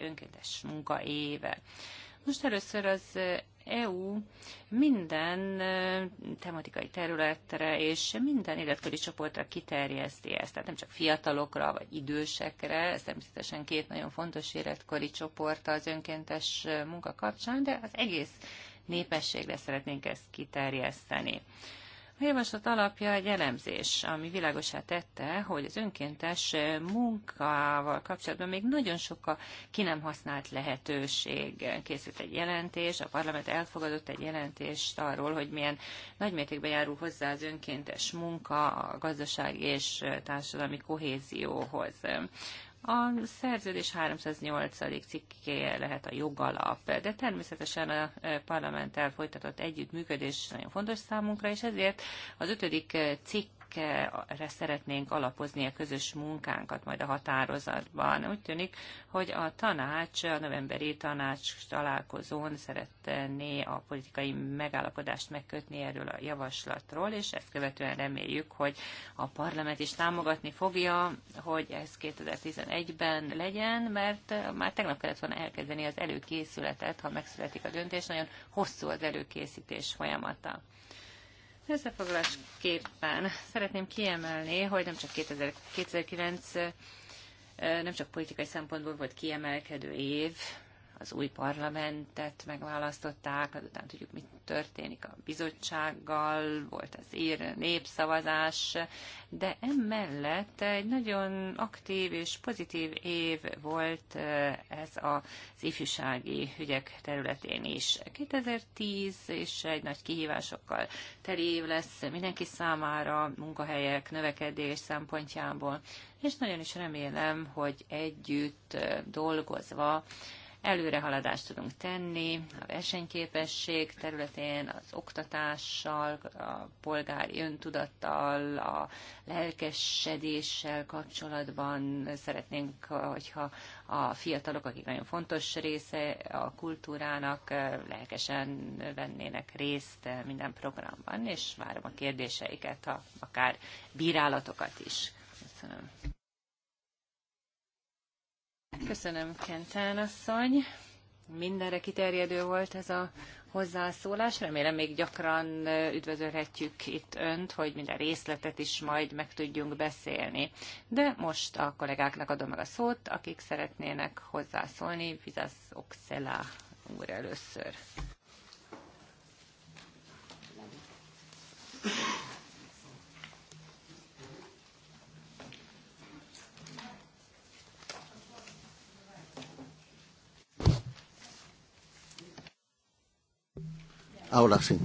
önkéntes munka éve. Most először az EU minden tematikai területre és minden életkori csoportra kiterjeszti ezt. Tehát nem csak fiatalokra vagy idősekre, ez természetesen két nagyon fontos életkori csoport az önkéntes munka kapcsán, de az egész népességre szeretnénk ezt kiterjeszteni. A javaslat alapja egy elemzés, ami világosá tette, hogy az önkéntes munkával kapcsolatban még nagyon sok a ki nem használt lehetőség. Készült egy jelentés, a parlament elfogadott egy jelentést arról, hogy milyen nagymértékben járul hozzá az önkéntes munka a gazdaság és társadalmi kohézióhoz. A szerződés 308. cikkéje lehet a jogalap, de természetesen a e, parlamenttel folytatott együttműködés nagyon fontos számunkra, és ezért az ötödik e, cikk ezekre szeretnénk alapozni a közös munkánkat majd a határozatban. Úgy tűnik, hogy a tanács, a novemberi tanács találkozón szeretné a politikai megállapodást megkötni erről a javaslatról, és ezt követően reméljük, hogy a parlament is támogatni fogja, hogy ez 2011-ben legyen, mert már tegnap kellett volna elkezdeni az előkészületet, ha megszületik a döntés, nagyon hosszú az előkészítés folyamata. Összefoglalásképpen szeretném kiemelni, hogy nem csak 2000, 2009 nem csak politikai szempontból volt kiemelkedő év, az új parlamentet megválasztották, azután tudjuk, mi történik a bizottsággal, volt az ír népszavazás, de emellett egy nagyon aktív és pozitív év volt eh, ez az ifjúsági ügyek területén is. 2010 és egy nagy kihívásokkal teli év lesz mindenki számára, munkahelyek, növekedés szempontjából, és nagyon is remélem, hogy együtt eh, dolgozva Előrehaladást tudunk tenni a versenyképesség területén, az oktatással, a polgári öntudattal, a lelkesedéssel kapcsolatban szeretnénk, hogyha a fiatalok, akik nagyon fontos része a kultúrának, lelkesen vennének részt minden programban, és várom a kérdéseiket, ha akár bírálatokat is. Köszönöm. Köszönöm, Kentán asszony. Mindenre kiterjedő volt ez a hozzászólás. Remélem még gyakran üdvözölhetjük itt önt, hogy minden részletet is majd meg tudjunk beszélni. De most a kollégáknak adom meg a szót, akik szeretnének hozzászólni. Vizasz Oxela úr először. Ahora sí.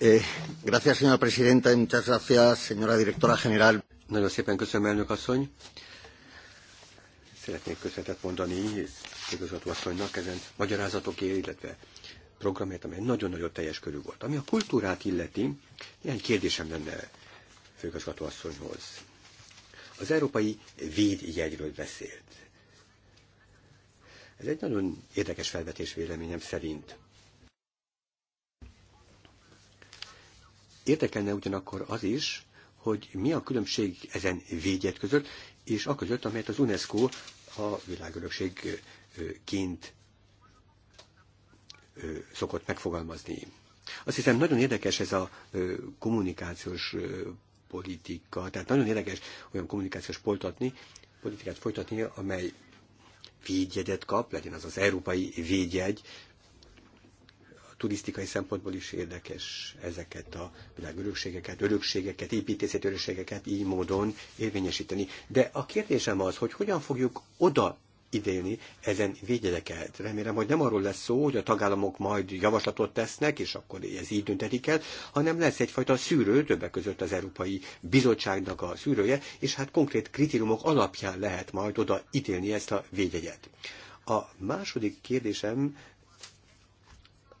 Eh, gracias, señora presidenta, y muchas gracias, señora directora general. Nagyon szépen köszönöm, elnök asszony. Szeretnék köszönetet mondani igazgató asszonynak ezen magyarázatokért, illetve programért, amely nagyon-nagyon teljes körű volt. Ami a kultúrát illeti, ilyen kérdésem lenne főigazgató asszonyhoz. Az európai védjegyről beszélt. Ez egy nagyon érdekes felvetés véleményem szerint. Érdekelne ugyanakkor az is, hogy mi a különbség ezen védjegy között, és a között, amelyet az UNESCO a világörökségként szokott megfogalmazni. Azt hiszem nagyon érdekes ez a kommunikációs politika, tehát nagyon érdekes olyan kommunikációs poltatni, politikát folytatni, amely védjegyet kap, legyen az az európai védjegy, turisztikai szempontból is érdekes ezeket a világörökségeket, örökségeket, építészeti örökségeket így módon érvényesíteni. De a kérdésem az, hogy hogyan fogjuk oda idélni ezen védjegyeket. Remélem, hogy nem arról lesz szó, hogy a tagállamok majd javaslatot tesznek, és akkor ez így döntetik el, hanem lesz egyfajta szűrő, többek között az Európai Bizottságnak a szűrője, és hát konkrét kritériumok alapján lehet majd oda ítélni ezt a védjegyet. A második kérdésem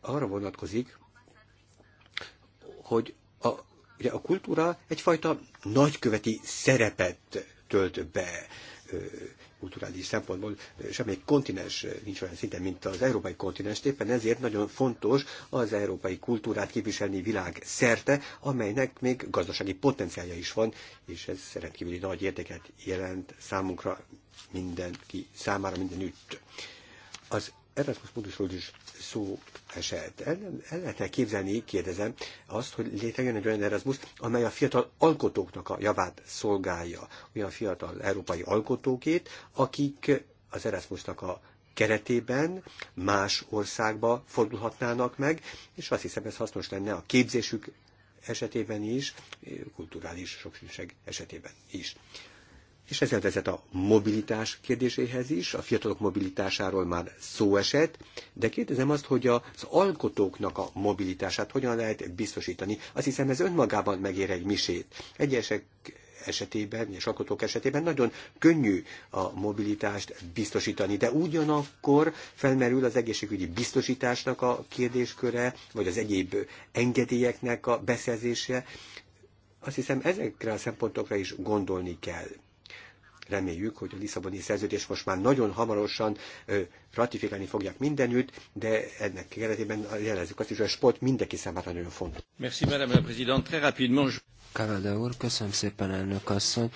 arra vonatkozik, hogy a, ugye a kultúra egyfajta nagyköveti szerepet tölt be kulturális szempontból semmelyik kontinens nincs olyan szinten, mint az európai kontinens, éppen ezért nagyon fontos az európai kultúrát képviselni világ szerte, amelynek még gazdasági potenciálja is van, és ez rendkívüli nagy értéket jelent számunkra mindenki számára mindenütt. Az Erasmus Mundusról is szó esett. El, el -e képzelni, kérdezem, azt, hogy létrejön egy olyan Erasmus, amely a fiatal alkotóknak a javát szolgálja, olyan fiatal európai alkotókét, akik az Erasmusnak a keretében más országba fordulhatnának meg, és azt hiszem ez hasznos lenne a képzésük esetében is, kulturális sokszínűség esetében is és ez vezet a mobilitás kérdéséhez is, a fiatalok mobilitásáról már szó esett, de kérdezem azt, hogy az alkotóknak a mobilitását hogyan lehet biztosítani. Azt hiszem ez önmagában megér egy misét. Egyesek esetében és alkotók esetében nagyon könnyű a mobilitást biztosítani, de ugyanakkor felmerül az egészségügyi biztosításnak a kérdésköre, vagy az egyéb engedélyeknek a beszerzése. Azt hiszem ezekre a szempontokra is gondolni kell. Reméljük, hogy a Lisszaboni szerződés most már nagyon hamarosan ratifikálni fogják mindenütt, de ennek keretében jelezzük azt is, hogy a sport mindenki számára nagyon fontos. Merci, Madame la Présidente. Très rapidement. Kavada úr, köszönöm szépen, elnök asszony.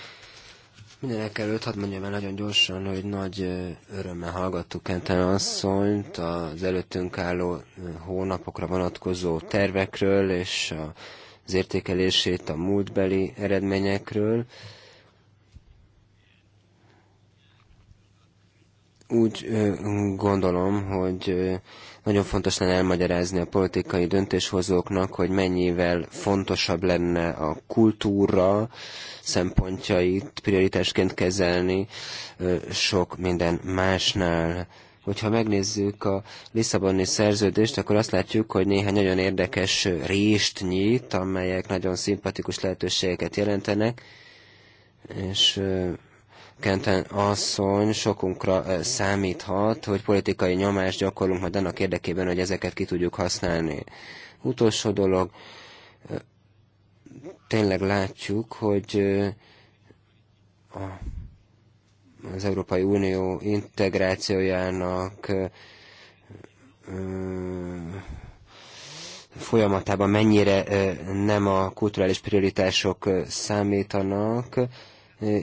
Mindenek előtt hadd mondjam el nagyon gyorsan, hogy nagy örömmel hallgattuk Kenten asszonyt az előttünk álló hónapokra vonatkozó tervekről és az értékelését a múltbeli eredményekről. úgy gondolom, hogy nagyon fontos lenne elmagyarázni a politikai döntéshozóknak, hogy mennyivel fontosabb lenne a kultúra szempontjait prioritásként kezelni sok minden másnál. Hogyha megnézzük a Lisszaboni szerződést, akkor azt látjuk, hogy néhány nagyon érdekes részt nyit, amelyek nagyon szimpatikus lehetőségeket jelentenek, és Kenten asszony sokunkra eh, számíthat, hogy politikai nyomást gyakorlunk majd annak érdekében, hogy ezeket ki tudjuk használni. Utolsó dolog, eh, tényleg látjuk, hogy eh, a, az Európai Unió integrációjának folyamatában mennyire nem a kulturális prioritások számítanak,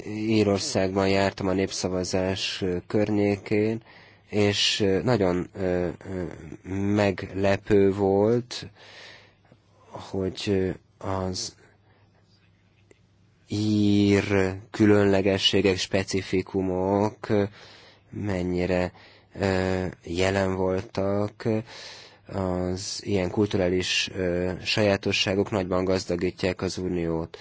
Írországban jártam a népszavazás környékén, és nagyon meglepő volt, hogy az ír különlegességek, specifikumok mennyire jelen voltak, az ilyen kulturális sajátosságok nagyban gazdagítják az uniót.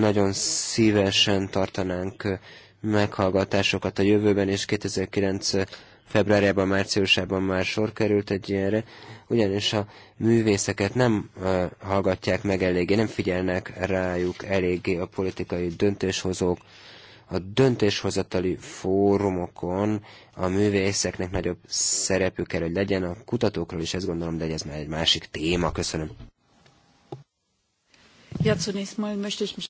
Nagyon szívesen tartanánk meghallgatásokat a jövőben, és 2009 februárjában, márciusában már sor került egy ilyenre, ugyanis a művészeket nem hallgatják meg eléggé, nem figyelnek rájuk eléggé a politikai döntéshozók. A döntéshozatali fórumokon a művészeknek nagyobb szerepük kell, hogy legyen a kutatókról is, ezt gondolom, de ez már egy másik téma. Köszönöm. Ja, zunächst mal möchte ich mich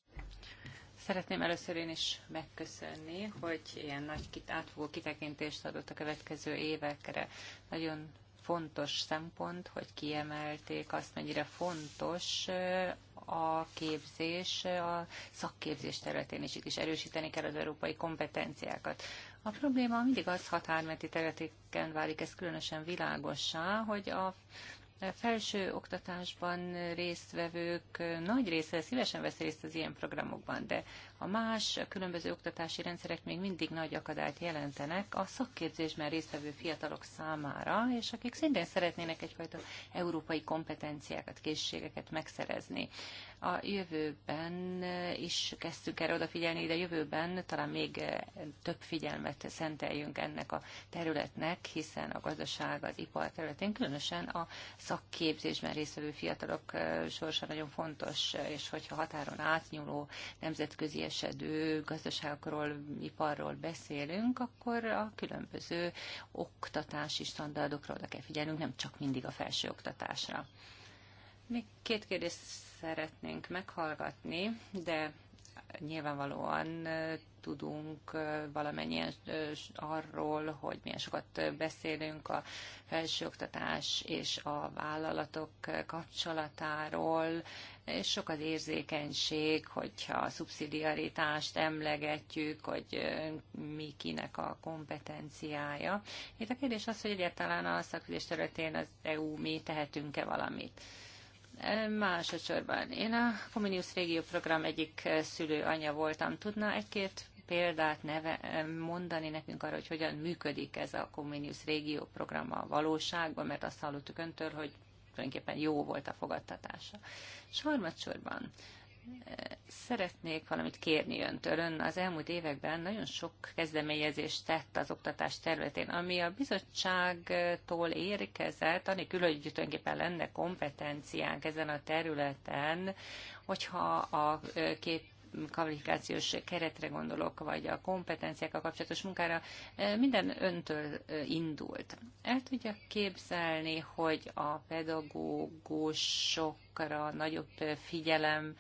Szeretném először én is megköszönni, hogy ilyen nagy átfogó kitekintést adott a következő évekre. Nagyon fontos szempont, hogy kiemelték azt, mennyire fontos a képzés, a szakképzés területén is. Itt is erősíteni kell az európai kompetenciákat. A probléma mindig az határmenti területeken válik ez különösen világossá, hogy a felső oktatásban résztvevők nagy része szívesen vesz részt az ilyen programokban, de a más a különböző oktatási rendszerek még mindig nagy akadályt jelentenek a szakképzésben résztvevő fiatalok számára, és akik szintén szeretnének egyfajta európai kompetenciákat, készségeket megszerezni a jövőben is kezdtünk erre odafigyelni, de jövőben talán még több figyelmet szenteljünk ennek a területnek, hiszen a gazdaság, az ipar területén, különösen a szakképzésben résztvevő fiatalok sorsa nagyon fontos, és hogyha határon átnyúló, nemzetközi esedő gazdaságokról, iparról beszélünk, akkor a különböző oktatási standardokra oda kell figyelnünk, nem csak mindig a felső oktatásra. Még két kérdést szeretnénk meghallgatni, de nyilvánvalóan tudunk valamennyien arról, hogy milyen sokat beszélünk a felsőoktatás és a vállalatok kapcsolatáról, és sok az érzékenység, hogyha a szubszidiaritást emlegetjük, hogy mi kinek a kompetenciája. Itt a kérdés az, hogy egyáltalán a szakvizés területén az EU mi tehetünk-e valamit. Másodszorban én a Comenius Régió Program egyik szülőanyja voltam. Tudna egy-két példát neve, mondani nekünk arra, hogy hogyan működik ez a Comenius Régió Program a valóságban, mert azt hallottuk öntől, hogy tulajdonképpen jó volt a fogadtatása. És harmadsorban szeretnék valamit kérni öntől. Ön az elmúlt években nagyon sok kezdeményezést tett az oktatás területén, ami a bizottságtól érkezett, anélkül, hogy tulajdonképpen lenne kompetenciánk ezen a területen, hogyha a e, két kvalifikációs keretre gondolok, vagy a kompetenciákkal kapcsolatos munkára, e, minden öntől e, indult. El tudja képzelni, hogy a pedagógusokra nagyobb figyelem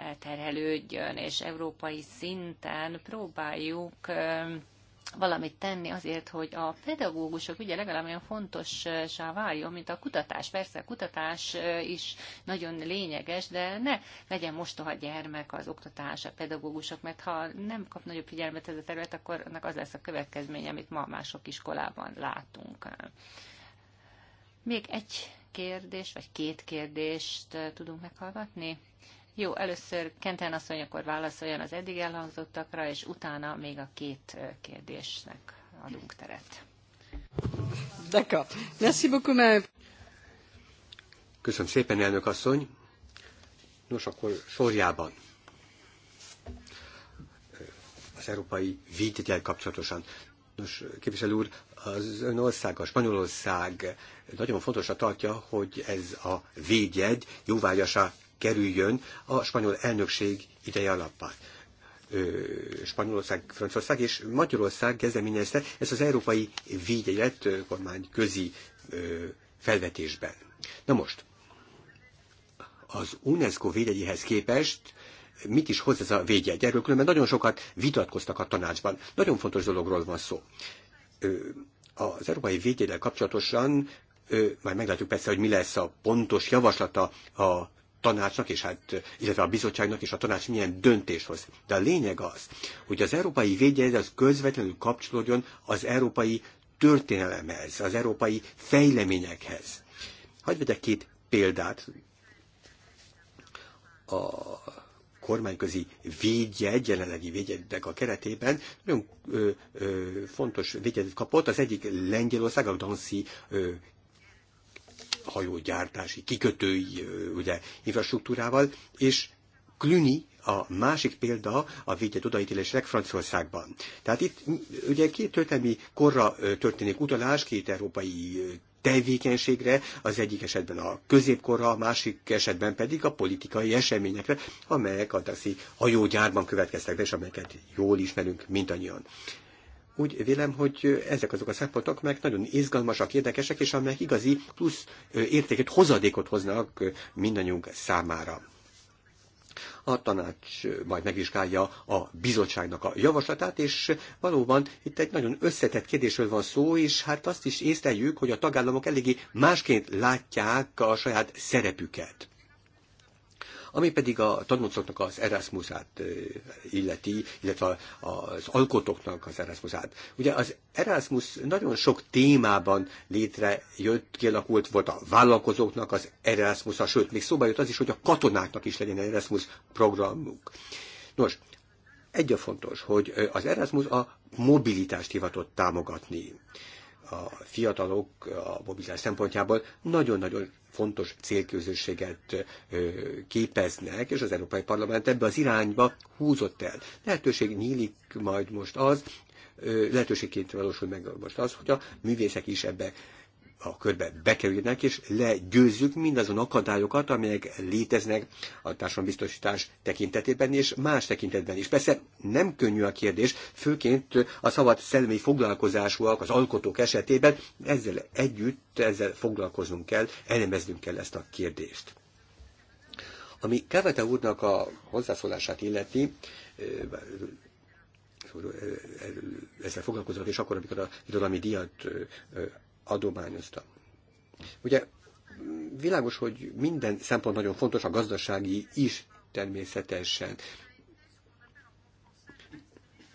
elterhelődjön, és európai szinten próbáljuk valamit tenni azért, hogy a pedagógusok ugye legalább olyan fontossá váljon, mint a kutatás. Persze a kutatás is nagyon lényeges, de ne legyen mostoha gyermek az oktatás, a pedagógusok, mert ha nem kap nagyobb figyelmet ez a terület, akkor annak az lesz a következménye, amit ma mások iskolában látunk. Még egy kérdés, vagy két kérdést tudunk meghallgatni. Jó, először Kenten asszony akkor válaszoljon az eddig elhangzottakra, és utána még a két kérdésnek adunk teret. D'accord. Merci beaucoup, Köszönöm szépen, elnök asszony. Nos, akkor sorjában az európai védjegyel kapcsolatosan. Nos, képviselő úr, az ön ország, a Spanyolország nagyon fontosra tartja, hogy ez a védjegy jóvágyasa kerüljön a spanyol elnökség ideje alapján. Spanyolország, Franciaország és Magyarország kezdeményezte ezt az európai vígyegyet kormányközi felvetésben. Na most, az UNESCO védjegyéhez képest mit is hoz ez a védjegy? Erről különben nagyon sokat vitatkoztak a tanácsban. Nagyon fontos dologról van szó. Az európai védjegyel kapcsolatosan már meglátjuk persze, hogy mi lesz a pontos javaslata a tanácsnak, és hát, illetve a bizottságnak és a tanács milyen döntés hoz. De a lényeg az, hogy az európai védjegy az közvetlenül kapcsolódjon az európai történelemhez, az európai fejleményekhez. Hagy vegyek két példát. A kormányközi védjegy, jelenlegi védjegynek a keretében nagyon ö, ö, fontos védjegyet kapott. Az egyik Lengyelország, a Danszi ö, hajógyártási, kikötői ugye, infrastruktúrával, és Cluny a másik példa a védett odaítélések Franciaországban. Tehát itt ugye két történelmi korra történik utalás, két európai tevékenységre, az egyik esetben a középkorra, a másik esetben pedig a politikai eseményekre, amelyek a taxi hajógyárban következtek be, és amelyeket jól ismerünk mindannyian úgy vélem, hogy ezek azok a szempontok, meg nagyon izgalmasak, érdekesek, és amelyek igazi plusz értéket, hozadékot hoznak mindannyiunk számára. A tanács majd megvizsgálja a bizottságnak a javaslatát, és valóban itt egy nagyon összetett kérdésről van szó, és hát azt is észleljük, hogy a tagállamok eléggé másként látják a saját szerepüket. Ami pedig a tanulcoknak az Erasmusát illeti, illetve az alkotóknak az Erasmusát. Ugye az Erasmus nagyon sok témában létrejött, kialakult volt a vállalkozóknak az Erasmusa, sőt, még szóba jött az is, hogy a katonáknak is legyen Erasmus programuk. Nos, egy a fontos, hogy az Erasmus a mobilitást hivatott támogatni a fiatalok a mobilitás szempontjából nagyon-nagyon fontos célközösséget képeznek, és az Európai Parlament ebbe az irányba húzott el. Lehetőség nyílik majd most az, lehetőségként valósul meg most az, hogy a művészek is ebbe a körbe bekerülnek, és legyőzzük mindazon akadályokat, amelyek léteznek a társadalombiztosítás tekintetében és más tekintetben is. Persze nem könnyű a kérdés, főként a szabad szellemi foglalkozásúak, az alkotók esetében ezzel együtt, ezzel foglalkoznunk kell, elemeznünk kell ezt a kérdést. Ami Kávete úrnak a hozzászólását illeti, ezzel foglalkozott, és akkor, amikor a irodalmi díjat adományozta. Ugye világos, hogy minden szempont nagyon fontos, a gazdasági is természetesen.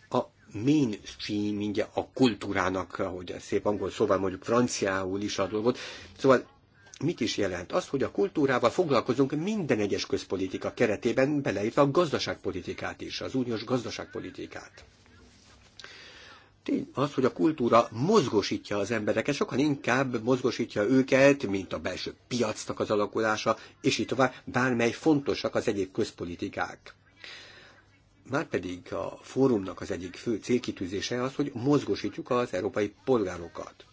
A mainstream, mindjárt a kultúrának, ahogy szép angol szóval mondjuk franciául is a dolgot. Szóval mit is jelent? Az, hogy a kultúrával foglalkozunk minden egyes közpolitika keretében, beleértve a gazdaságpolitikát is, az uniós gazdaságpolitikát tény az, hogy a kultúra mozgosítja az embereket, sokan inkább mozgosítja őket, mint a belső piacnak az alakulása, és így tovább, bármely fontosak az egyéb közpolitikák. Márpedig a fórumnak az egyik fő célkitűzése az, hogy mozgosítjuk az európai polgárokat.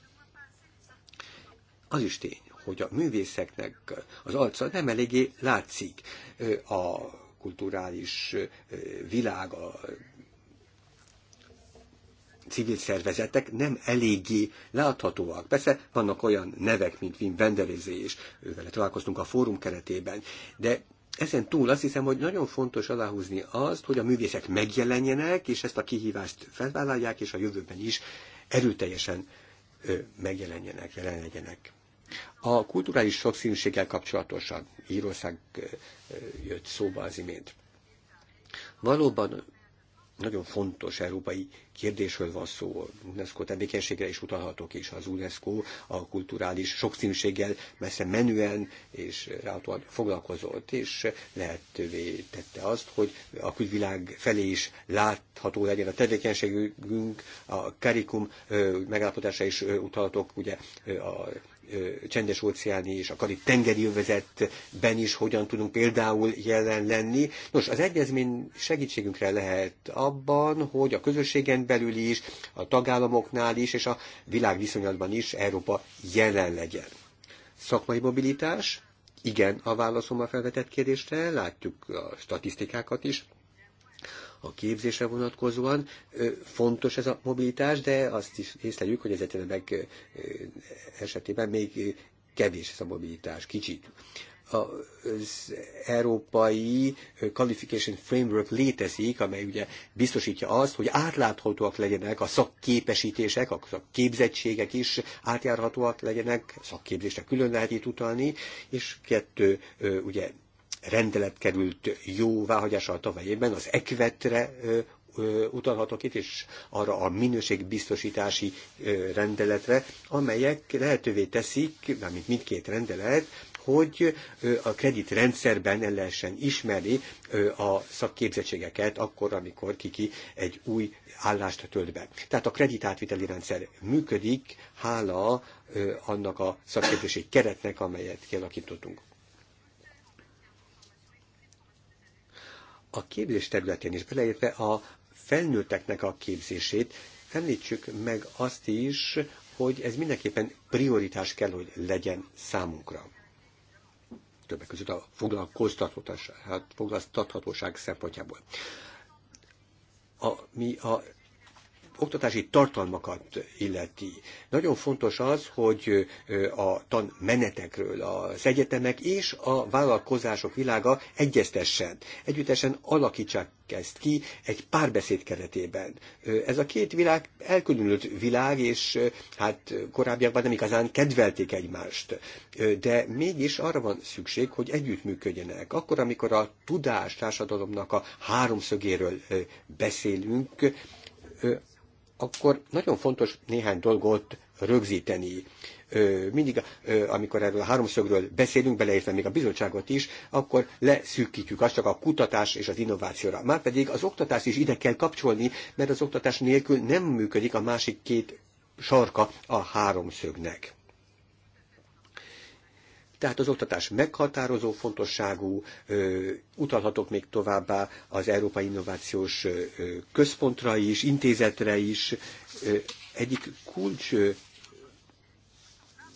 Az is tény, hogy a művészeknek az arca nem eléggé látszik a kulturális világ, a civil szervezetek nem eléggé láthatóak. Persze vannak olyan nevek, mint Wim Wenderizé is, ővel találkoztunk a fórum keretében, de ezen túl azt hiszem, hogy nagyon fontos aláhúzni azt, hogy a művészek megjelenjenek, és ezt a kihívást felvállalják, és a jövőben is erőteljesen megjelenjenek, jelen legyenek. A kulturális sokszínűséggel kapcsolatosan Írország jött szóba az imént. Valóban nagyon fontos európai kérdésről van szó. UNESCO tevékenységre is utalhatok, és az UNESCO a kulturális sokszínűséggel messze menően és ráadóan foglalkozott, és lehetővé tette azt, hogy a külvilág felé is látható legyen a tevékenységünk, a karikum megállapodása is utalhatok, ugye a csendes óceáni és a karib tengeri övezetben is hogyan tudunk például jelen lenni. Nos, az egyezmény segítségünkre lehet abban, hogy a közösségen belül is, a tagállamoknál is és a világviszonylatban is Európa jelen legyen. Szakmai mobilitás? Igen a válaszom a felvetett kérdésre, látjuk a statisztikákat is a képzésre vonatkozóan. Fontos ez a mobilitás, de azt is észleljük, hogy az egyetemek esetében még kevés ez a mobilitás, kicsit az európai qualification framework létezik, amely ugye biztosítja azt, hogy átláthatóak legyenek a szakképesítések, a szakképzettségek is átjárhatóak legyenek, szakképzésre külön lehet itt utalni, és kettő ugye rendelet került jóváhagyása a tavalyében, az ekvetre utalhatok itt, és arra a minőségbiztosítási rendeletre, amelyek lehetővé teszik, mármint mindkét rendelet, hogy a kreditrendszerben el lehessen ismerni a szakképzettségeket akkor, amikor kiki egy új állást tölt be. Tehát a kreditátviteli rendszer működik, hála annak a szakképzési keretnek, amelyet kialakítottunk. a képzés területén is, beleértve a felnőtteknek a képzését, említsük meg azt is, hogy ez mindenképpen prioritás kell, hogy legyen számunkra. Többek között a foglalkoztathatóság hát szempontjából. A, mi a oktatási tartalmakat illeti. Nagyon fontos az, hogy a tanmenetekről az egyetemek és a vállalkozások világa egyeztessen, együttesen alakítsák ezt ki egy párbeszéd keretében. Ez a két világ elkülönült világ, és hát korábbiakban nem igazán kedvelték egymást. De mégis arra van szükség, hogy együttműködjenek. Akkor, amikor a tudás társadalomnak a háromszögéről beszélünk, akkor nagyon fontos néhány dolgot rögzíteni. Mindig, amikor erről a háromszögről beszélünk, beleértve még a bizottságot is, akkor leszűkítjük azt csak a kutatás és az innovációra. Márpedig az oktatást is ide kell kapcsolni, mert az oktatás nélkül nem működik a másik két sarka a háromszögnek. Tehát az oktatás meghatározó fontosságú, utalhatok még továbbá az Európai Innovációs Központra is, intézetre is. Egyik kulcs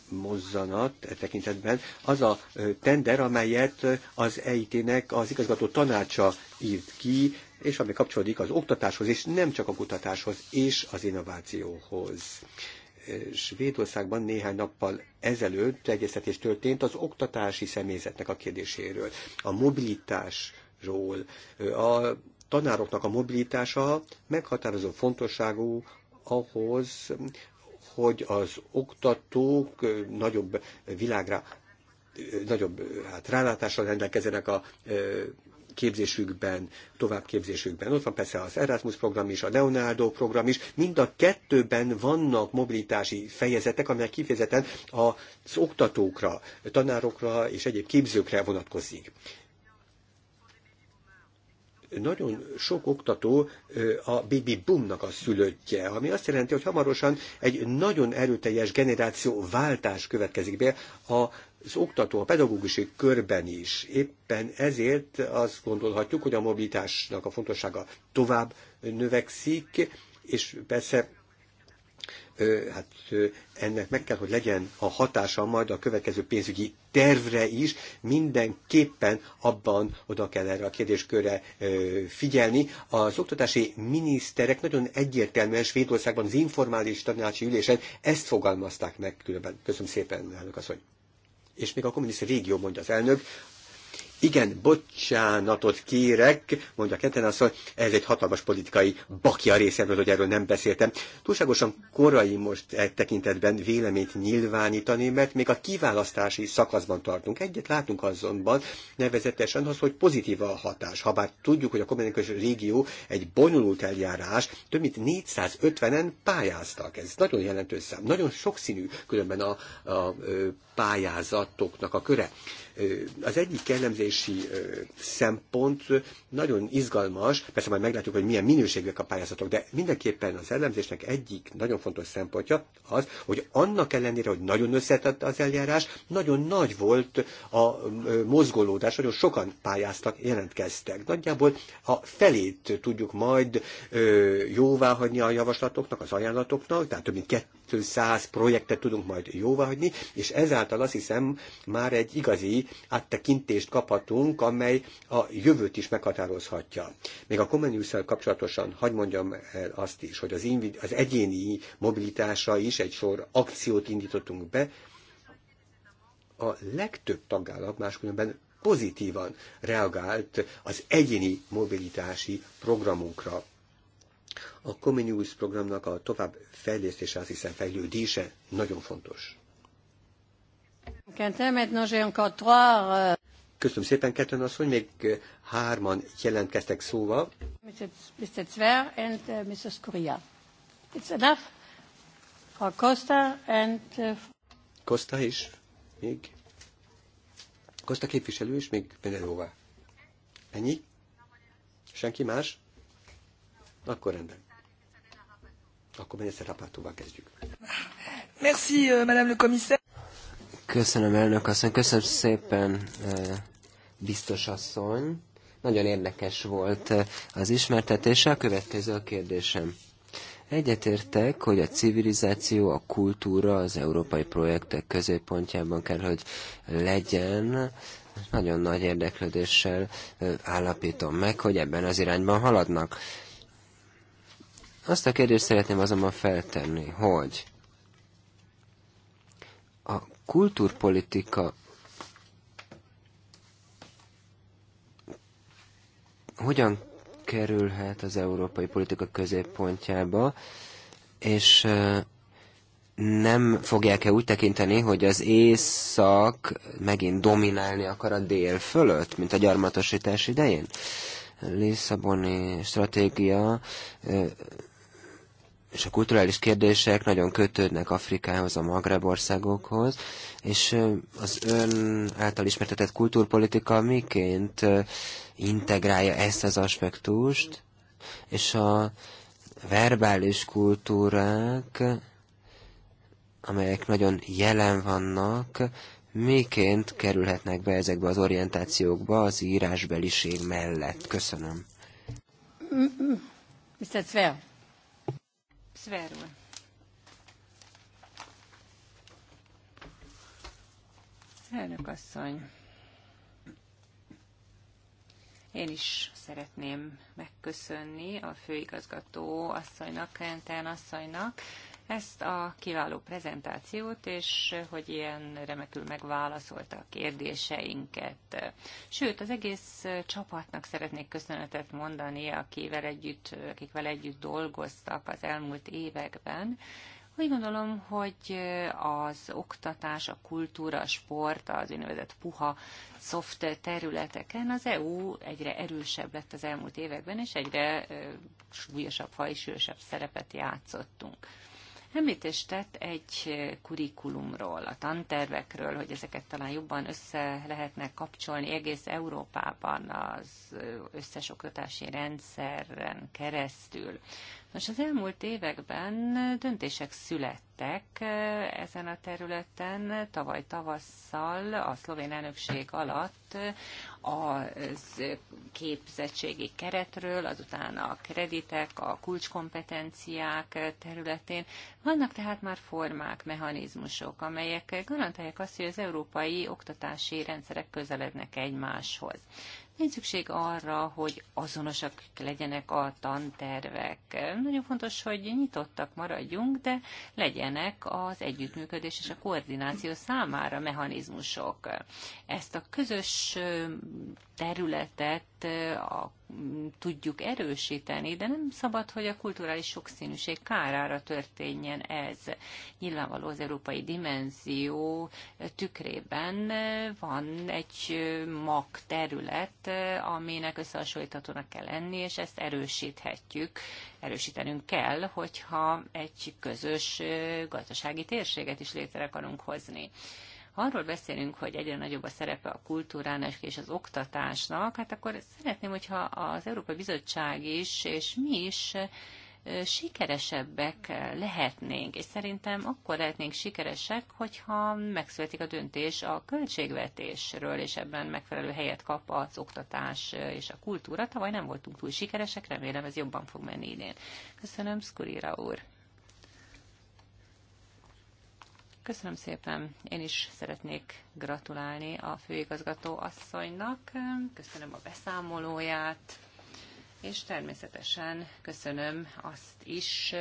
mozzanat e tekintetben az a tender, amelyet az EIT-nek az igazgató tanácsa írt ki, és ami kapcsolódik az oktatáshoz, és nem csak a kutatáshoz, és az innovációhoz. Svédországban néhány nappal ezelőtt egyeztetés történt az oktatási személyzetnek a kérdéséről, a mobilitásról. A tanároknak a mobilitása meghatározó fontosságú ahhoz, hogy az oktatók nagyobb világra, nagyobb hát, rálátással rendelkezzenek a képzésükben, továbbképzésükben. Ott van persze az Erasmus program is, a Leonardo program is, mind a kettőben vannak mobilitási fejezetek, amelyek kifejezetten az oktatókra, tanárokra és egyéb képzőkre vonatkozik nagyon sok oktató a baby boomnak a szülöttje, ami azt jelenti, hogy hamarosan egy nagyon erőteljes generáció váltás következik be a az oktató, a pedagógusi körben is. Éppen ezért azt gondolhatjuk, hogy a mobilitásnak a fontossága tovább növekszik, és persze hát ennek meg kell, hogy legyen a hatása majd a következő pénzügyi tervre is, mindenképpen abban oda kell erre a kérdéskörre figyelni. Az oktatási miniszterek nagyon egyértelműen Svédországban az informális tanácsi ülésen ezt fogalmazták meg különben. Köszönöm szépen, elnök asszony! és még a kommunista régió, mondja az elnök, igen, bocsánatot kérek, mondja Kenten asszony, ez egy hatalmas politikai bakja részemről, hogy erről nem beszéltem. Túlságosan korai most egy tekintetben véleményt nyilvánítani, mert még a kiválasztási szakaszban tartunk. Egyet látunk azonban, nevezetesen az, hogy pozitív a hatás. Habár tudjuk, hogy a kommunikus régió egy bonyolult eljárás, több mint 450-en pályáztak. Ez nagyon jelentős szám, nagyon sokszínű különben a, a, a pályázatoknak a köre. Az egyik elemzési szempont nagyon izgalmas, persze majd meglátjuk, hogy milyen minőségűek a pályázatok, de mindenképpen az ellenzésnek egyik nagyon fontos szempontja az, hogy annak ellenére, hogy nagyon összetett az eljárás, nagyon nagy volt a mozgolódás, nagyon sokan pályáztak, jelentkeztek. Nagyjából a felét tudjuk majd jóváhagyni a javaslatoknak, az ajánlatoknak, tehát több mint 200 projektet tudunk majd jóváhagyni, és ezáltal azt hiszem már egy igazi áttekintést kaphatunk, amely a jövőt is meghatározhatja. Még a comenius kapcsolatosan hagy mondjam el azt is, hogy az, az egyéni mobilitásra is egy sor akciót indítottunk be, a legtöbb tagállam máskülönben pozitívan reagált az egyéni mobilitási programunkra. A Comenius programnak a tovább fejlesztése, azt hiszem fejlődése nagyon fontos. Euh, Köszönöm szépen, ketten asszony, még euh, hárman jelentkeztek szóval. Mr. Zver and euh, Mrs. Korea. It's enough. Frau Costa and... Costa is, még. Costa képviselő is, még Benelóvá. Ennyi? Senki más? Akkor rendben. Akkor miniszter Rapátóval kezdjük. Merci, euh, madame le commissaire. Köszönöm, elnök asszony. Köszönöm szépen, biztos asszony. Nagyon érdekes volt az ismertetése. A következő a kérdésem. Egyetértek, hogy a civilizáció, a kultúra az európai projektek középpontjában kell, hogy legyen. Nagyon nagy érdeklődéssel állapítom meg, hogy ebben az irányban haladnak. Azt a kérdést szeretném azonban feltenni, hogy a kultúrpolitika hogyan kerülhet az európai politika középpontjába, és nem fogják-e úgy tekinteni, hogy az észak megint dominálni akar a dél fölött, mint a gyarmatosítás idején? Lisszaboni stratégia és a kulturális kérdések nagyon kötődnek Afrikához, a Magreb országokhoz, és az ön által ismertetett kultúrpolitika miként integrálja ezt az aspektust, és a verbális kultúrák, amelyek nagyon jelen vannak, miként kerülhetnek be ezekbe az orientációkba az írásbeliség mellett? Köszönöm. Mr. Mm-hmm. Szver úr. Elnök asszony, én is szeretném megköszönni a főigazgató asszonynak, Kenten asszonynak ezt a kiváló prezentációt, és hogy ilyen remekül megválaszolta a kérdéseinket. Sőt, az egész csapatnak szeretnék köszönetet mondani, akivel együtt, akik vele együtt dolgoztak az elmúlt években, úgy gondolom, hogy az oktatás, a kultúra, a sport, az úgynevezett puha szoft területeken az EU egyre erősebb lett az elmúlt években, és egyre súlyosabb, fajsúlyosabb szerepet játszottunk. Említést tett egy kurikulumról, a tantervekről, hogy ezeket talán jobban össze lehetne kapcsolni egész Európában az összes oktatási rendszeren keresztül. Most az elmúlt években döntések születtek eh, ezen a területen. Tavaly tavasszal a szlovén elnökség alatt eh, a képzettségi keretről, azután a kreditek, a kulcskompetenciák területén. Vannak tehát már formák, mechanizmusok, amelyek garantálják azt, hogy az európai oktatási rendszerek közelednek egymáshoz. Nincs szükség arra, hogy azonosak legyenek a tantervek. Nagyon fontos, hogy nyitottak maradjunk, de legyenek az együttműködés és a koordináció számára mechanizmusok. Ezt a közös területet a, tudjuk erősíteni, de nem szabad, hogy a kulturális sokszínűség kárára történjen ez. Nyilvánvaló az európai dimenzió tükrében van egy mag terület, aminek összehasonlíthatónak kell lenni, és ezt erősíthetjük, erősítenünk kell, hogyha egy közös gazdasági térséget is létre akarunk hozni. Ha arról beszélünk, hogy egyre nagyobb a szerepe a kultúrának és az oktatásnak, hát akkor szeretném, hogyha az Európai Bizottság is, és mi is sikeresebbek lehetnénk, és szerintem akkor lehetnénk sikeresek, hogyha megszületik a döntés a költségvetésről, és ebben megfelelő helyet kap az oktatás és a kultúra. Tavaly nem voltunk túl sikeresek, remélem ez jobban fog menni idén. Köszönöm, Skurira úr! Köszönöm szépen. Én is szeretnék gratulálni a főigazgató asszonynak. Köszönöm a beszámolóját, és természetesen köszönöm azt is,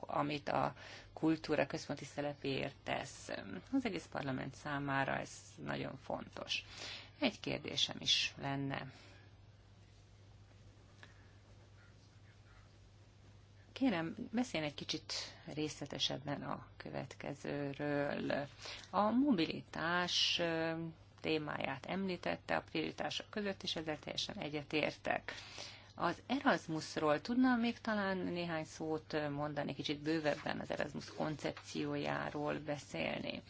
amit a kultúra központi szerepéért tesz. Az egész parlament számára ez nagyon fontos. Egy kérdésem is lenne Kérem, beszélj egy kicsit részletesebben a következőről. A mobilitás témáját említette a prioritások között, és ezzel teljesen egyetértek. Az Erasmusról tudna még talán néhány szót mondani, kicsit bővebben az Erasmus koncepciójáról beszélni.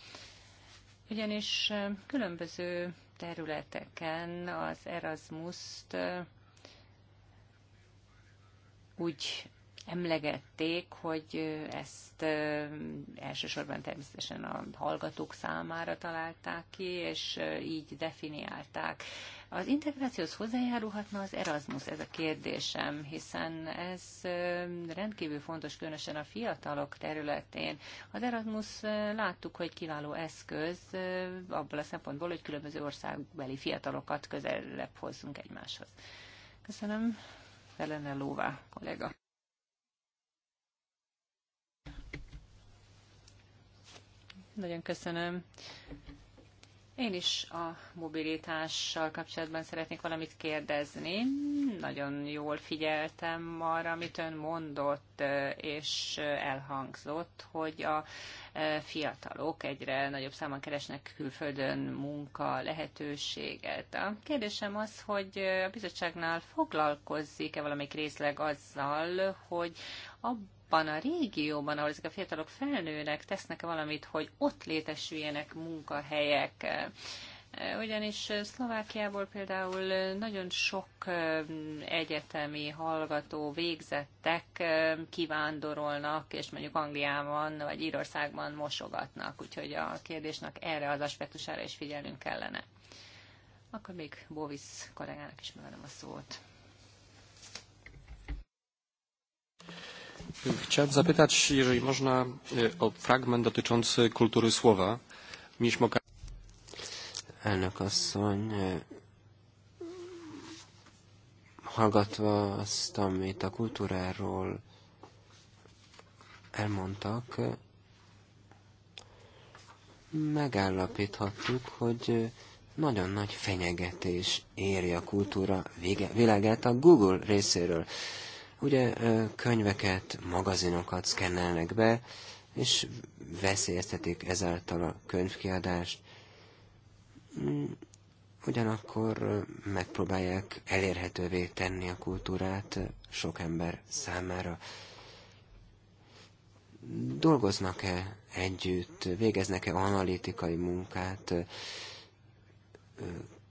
Ugyanis különböző területeken az Erasmus-t úgy emlegették, hogy ezt elsősorban természetesen a hallgatók számára találták ki, és így definiálták. Az integrációhoz hozzájárulhatna az Erasmus, ez a kérdésem, hiszen ez rendkívül fontos, különösen a fiatalok területén. Az Erasmus láttuk, hogy kiváló eszköz abból a szempontból, hogy különböző országbeli fiatalokat közelebb hozzunk egymáshoz. Köszönöm, Elena Lóvá kollega. Nagyon köszönöm. Én is a mobilitással kapcsolatban szeretnék valamit kérdezni. Nagyon jól figyeltem arra, amit ön mondott és elhangzott, hogy a e, fiatalok egyre nagyobb számban keresnek külföldön munka lehetőséget. A kérdésem az, hogy a bizottságnál foglalkozzik-e valamelyik részleg azzal, hogy abban abban a régióban, ahol ezek a fiatalok felnőnek, tesznek-e valamit, hogy ott létesüljenek munkahelyek. Ugyanis Szlovákiából például nagyon sok egyetemi hallgató végzettek kivándorolnak, és mondjuk Angliában vagy Írországban mosogatnak, úgyhogy a kérdésnek erre az aspektusára is figyelnünk kellene. Akkor még Bovis kollégának is megadom a szót. Chciałem zapytać, jeżeli można, e, o fragment dotyczący kultury słowa. Mieliśmy okazję... Elnök asszony, e, hallgatva azt, amit a kultúráról elmondtak, e, megállapíthattuk, hogy nagyon nagy fenyegetés éri a kultúra világát a Google részéről. Ugye könyveket, magazinokat szkennelnek be, és veszélyeztetik ezáltal a könyvkiadást. Mm, ugyanakkor megpróbálják elérhetővé tenni a kultúrát sok ember számára. Dolgoznak-e együtt, végeznek-e analitikai munkát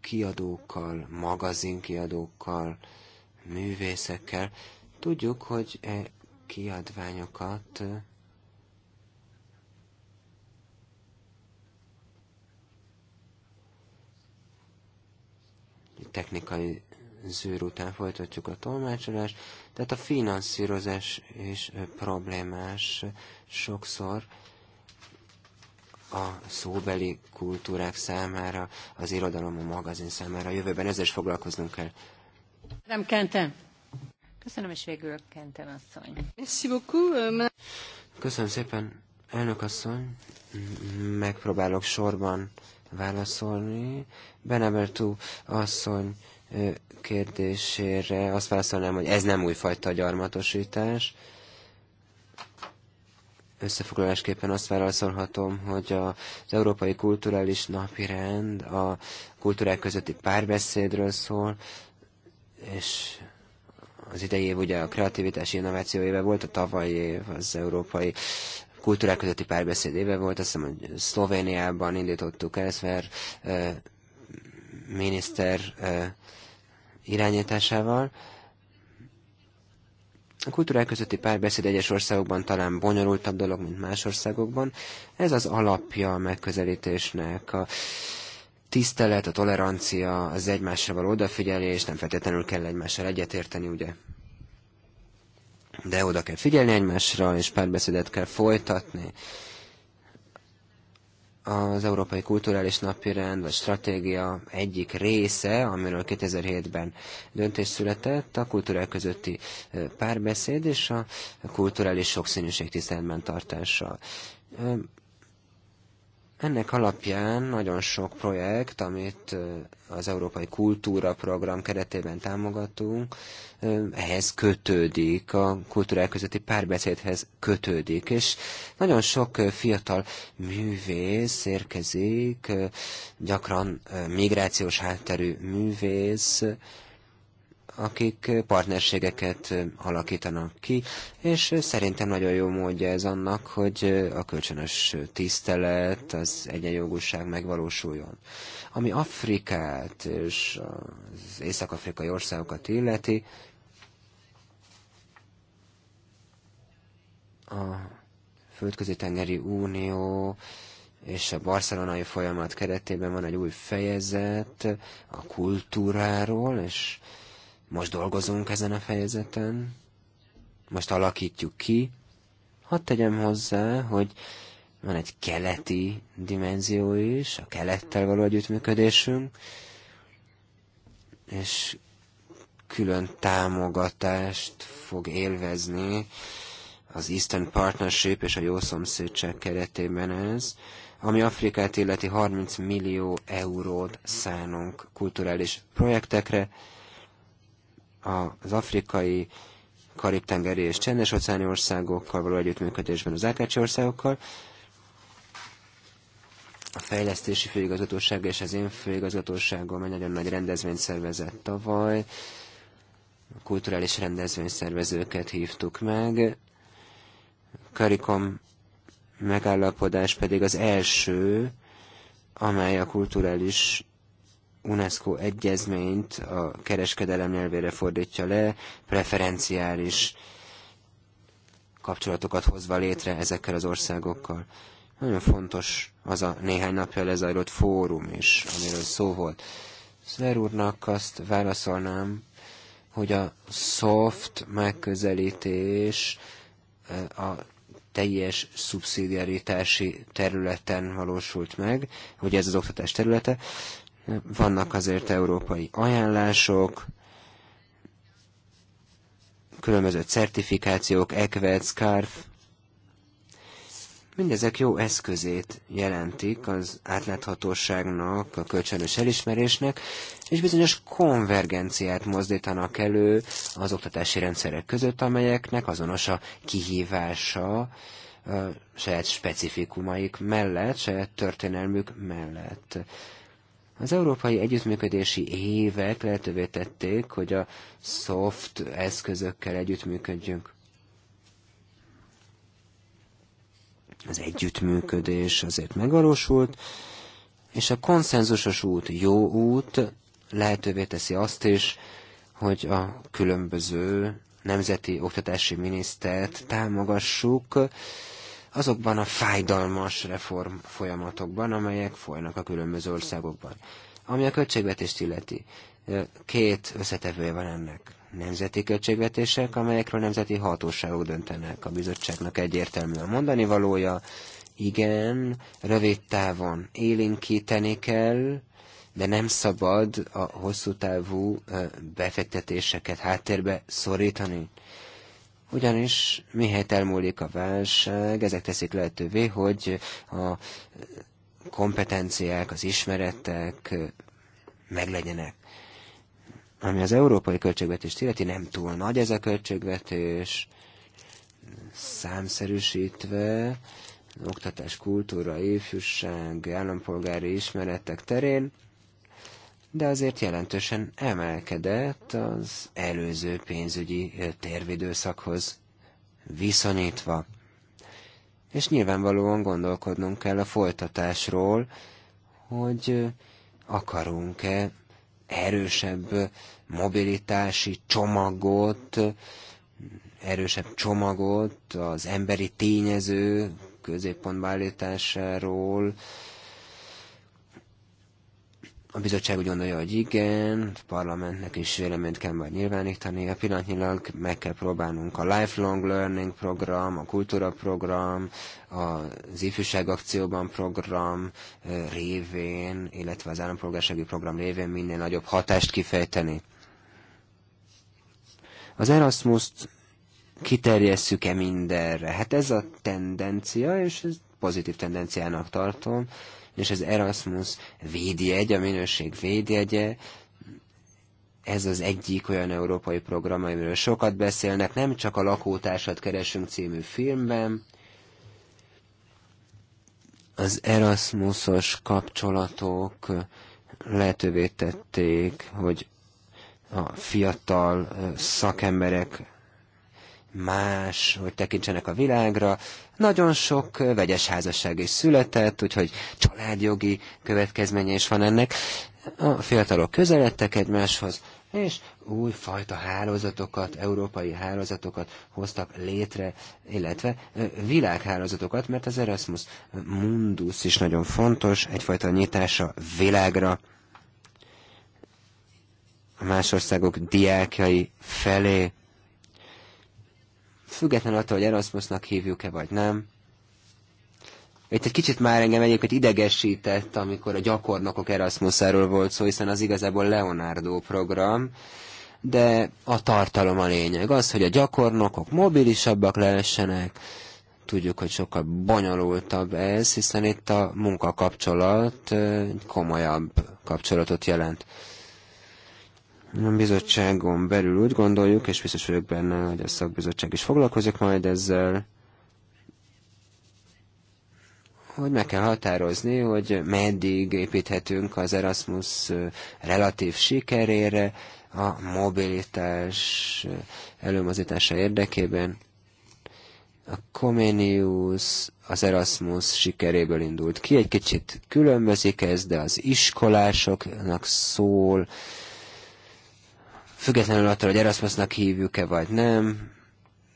kiadókkal, magazinkiadókkal, művészekkel, Tudjuk, hogy e kiadványokat e, technikai zűr után folytatjuk a tolmácsolást, tehát a finanszírozás is e, problémás sokszor a szóbeli kultúrák számára, az irodalom, a magazin számára a jövőben ezzel is foglalkoznunk kell. Nem kentem. Köszönöm, és végül Kenten asszony. Merci beaucoup. Euh, Köszönöm szépen, elnök asszony. Megpróbálok sorban válaszolni. Benebertú asszony kérdésére azt válaszolnám, hogy ez nem újfajta gyarmatosítás. Összefoglalásképpen azt válaszolhatom, hogy az Európai Kulturális Napirend a kultúrák közötti párbeszédről szól, és az idei év ugye a kreativitás innováció éve volt, a tavalyi év az európai kultúrák közötti párbeszéd éve volt, azt hiszem, hogy Szlovéniában indítottuk el, Eszver eh, miniszter eh, irányításával. A kultúrák közötti párbeszéd egyes országokban talán bonyolultabb dolog, mint más országokban. Ez az alapja a megközelítésnek. A, tisztelet, a tolerancia, az egymásra való odafigyelés, nem feltétlenül kell egymással egyetérteni, ugye? De oda kell figyelni egymásra, és párbeszédet kell folytatni. Az Európai Kulturális Napirend, vagy Stratégia egyik része, amiről 2007-ben döntés született, a kultúrák közötti párbeszéd és a kulturális sokszínűség tiszteletben tartása ennek alapján nagyon sok projekt, amit az Európai Kultúra Program keretében támogatunk, ehhez kötődik, a kultúrák közötti párbeszédhez kötődik, és nagyon sok fiatal művész érkezik, gyakran migrációs hátterű művész, akik partnerségeket alakítanak ki, és szerintem nagyon jó módja ez annak, hogy a kölcsönös tisztelet, az egyenjogúság megvalósuljon. Ami Afrikát és az észak-afrikai országokat illeti, a Földközi-tengeri Unió és a barcelonai folyamat keretében van egy új fejezet a kultúráról, és most dolgozunk ezen a fejezeten, most alakítjuk ki. Hadd tegyem hozzá, hogy van egy keleti dimenzió is, a kelettel való együttműködésünk, és külön támogatást fog élvezni az Eastern Partnership és a jó szomszédság keretében ez, ami Afrikát illeti 30 millió eurót szánunk kulturális projektekre, az afrikai, karib-tengeri és csendes-óceáni országokkal való együttműködésben az ákácsi országokkal, a fejlesztési főigazgatóság és az én főigazgatóságom egy nagyon nagy rendezvényt szervezett tavaly. A kulturális rendezvényszervezőket hívtuk meg. Karikom megállapodás pedig az első, amely a kulturális UNESCO egyezményt a kereskedelem nyelvére fordítja le, preferenciális kapcsolatokat hozva létre ezekkel az országokkal. Nagyon fontos az a néhány napja lezajlott fórum is, amiről szó volt. Szver úrnak azt válaszolnám, hogy a soft megközelítés eh, a teljes szubszidiaritási területen valósult meg, hogy ez az oktatás területe, vannak azért európai ajánlások, különböző certifikációk, ECVET, SCARF, mindezek jó eszközét jelentik az átláthatóságnak, a kölcsönös elismerésnek, és bizonyos konvergenciát mozdítanak elő az oktatási rendszerek között, amelyeknek azonos a kihívása a saját specifikumaik mellett, saját történelmük mellett. Az európai együttműködési évek lehetővé tették, hogy a soft eszközökkel együttműködjünk. Az együttműködés azért megvalósult, és a konszenzusos út jó út, lehetővé teszi azt is, hogy a különböző nemzeti oktatási minisztert támogassuk, azokban a fájdalmas reform folyamatokban, amelyek folynak a különböző országokban. Ami a költségvetést illeti, két összetevője van ennek. Nemzeti költségvetések, amelyekről nemzeti hatóságok döntenek. A bizottságnak egyértelmű a mondani valója. Igen, rövid távon élinkíteni kell, de nem szabad a hosszú távú befektetéseket háttérbe szorítani ugyanis mihelyt elmúlik a válság, ezek teszik lehetővé, hogy a kompetenciák, az ismeretek meglegyenek. Ami az európai költségvetést illeti, nem túl nagy ez a költségvetés, számszerűsítve, oktatás, kultúra, ifjúság, állampolgári ismeretek terén de azért jelentősen emelkedett az előző pénzügyi térvidőszakhoz viszonyítva. És nyilvánvalóan gondolkodnunk kell a folytatásról, hogy akarunk-e erősebb mobilitási csomagot, erősebb csomagot az emberi tényező középpontba állításáról, a bizottság úgy gondolja, hogy igen, a parlamentnek is véleményt kell majd nyilvánítani. A pillanatnyilag meg kell próbálnunk a Lifelong Learning program, a Kultúra program, az Ifjúság Akcióban program révén, illetve az állampolgársági program révén minél nagyobb hatást kifejteni. Az erasmus kiterjesszük-e mindenre? Hát ez a tendencia, és ez pozitív tendenciának tartom és az Erasmus védjegy, a minőség védjegye, ez az egyik olyan európai program, amiről sokat beszélnek, nem csak a lakótársat keresünk című filmben, az Erasmusos kapcsolatok lehetővé tették, hogy a fiatal szakemberek más, hogy tekintsenek a világra. Nagyon sok vegyes házasság is született, úgyhogy családjogi következménye is van ennek. A fiatalok közeledtek egymáshoz, és újfajta hálózatokat, európai hálózatokat hoztak létre, illetve világhálózatokat, mert az Erasmus Mundus is nagyon fontos, egyfajta nyitása világra más országok diákjai felé függetlenül attól, hogy Erasmusnak hívjuk-e vagy nem. Itt egy kicsit már engem egyébként idegesített, amikor a gyakornokok Erasmusáról volt szó, hiszen az igazából Leonardo program, de a tartalom a lényeg. Az, hogy a gyakornokok mobilisabbak lehessenek, tudjuk, hogy sokkal bonyolultabb ez, hiszen itt a munkakapcsolat komolyabb kapcsolatot jelent. A bizottságon belül úgy gondoljuk, és biztos vagyok benne, hogy a szakbizottság is foglalkozik majd ezzel, hogy meg kell határozni, hogy meddig építhetünk az Erasmus relatív sikerére, a mobilitás előmozítása érdekében. A Comenius az Erasmus sikeréből indult ki, egy kicsit különbözik ez, de az iskolásoknak szól, Függetlenül attól, hogy Erasmusnak hívjuk-e vagy nem,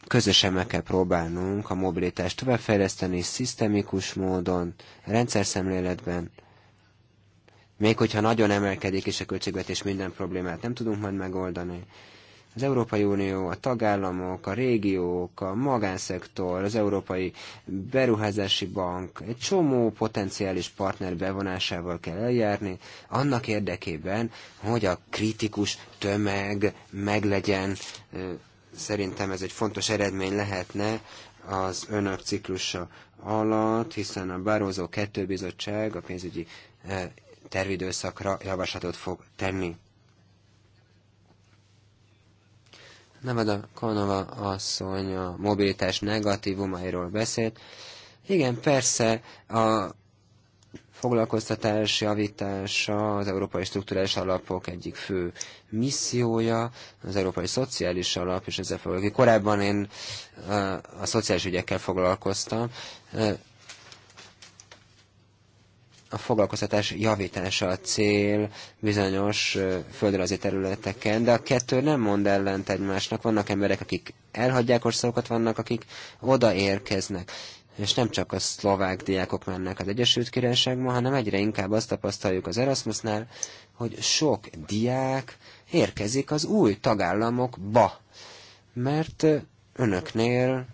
közösen meg kell próbálnunk a mobilitást továbbfejleszteni szisztemikus módon, rendszer szemléletben, még hogyha nagyon emelkedik és a költségvetés minden problémát nem tudunk majd megoldani, az Európai Unió, a tagállamok, a régiók, a magánszektor, az Európai Beruházási Bank egy csomó potenciális partner bevonásával kell eljárni, annak érdekében, hogy a kritikus tömeg meglegyen. Szerintem ez egy fontos eredmény lehetne az önök ciklusa alatt, hiszen a Bározó 2 bizottság a pénzügyi tervidőszakra javaslatot fog tenni. a Kanova asszony a mobilitás negatívumairól beszélt. Igen, persze, a foglalkoztatás javítása az Európai struktúrális Alapok egyik fő missziója, az Európai Szociális Alap és ezzel foglalkozik. Korábban én a szociális ügyekkel foglalkoztam, a foglalkoztatás javítása a cél bizonyos földrajzi területeken, de a kettő nem mond ellent egymásnak. Vannak emberek, akik elhagyják országokat, vannak, akik odaérkeznek. És nem csak a szlovák diákok mennek az Egyesült Királyságba, hanem egyre inkább azt tapasztaljuk az Erasmusnál, hogy sok diák érkezik az új tagállamokba, mert önöknél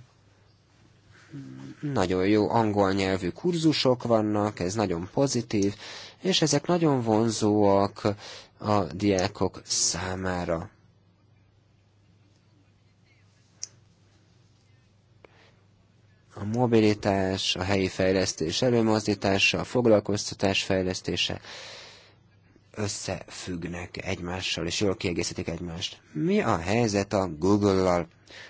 nagyon jó angol nyelvű kurzusok vannak, ez nagyon pozitív, és ezek nagyon vonzóak a diákok számára. A mobilitás, a helyi fejlesztés előmozdítása, a foglalkoztatás fejlesztése összefüggnek egymással, és jól kiegészítik egymást. Mi a helyzet a Google-lal?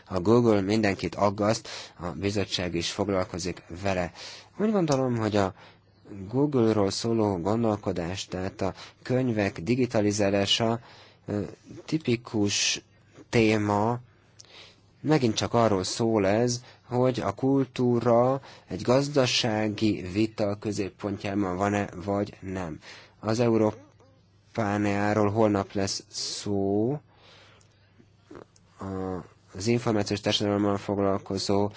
A Google mindenkit aggaszt, a bizottság is foglalkozik vele. Úgy gondolom, hogy a Google-ról szóló gondolkodás, tehát a könyvek digitalizálása tipikus téma, megint csak arról szól ez, hogy a kultúra egy gazdasági vita középpontjában van-e, vagy nem. Az Európáneáról holnap lesz szó, a az információs társadalommal foglalkozó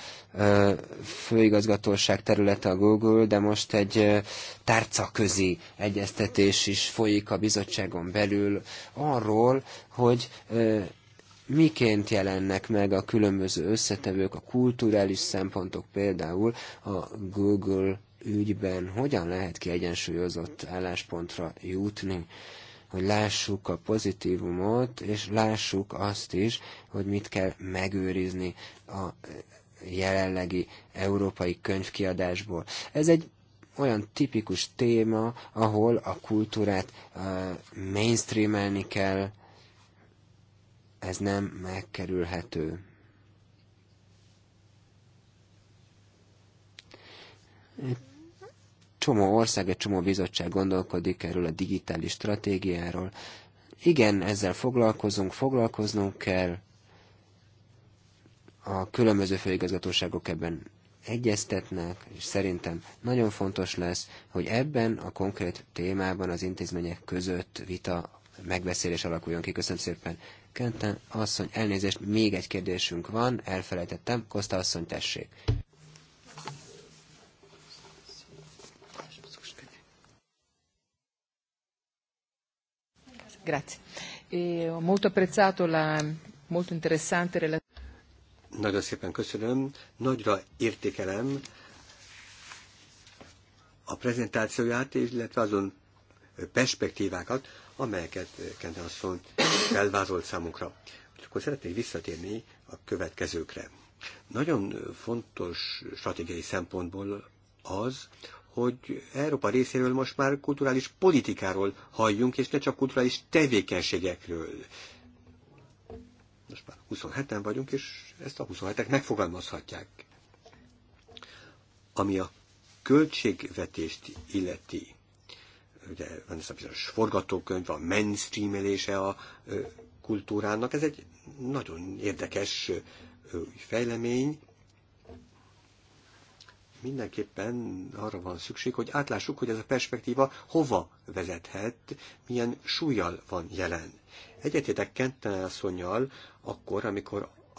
főigazgatóság területe a Google, de most egy tárcaközi egyeztetés is folyik a bizottságon belül arról, hogy miként jelennek meg a különböző összetevők, a kulturális szempontok például a Google ügyben, hogyan lehet kiegyensúlyozott álláspontra jutni hogy lássuk a pozitívumot, és lássuk azt is, hogy mit kell megőrizni a jelenlegi európai könyvkiadásból. Ez egy olyan tipikus téma, ahol a kultúrát uh, mainstreamelni kell, ez nem megkerülhető. Itt csomó ország, egy csomó bizottság gondolkodik erről a digitális stratégiáról. Igen, ezzel foglalkozunk, foglalkoznunk kell. A különböző főigazgatóságok ebben egyeztetnek, és szerintem nagyon fontos lesz, hogy ebben a konkrét témában az intézmények között vita, megbeszélés alakuljon ki. Köszönöm szépen. Kenten asszony, elnézést, még egy kérdésünk van, elfelejtettem. Kosta asszony, tessék. Grazie. E ho molto apprezzato la molto interessante relazione. Nagyon szépen köszönöm. Nagyra értékelem a prezentációját, illetve azon perspektívákat, amelyeket Kente asszony felvázolt számunkra. Akkor szeretnék visszatérni a következőkre. Nagyon fontos stratégiai szempontból az, hogy Európa részéről most már kulturális politikáról halljunk, és ne csak kulturális tevékenységekről. Most már 27-en vagyunk, és ezt a 27-ek megfogalmazhatják. Ami a költségvetést illeti, ugye van ez a bizonyos forgatókönyv, a mainstreamelése a kultúrának, ez egy nagyon érdekes fejlemény, mindenképpen arra van szükség, hogy átlássuk, hogy ez a perspektíva hova vezethet, milyen súlyjal van jelen. Egyetértek Kenten asszonyjal akkor, amikor